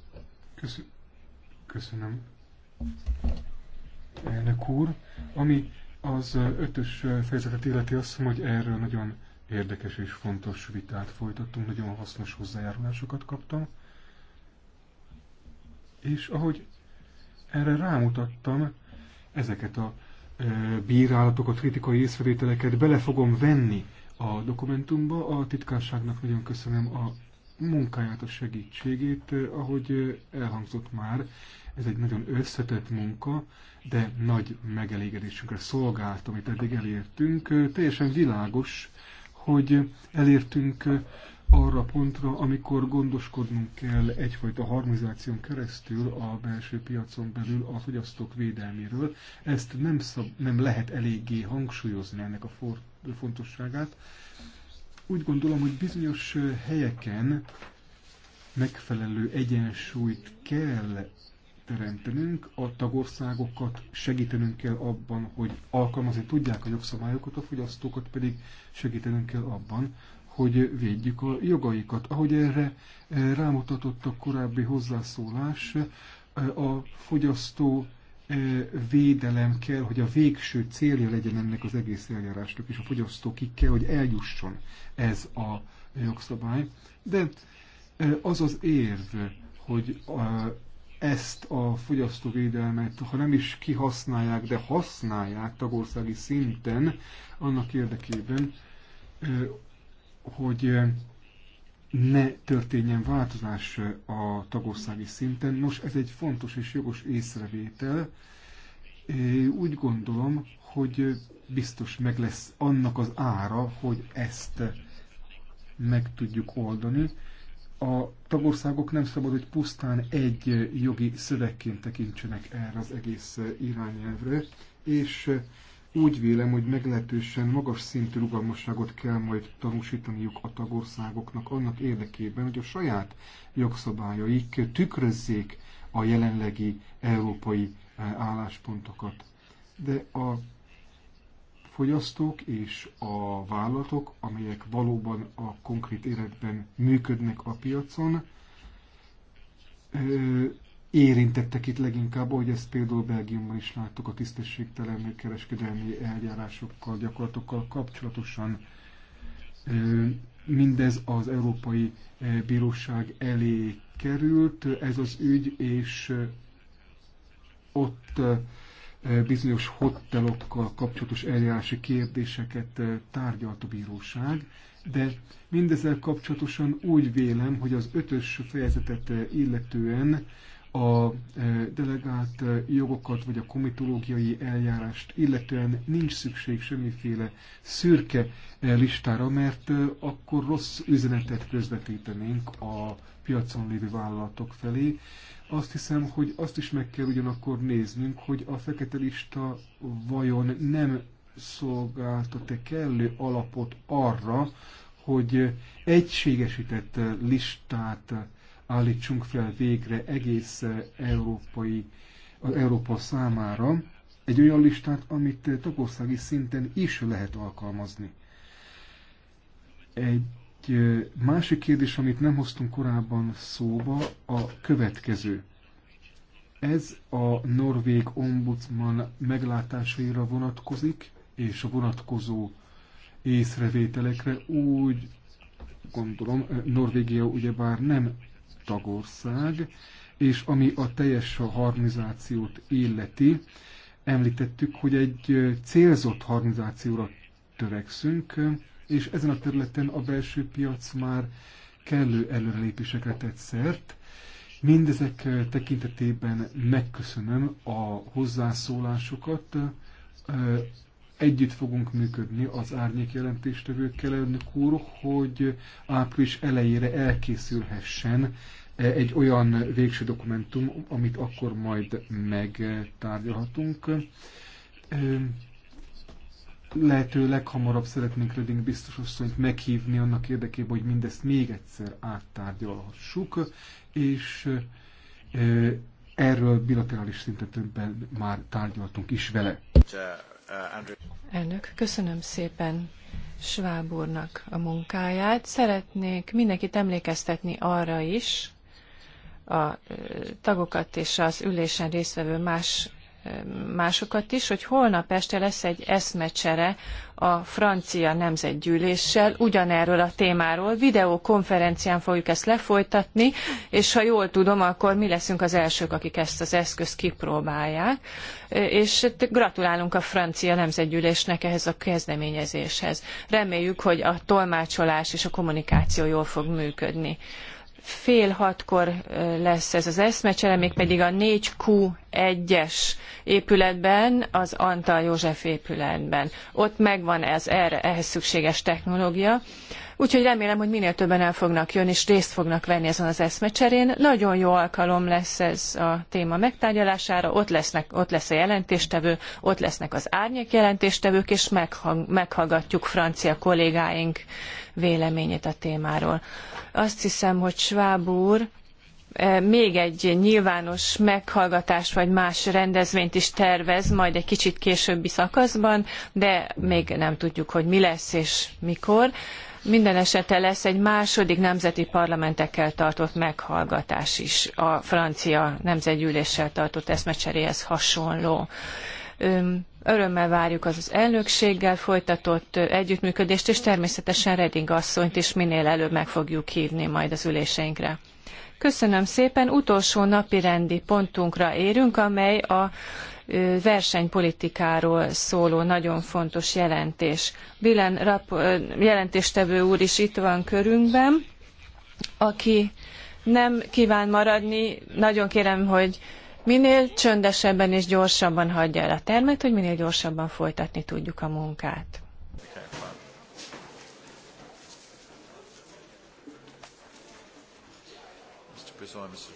Köszönöm. Elnök úr, ami az ötös fejezetet illeti, azt hiszem, hogy erről nagyon érdekes és fontos vitát folytattunk, nagyon hasznos hozzájárulásokat kaptam. És ahogy erre rámutattam, ezeket a bírálatokat, kritikai észrevételeket bele fogom venni a dokumentumba. A titkárságnak nagyon köszönöm a munkáját, a segítségét, eh, ahogy eh, elhangzott már, ez egy nagyon összetett munka, de nagy megelégedésünkre szolgált, amit eddig elértünk. Eh, teljesen világos, hogy elértünk arra pontra, amikor gondoskodnunk kell egyfajta harmonizáción keresztül a belső piacon belül a fogyasztók védelméről. Ezt nem, szab, nem lehet eléggé hangsúlyozni ennek a for, fontosságát, úgy gondolom, hogy bizonyos helyeken megfelelő egyensúlyt kell teremtenünk, a tagországokat segítenünk kell abban, hogy alkalmazni tudják a jogszabályokat, a fogyasztókat pedig segítenünk kell abban, hogy védjük a jogaikat. Ahogy erre rámutatott a korábbi hozzászólás, a fogyasztó védelem kell, hogy a végső célja legyen ennek az egész eljárásnak, és a fogyasztókig kell, hogy eljusson ez a jogszabály. De az az érv, hogy ezt a fogyasztóvédelmet, ha nem is kihasználják, de használják tagországi szinten annak érdekében, hogy ne történjen változás a tagországi szinten. Nos, ez egy fontos és jogos észrevétel. Úgy gondolom, hogy biztos meg lesz annak az ára, hogy ezt meg tudjuk oldani. A tagországok nem szabad, hogy pusztán egy jogi szövegként tekintsenek erre az egész irányelvre, és úgy vélem, hogy meglehetősen magas szintű rugalmasságot kell majd tanúsítaniuk a tagországoknak annak érdekében, hogy a saját jogszabályaik tükrözzék a jelenlegi európai eh, álláspontokat. De a fogyasztók és a vállalatok, amelyek valóban a konkrét életben működnek a piacon, eh, érintettek itt leginkább, ahogy ezt például Belgiumban is láttuk a tisztességtelen kereskedelmi eljárásokkal, gyakorlatokkal kapcsolatosan. Mindez az Európai Bíróság elé került, ez az ügy, és ott bizonyos hotelokkal kapcsolatos eljárási kérdéseket tárgyalt a bíróság, de mindezzel kapcsolatosan úgy vélem, hogy az ötös fejezetet illetően a delegált jogokat vagy a komitológiai eljárást illetően nincs szükség semmiféle szürke listára, mert akkor rossz üzenetet közvetítenénk a piacon lévő vállalatok felé. Azt hiszem, hogy azt is meg kell ugyanakkor néznünk, hogy a fekete lista vajon nem szolgáltat-e kellő alapot arra, hogy egységesített listát állítsunk fel végre egész eh, európai, az Európa számára egy olyan listát, amit eh, tagországi szinten is lehet alkalmazni. Egy eh, másik kérdés, amit nem hoztunk korábban szóba, a következő. Ez a norvég ombudsman meglátásaira vonatkozik, és a vonatkozó észrevételekre úgy gondolom, Norvégia ugyebár nem tagország, és ami a teljes harmonizációt illeti, említettük, hogy egy célzott harmonizációra törekszünk, és ezen a területen a belső piac már kellő előrelépésekre tett szert. Mindezek tekintetében megköszönöm a hozzászólásokat, együtt fogunk működni az árnyék jelentéstevőkkel, elnök úr, hogy április elejére elkészülhessen egy olyan végső dokumentum, amit akkor majd megtárgyalhatunk. Lehető leghamarabb szeretnénk Reding biztos asszonyt meghívni annak érdekében, hogy mindezt még egyszer áttárgyalhassuk, és eh, erről bilaterális szinten többen már tárgyaltunk is vele. Elnök, köszönöm szépen Schwab úrnak a munkáját. Szeretnék mindenkit emlékeztetni arra is, a tagokat és az ülésen résztvevő más másokat is, hogy holnap este lesz egy eszmecsere a francia nemzetgyűléssel ugyanerről a témáról. Videokonferencián fogjuk ezt lefolytatni, és ha jól tudom, akkor mi leszünk az elsők, akik ezt az eszközt kipróbálják. És gratulálunk a francia nemzetgyűlésnek ehhez a kezdeményezéshez. Reméljük, hogy a tolmácsolás és a kommunikáció jól fog működni fél hatkor lesz ez az eszmecsere, mégpedig a 4Q1-es épületben, az Antal József épületben. Ott megvan ez, erre, ehhez szükséges technológia. Úgyhogy remélem, hogy minél többen el fognak jönni, és részt fognak venni ezen az eszmecserén. Nagyon jó alkalom lesz ez a téma megtárgyalására, ott, lesznek, ott lesz a jelentéstevő, ott lesznek az árnyék jelentéstevők, és meghang, meghallgatjuk francia kollégáink véleményét a témáról. Azt hiszem, hogy Schwab úr e, még egy nyilvános meghallgatást vagy más rendezvényt is tervez, majd egy kicsit későbbi szakaszban, de még nem tudjuk, hogy mi lesz és mikor. Minden esetre lesz egy második nemzeti parlamentekkel tartott meghallgatás is a francia nemzetgyűléssel tartott eszmecseréhez hasonló. Örömmel várjuk az elnökséggel folytatott együttműködést, és természetesen Reding asszonyt is minél előbb meg fogjuk hívni majd az üléseinkre. Köszönöm szépen, utolsó napirendi pontunkra érünk, amely a versenypolitikáról szóló nagyon fontos jelentés. Bilen jelentéstevő úr is itt van körünkben, aki nem kíván maradni, nagyon kérem, hogy minél csöndesebben és gyorsabban hagyja el a termet, hogy minél gyorsabban folytatni tudjuk a munkát. Mr. Mr.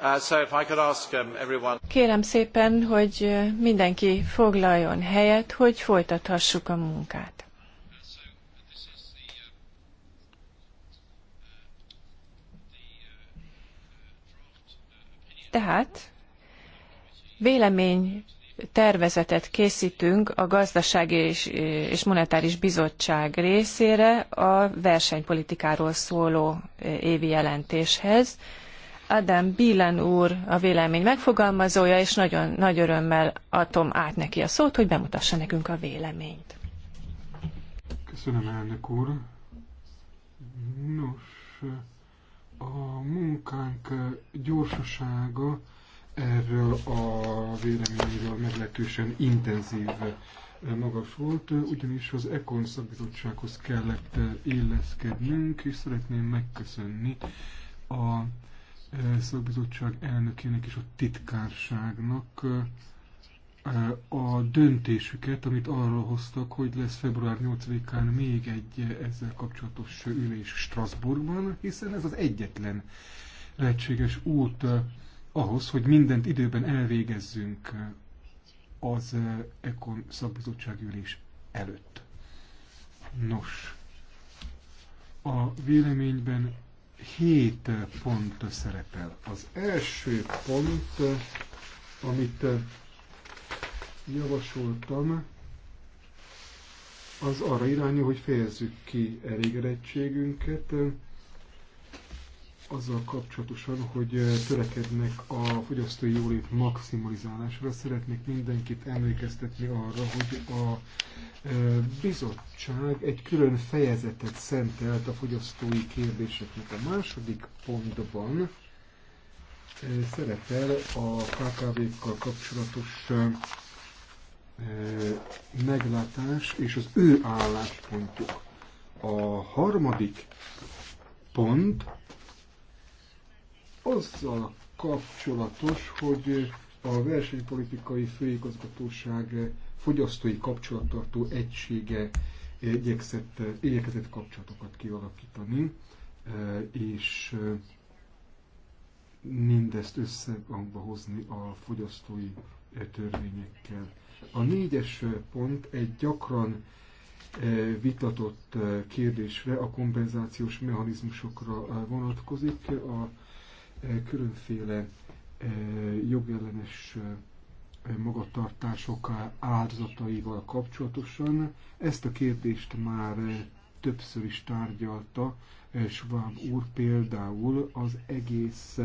Uh, um, Kérem szépen, hogy uh, mindenki foglaljon helyet, hogy folytathassuk a munkát. Tehát vélemény tervezetet készítünk a Gazdasági és, és Monetáris Bizottság részére a versenypolitikáról szóló évi jelentéshez. Adam Bílen úr a vélemény megfogalmazója, és nagyon nagy örömmel adom át neki a szót, hogy bemutassa nekünk a véleményt. Köszönöm, elnök úr. Nos, a munkánk gyorsasága erről a véleményéről meglehetősen intenzív eh, magas volt, ugyanis az econ szakbizottsághoz kellett eh, illeszkednünk, és szeretném megköszönni a eh, szakbizottság elnökének és a titkárságnak a döntésüket, amit arról hoztak, hogy lesz február 8-án még egy ezzel kapcsolatos ülés Strasbourgban, hiszen ez az egyetlen lehetséges út ahhoz, hogy mindent időben elvégezzünk az Ekon eh, szakbizottságülés előtt. Nos, a véleményben hét pont szerepel. Az első pont, amit eh, javasoltam, az arra irányul, hogy fejezzük ki elégedettségünket, azzal kapcsolatosan, hogy törekednek a fogyasztói jólét maximalizálásra. Szeretnék mindenkit emlékeztetni arra, hogy a bizottság egy külön fejezetet szentelt a fogyasztói kérdéseknek. A második pontban szerepel a KKV-kkal kapcsolatos meglátás és az ő álláspontjuk. A harmadik pont azzal kapcsolatos, hogy a versenypolitikai főigazgatóság fogyasztói kapcsolattartó egysége igyekszett, igyekezett kapcsolatokat kialakítani, eh, és eh, mindezt összehangba hozni a fogyasztói eh, törvényekkel. A négyes pont egy gyakran vitatott kérdésre, a kompenzációs mechanizmusokra vonatkozik. A különféle jogellenes magatartások áldozataival kapcsolatosan. Ezt a kérdést már többször is tárgyalta Schwab úr például az egész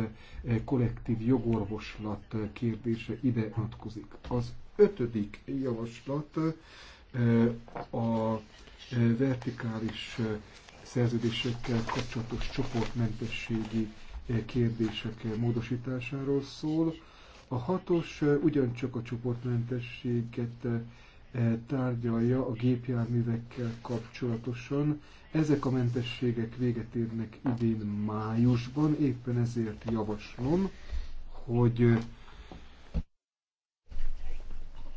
kollektív jogorvoslat kérdése ide vonatkozik. Az ötödik javaslat a vertikális szerződésekkel kapcsolatos csoportmentességi E, kérdések módosításáról szól. A hatos e, ugyancsak a csoportmentességet e, tárgyalja a gépjárművekkel kapcsolatosan. Ezek a mentességek véget érnek idén májusban, éppen ezért javaslom, hogy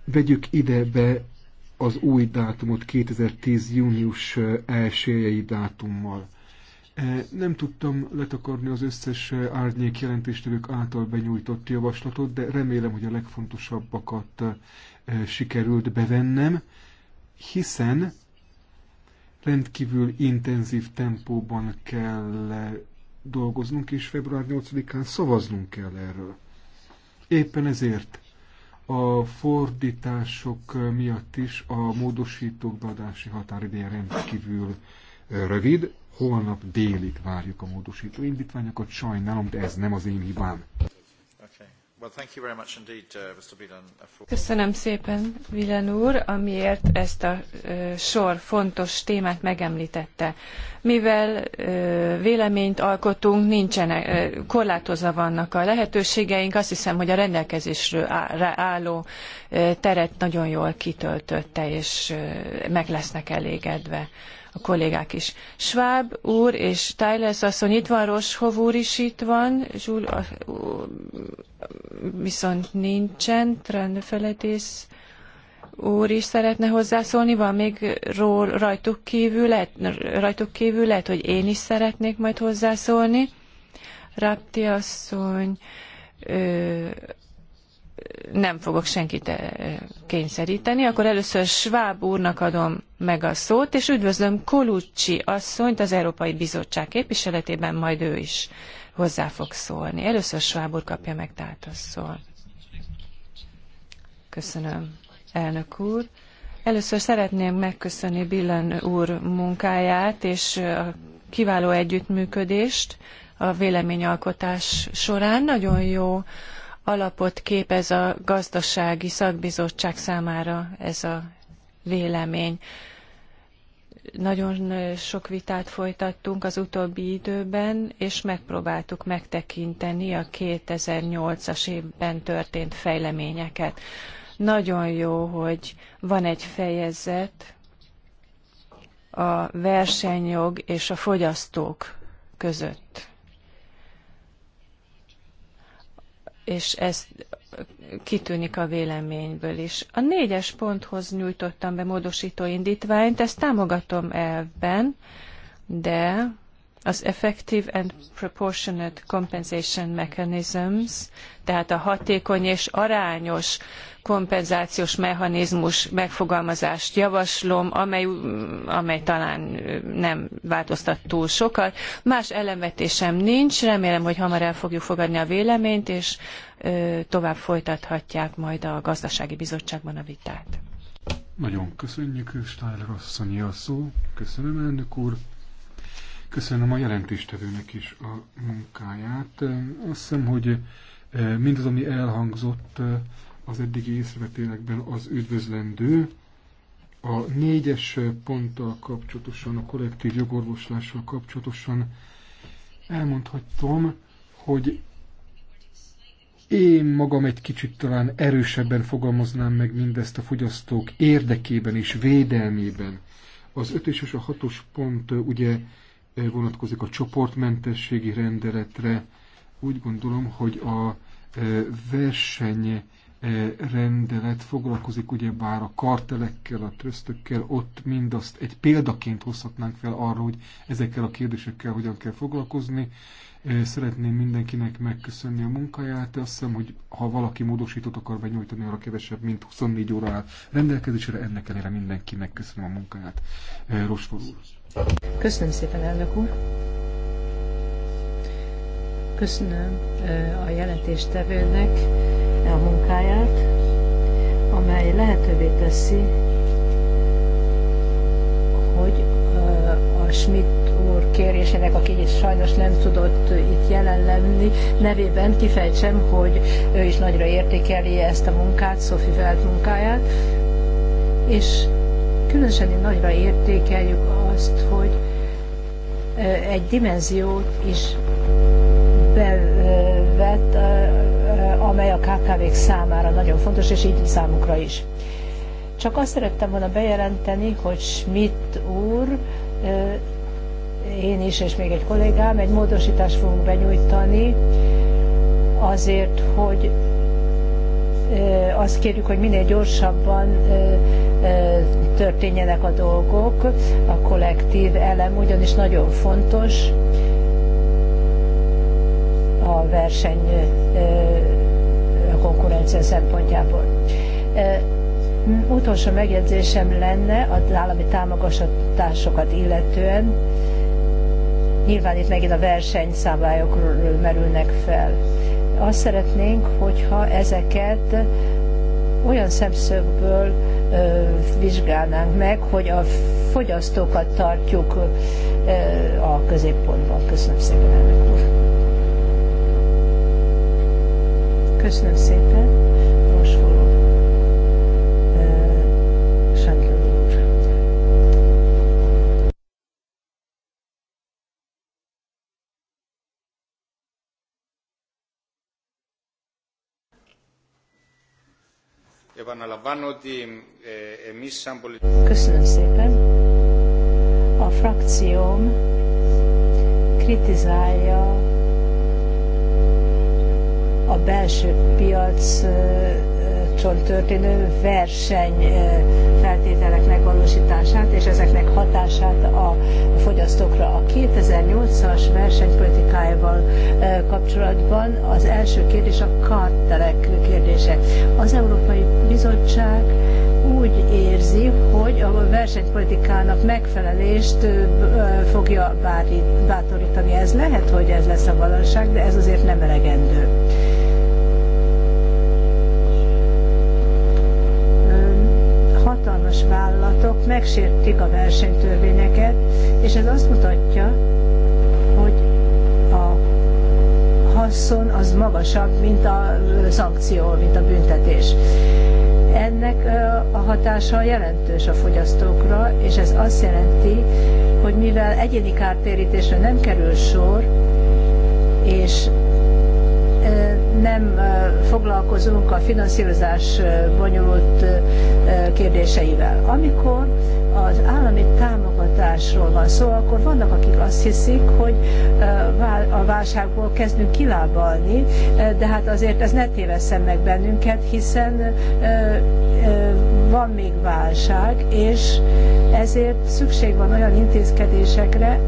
vegyük ide be az új dátumot 2010. június elsőjei dátummal. Nem tudtam letakarni az összes árnyék jelentéstevők által benyújtott javaslatot, de remélem, hogy a legfontosabbakat sikerült bevennem, hiszen rendkívül intenzív tempóban kell dolgoznunk, és február 8-án szavaznunk kell erről. Éppen ezért a fordítások miatt is a módosítók beadási határideje rendkívül rövid, holnap délig várjuk a módosító indítványokat. Sajnálom, de ez nem az én hibám. Uh, uh, Köszönöm szépen, Vilen úr, amiért ezt a sor fontos témát megemlítette. Mivel véleményt alkotunk, nincsenek, korlátozva vannak a lehetőségeink, azt hiszem, hogy a rendelkezésre álló teret nagyon jól kitöltötte, és meg lesznek elégedve a kollégák is. Schwab úr és Tyler asszony itt van, Roshov úr is itt van, Zsul, viszont nincsen, Trendfeletész úr is szeretne hozzászólni, van még ról, rajtuk, kívül, lehet, rajtuk kívül, lehet, hogy én is szeretnék majd hozzászólni. Rapti asszony, ö, nem fogok senkit eh, kényszeríteni, akkor először Schwab úrnak adom meg a szót, és üdvözlöm Kolucsi asszonyt az Európai Bizottság képviseletében, majd ő is hozzá fog szólni. Először Schwab úr kapja meg tehát a szót. Köszönöm, elnök úr. Először szeretném megköszönni Billen úr munkáját és a kiváló együttműködést a véleményalkotás során. Nagyon jó alapot képez a gazdasági szakbizottság számára ez a vélemény. Nagyon sok vitát folytattunk az utóbbi időben, és megpróbáltuk megtekinteni a 2008-as évben történt fejleményeket. Nagyon jó, hogy van egy fejezet a versenyjog és a fogyasztók között és ez kitűnik a véleményből is. A négyes ponthoz nyújtottam be módosító indítványt, ezt támogatom elben, de az Effective and Proportionate Compensation Mechanisms, tehát a hatékony és arányos kompenzációs mechanizmus megfogalmazást javaslom, amely, amely talán nem változtat túl sokat. Más elemetésem nincs, remélem, hogy hamar el fogjuk fogadni a véleményt, és ö, tovább folytathatják majd a gazdasági bizottságban a vitát. Nagyon köszönjük, Stáler asszonyi a szó. Köszönöm, elnök úr. Köszönöm a jelentéstevőnek is a munkáját. Azt hiszem, hogy mindaz, ami elhangzott, az eddigi észrevetélekben az üdvözlendő. A négyes ponttal kapcsolatosan, a kollektív jogorvoslással kapcsolatosan elmondhatom, hogy én magam egy kicsit talán erősebben fogalmaznám meg mindezt a fogyasztók érdekében és védelmében. Az ötös és a hatos pont uh, ugye uh, vonatkozik a csoportmentességi rendeletre. Úgy gondolom, hogy a uh, verseny E, rendelet foglalkozik ugyebár a kartelekkel, a trösztökkel, ott mindazt egy példaként hozhatnánk fel arra, hogy ezekkel a kérdésekkel hogyan kell foglalkozni. E, szeretném mindenkinek megköszönni a munkáját, de azt hiszem, hogy ha valaki módosítót akar benyújtani, arra kevesebb, mint 24 óra áll rendelkezésre, ennek elére mindenkinek köszönöm a munkáját. E, Rosfor úr. Köszönöm szépen, elnök úr. Köszönöm a jelentéstevőnek a munkáját, amely lehetővé teszi, hogy a Schmidt úr kérésének, aki is sajnos nem tudott itt jelen lenni, nevében kifejtsem, hogy ő is nagyra értékeli ezt a munkát, Sophie Welt munkáját, és különösen nagyra értékeljük azt, hogy egy dimenziót is bevett amely a KKV-k számára nagyon fontos, és így számukra is. Csak azt szerettem volna bejelenteni, hogy Schmidt úr, én is, és még egy kollégám, egy módosítást fogunk benyújtani, azért, hogy azt kérjük, hogy minél gyorsabban történjenek a dolgok, a kollektív elem ugyanis nagyon fontos a verseny konkurencia szempontjából. Utolsó megjegyzésem lenne az állami támogatásokat illetően. Nyilván itt megint a versenyszabályokról merülnek fel. Azt szeretnénk, hogyha ezeket olyan szemszögből ö, vizsgálnánk meg, hogy a fogyasztókat tartjuk ö, a középpontban. Köszönöm szépen, elnök úr! Köszönöm szépen. Most fogom. Sándor úr. Köszönöm szépen. A frakcióm kritizálja a belső piacon történő verseny feltételek megvalósítását és ezeknek hatását a fogyasztókra. A 2008-as versenypolitikájával kapcsolatban az első kérdés a kartelek kérdése. Az Európai Bizottság úgy érzi, hogy a versenypolitikának megfelelést fogja bátorítani. Ez lehet, hogy ez lesz a valóság, de ez azért nem elegendő megsértik a versenytörvényeket, és ez azt mutatja, hogy a haszon az magasabb, mint a szankció, mint a büntetés. Ennek a hatása jelentős a fogyasztókra, és ez azt jelenti, hogy mivel egyéni kártérítésre nem kerül sor, és nem foglalkozunk a finanszírozás bonyolult kérdéseivel. Amikor az állami támogatásról van szó, akkor vannak, akik azt hiszik, hogy a válságból kezdünk kilábalni, de hát azért ez ne tévesszen meg bennünket, hiszen van még válság, és ezért szükség van olyan intézkedésekre,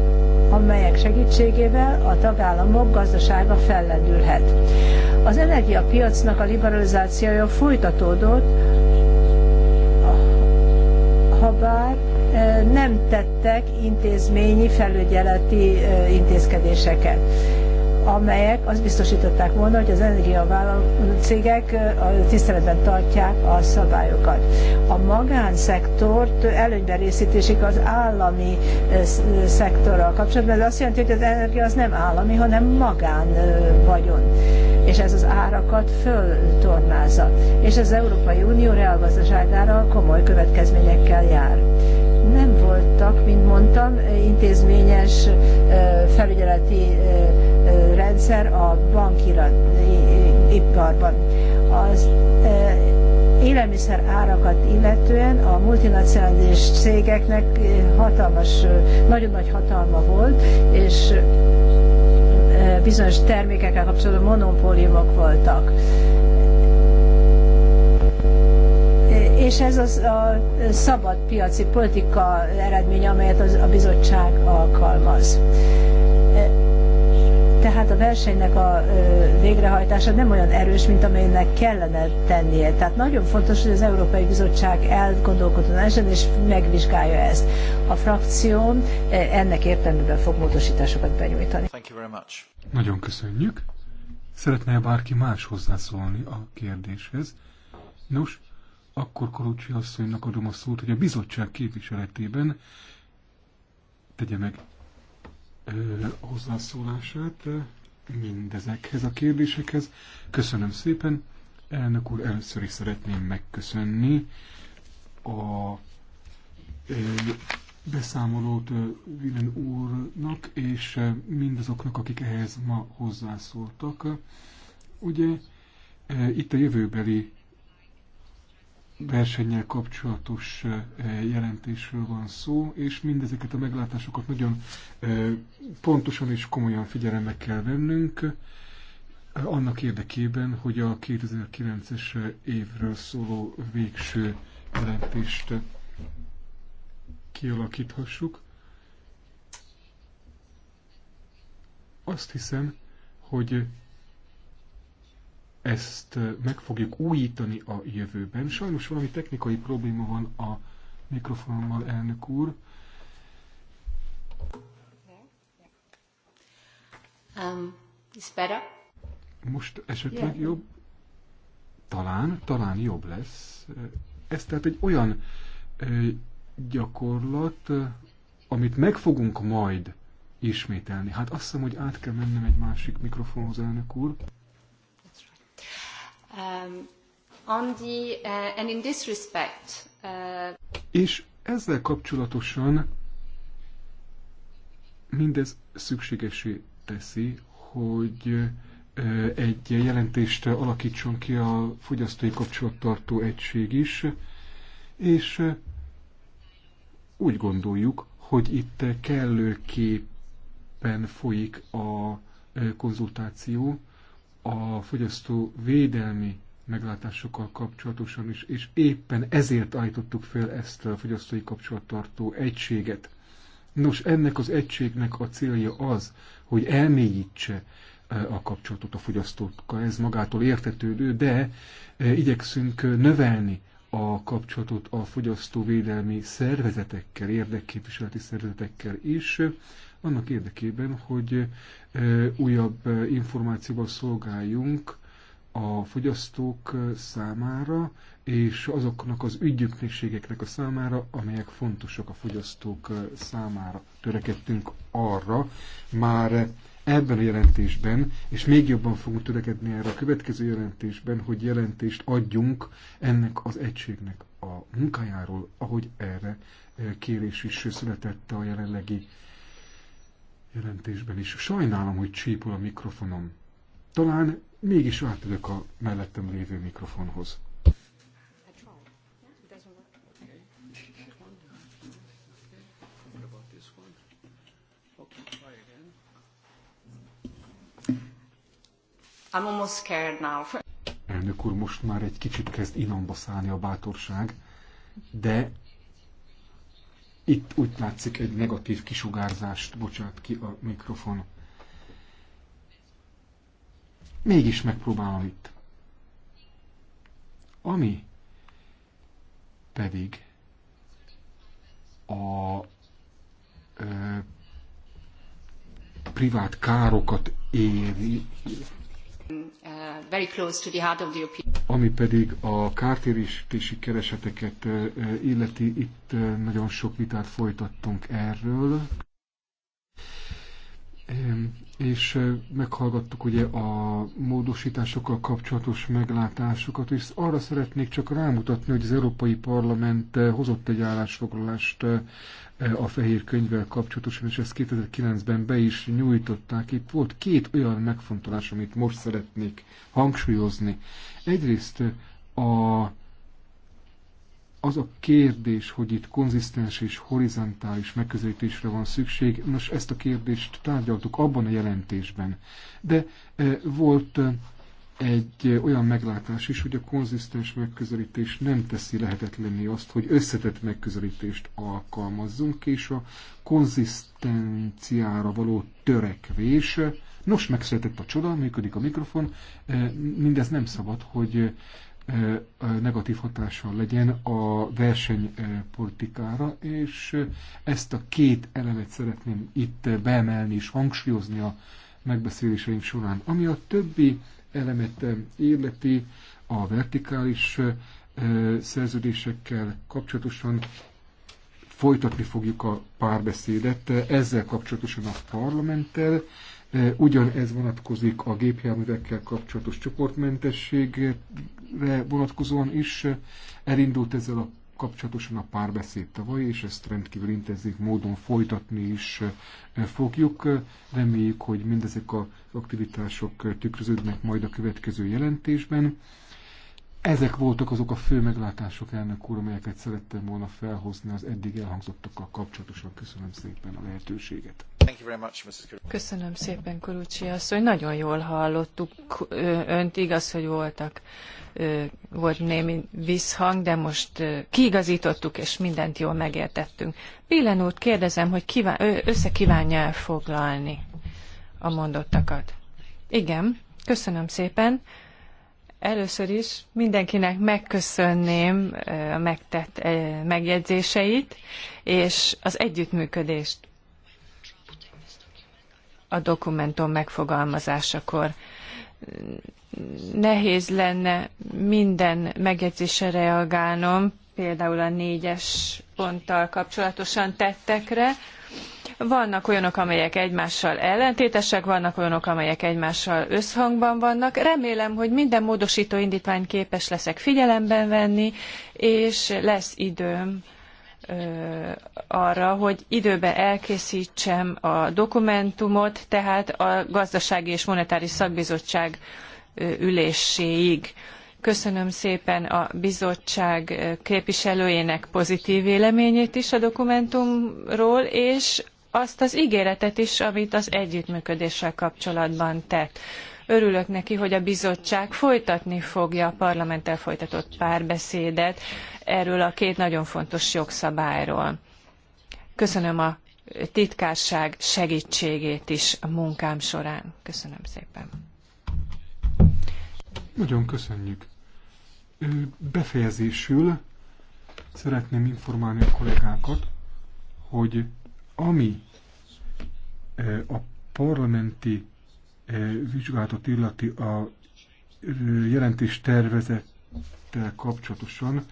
amelyek segítségével a tagállamok gazdasága fellendülhet. Az energiapiacnak a liberalizációja folytatódott, habár e, nem tettek intézményi felügyeleti e, intézkedéseket amelyek azt biztosították volna, hogy az energiavállaló cégek tiszteletben tartják a szabályokat. A magánszektort előnyben részítésik az állami szektorral kapcsolatban. Ez azt jelenti, hogy az energia az nem állami, hanem magán vagyon. És ez az árakat föltornázza. És az Európai Unió reálgazdaságára komoly következményekkel jár nem voltak, mint mondtam, intézményes felügyeleti rendszer a bankira iparban. Az élelmiszer árakat illetően a multinacionális cégeknek hatalmas, nagyon nagy hatalma volt, és bizonyos termékekkel kapcsolatban monopóliumok voltak. És ez az a szabad piaci politika eredménye, amelyet a bizottság alkalmaz tehát a versenynek a végrehajtása nem olyan erős, mint amelynek kellene tennie. Tehát nagyon fontos, hogy az Európai Bizottság elgondolkodjon ezen, és megvizsgálja ezt. A frakció ennek értelmében fog módosításokat benyújtani. Nagyon köszönjük. Szeretne -e bárki más hozzászólni a kérdéshez? Nos, akkor Korocsi asszonynak adom a szót, hogy a bizottság képviseletében tegye meg hozzászólását mindezekhez a kérdésekhez. Köszönöm szépen. Elnök úr, először is szeretném megköszönni a beszámolót Vilen úrnak és mindazoknak, akik ehhez ma hozzászóltak. Ugye itt a jövőbeli versennyel kapcsolatos jelentésről van szó, és mindezeket a meglátásokat nagyon pontosan és komolyan figyelembe kell vennünk, annak érdekében, hogy a 2009-es évről szóló végső jelentést kialakíthassuk. Azt hiszem, hogy ezt meg fogjuk újítani a jövőben. Sajnos valami technikai probléma van a mikrofonommal, elnök úr. Um, it's better. Most esetleg yeah. jobb? Talán, talán jobb lesz. Ez tehát egy olyan gyakorlat, amit meg fogunk majd ismételni. Hát azt hiszem, hogy át kell mennem egy másik mikrofonhoz, elnök úr on um, the, uh, and in this respect, uh... És ezzel kapcsolatosan mindez szükségesé teszi, hogy uh, egy jelentést alakítson ki a fogyasztói kapcsolattartó egység is, és uh, úgy gondoljuk, hogy itt kellőképpen folyik a uh, konzultáció, a fogyasztó védelmi meglátásokkal kapcsolatosan is, és éppen ezért állítottuk fel ezt a fogyasztói kapcsolattartó egységet. Nos, ennek az egységnek a célja az, hogy elmélyítse e, a kapcsolatot a fogyasztókkal. Ez magától értetődő, de e, igyekszünk növelni a kapcsolatot a fogyasztóvédelmi szervezetekkel, érdekképviseleti szervezetekkel is, annak érdekében, hogy újabb információval szolgáljunk a fogyasztók számára, és azoknak az ügyüknékségeknek a számára, amelyek fontosak a fogyasztók számára. Törekedtünk arra már ebben a jelentésben, és még jobban fogunk törekedni erre a következő jelentésben, hogy jelentést adjunk ennek az egységnek a munkájáról, ahogy erre kérés is született a jelenlegi jelentésben is. Sajnálom, hogy csípul a mikrofonom. Talán mégis átülök a mellettem lévő mikrofonhoz. I'm almost scared now. Elnök úr, most már egy kicsit kezd inamba szállni a bátorság, de itt úgy látszik egy negatív kisugárzást bocsát ki a mikrofon. Mégis megpróbálom itt. Ami pedig a ö, privát károkat éri, Uh, Ami pedig a kártérítési kereseteket uh, illeti, itt uh, nagyon sok vitát folytattunk erről. Um, és meghallgattuk ugye a módosításokkal kapcsolatos meglátásokat, és arra szeretnék csak rámutatni, hogy az Európai Parlament hozott egy állásfoglalást a fehér könyvvel kapcsolatosan, és ezt 2009-ben be is nyújtották. Itt volt két olyan megfontolás, amit most szeretnék hangsúlyozni. Egyrészt a, az a kérdés, hogy itt konzisztens és horizontális megközelítésre van szükség, nos ezt a kérdést tárgyaltuk abban a jelentésben. De eh, volt egy olyan meglátás is, hogy a konzisztens megközelítés nem teszi lehetetlenni azt, hogy összetett megközelítést alkalmazzunk, és a konzisztenciára való törekvés, nos, megszületett a csoda, működik a mikrofon, mindez nem szabad, hogy negatív hatással legyen a versenypolitikára, és ezt a két elemet szeretném itt beemelni és hangsúlyozni a megbeszéléseim során. Ami a többi elemet érleti a vertikális szerződésekkel kapcsolatosan folytatni fogjuk a párbeszédet ezzel kapcsolatosan a parlamenttel. Ugyanez vonatkozik a gépjárművekkel kapcsolatos csoportmentességre vonatkozóan is. Elindult ezzel a kapcsolatosan a párbeszéd tavaly, és ezt rendkívül intenzív módon folytatni is eh, fogjuk. Reméljük, hogy mindezek az aktivitások tükröződnek majd a következő jelentésben. Ezek voltak azok a fő meglátások, elnök úr, amelyeket szerettem volna felhozni az eddig elhangzottakkal kapcsolatosan. Köszönöm szépen a lehetőséget. Köszönöm szépen, Kurucsi asszony. Nagyon jól hallottuk önt. Igaz, hogy voltak, volt némi visszhang, de most kiigazítottuk, és mindent jól megértettünk. Billen úr, kérdezem, hogy kíván, összekívánja foglalni a mondottakat. Igen, köszönöm szépen. Először is mindenkinek megköszönném a megtett megjegyzéseit és az együttműködést a dokumentum megfogalmazásakor. Nehéz lenne minden megjegyzésre reagálnom, például a négyes ponttal kapcsolatosan tettekre. Vannak olyanok, amelyek egymással ellentétesek, vannak olyanok, amelyek egymással összhangban vannak. Remélem, hogy minden módosító indítvány képes leszek figyelemben venni, és lesz időm arra, hogy időben elkészítsem a dokumentumot, tehát a Gazdasági és Monetáris Szakbizottság üléséig. Köszönöm szépen a bizottság képviselőjének pozitív véleményét is a dokumentumról, és azt az ígéretet is, amit az együttműködéssel kapcsolatban tett. Örülök neki, hogy a bizottság folytatni fogja a parlamenttel folytatott párbeszédet erről a két nagyon fontos jogszabályról. Köszönöm a titkárság segítségét is a munkám során. Köszönöm szépen. Nagyon köszönjük. Befejezésül szeretném informálni a kollégákat, hogy ami a parlamenti vizsgálatot illeti a jelentés tervezettel kapcsolatosan,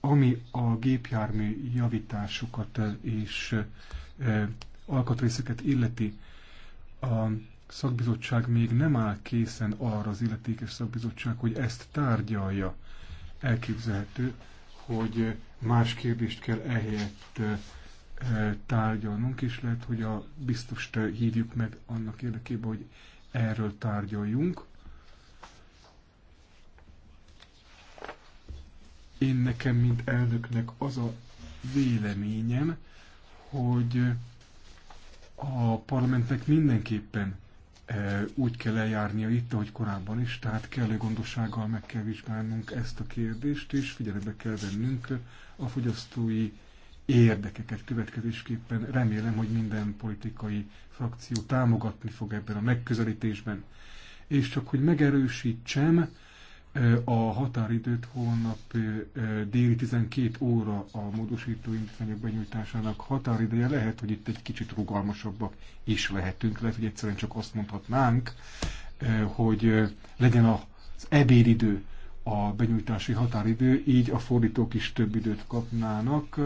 ami a gépjármű javításokat és alkatrészeket illeti, a szakbizottság még nem áll készen arra az illetékes szakbizottság, hogy ezt tárgyalja. Elképzelhető, hogy más kérdést kell ehelyett tárgyalnunk, és lehet, hogy a biztost hívjuk meg annak érdekében, hogy erről tárgyaljunk. Én nekem, mint elnöknek az a véleményem, hogy a parlamentnek mindenképpen e, úgy kell eljárnia itt, ahogy korábban is, tehát kellő gondossággal meg kell vizsgálnunk ezt a kérdést, és figyelembe kell vennünk a fogyasztói érdekeket következésképpen. Remélem, hogy minden politikai frakció támogatni fog ebben a megközelítésben. És csak hogy megerősítsem, a határidőt holnap déli 12 óra a módosító intézmények benyújtásának határideje. Lehet, hogy itt egy kicsit rugalmasabbak is lehetünk. Lehet, hogy egyszerűen csak azt mondhatnánk, hogy legyen az ebédidő a benyújtási határidő, így a fordítók is több időt kapnának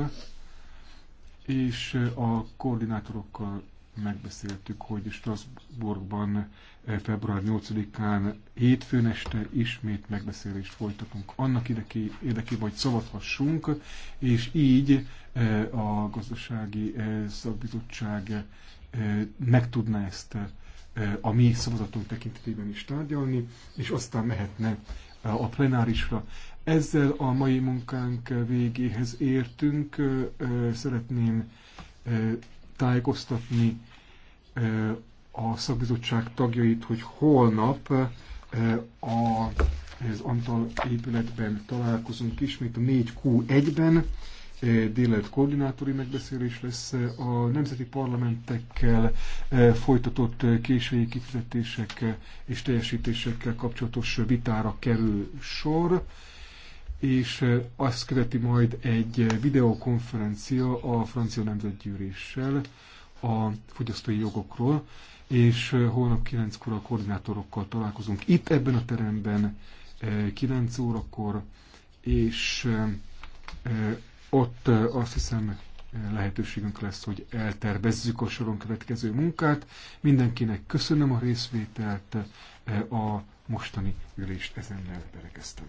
és a koordinátorokkal megbeszéltük, hogy Strasbourgban február 8-án hétfőn este ismét megbeszélést folytatunk annak ideki, érdekében, hogy szavazhassunk, és így a gazdasági szakbizottság meg tudná ezt a mi szavazatunk tekintetében is tárgyalni, és aztán mehetne a plenárisra. Ezzel a mai munkánk végéhez értünk. Szeretném tájékoztatni a szakbizottság tagjait, hogy holnap az Antal épületben találkozunk ismét a 4Q1-ben. Délelőtt koordinátori megbeszélés lesz a nemzeti parlamentekkel folytatott késői kifizetések és teljesítésekkel kapcsolatos vitára kerül sor és azt követi majd egy videokonferencia a francia nemzetgyűléssel a fogyasztói jogokról, és holnap 9-kor a koordinátorokkal találkozunk itt ebben a teremben 9 órakor, és ott azt hiszem lehetőségünk lesz, hogy eltervezzük a soron következő munkát. Mindenkinek köszönöm a részvételt, a mostani ülést ezennel berekeztem.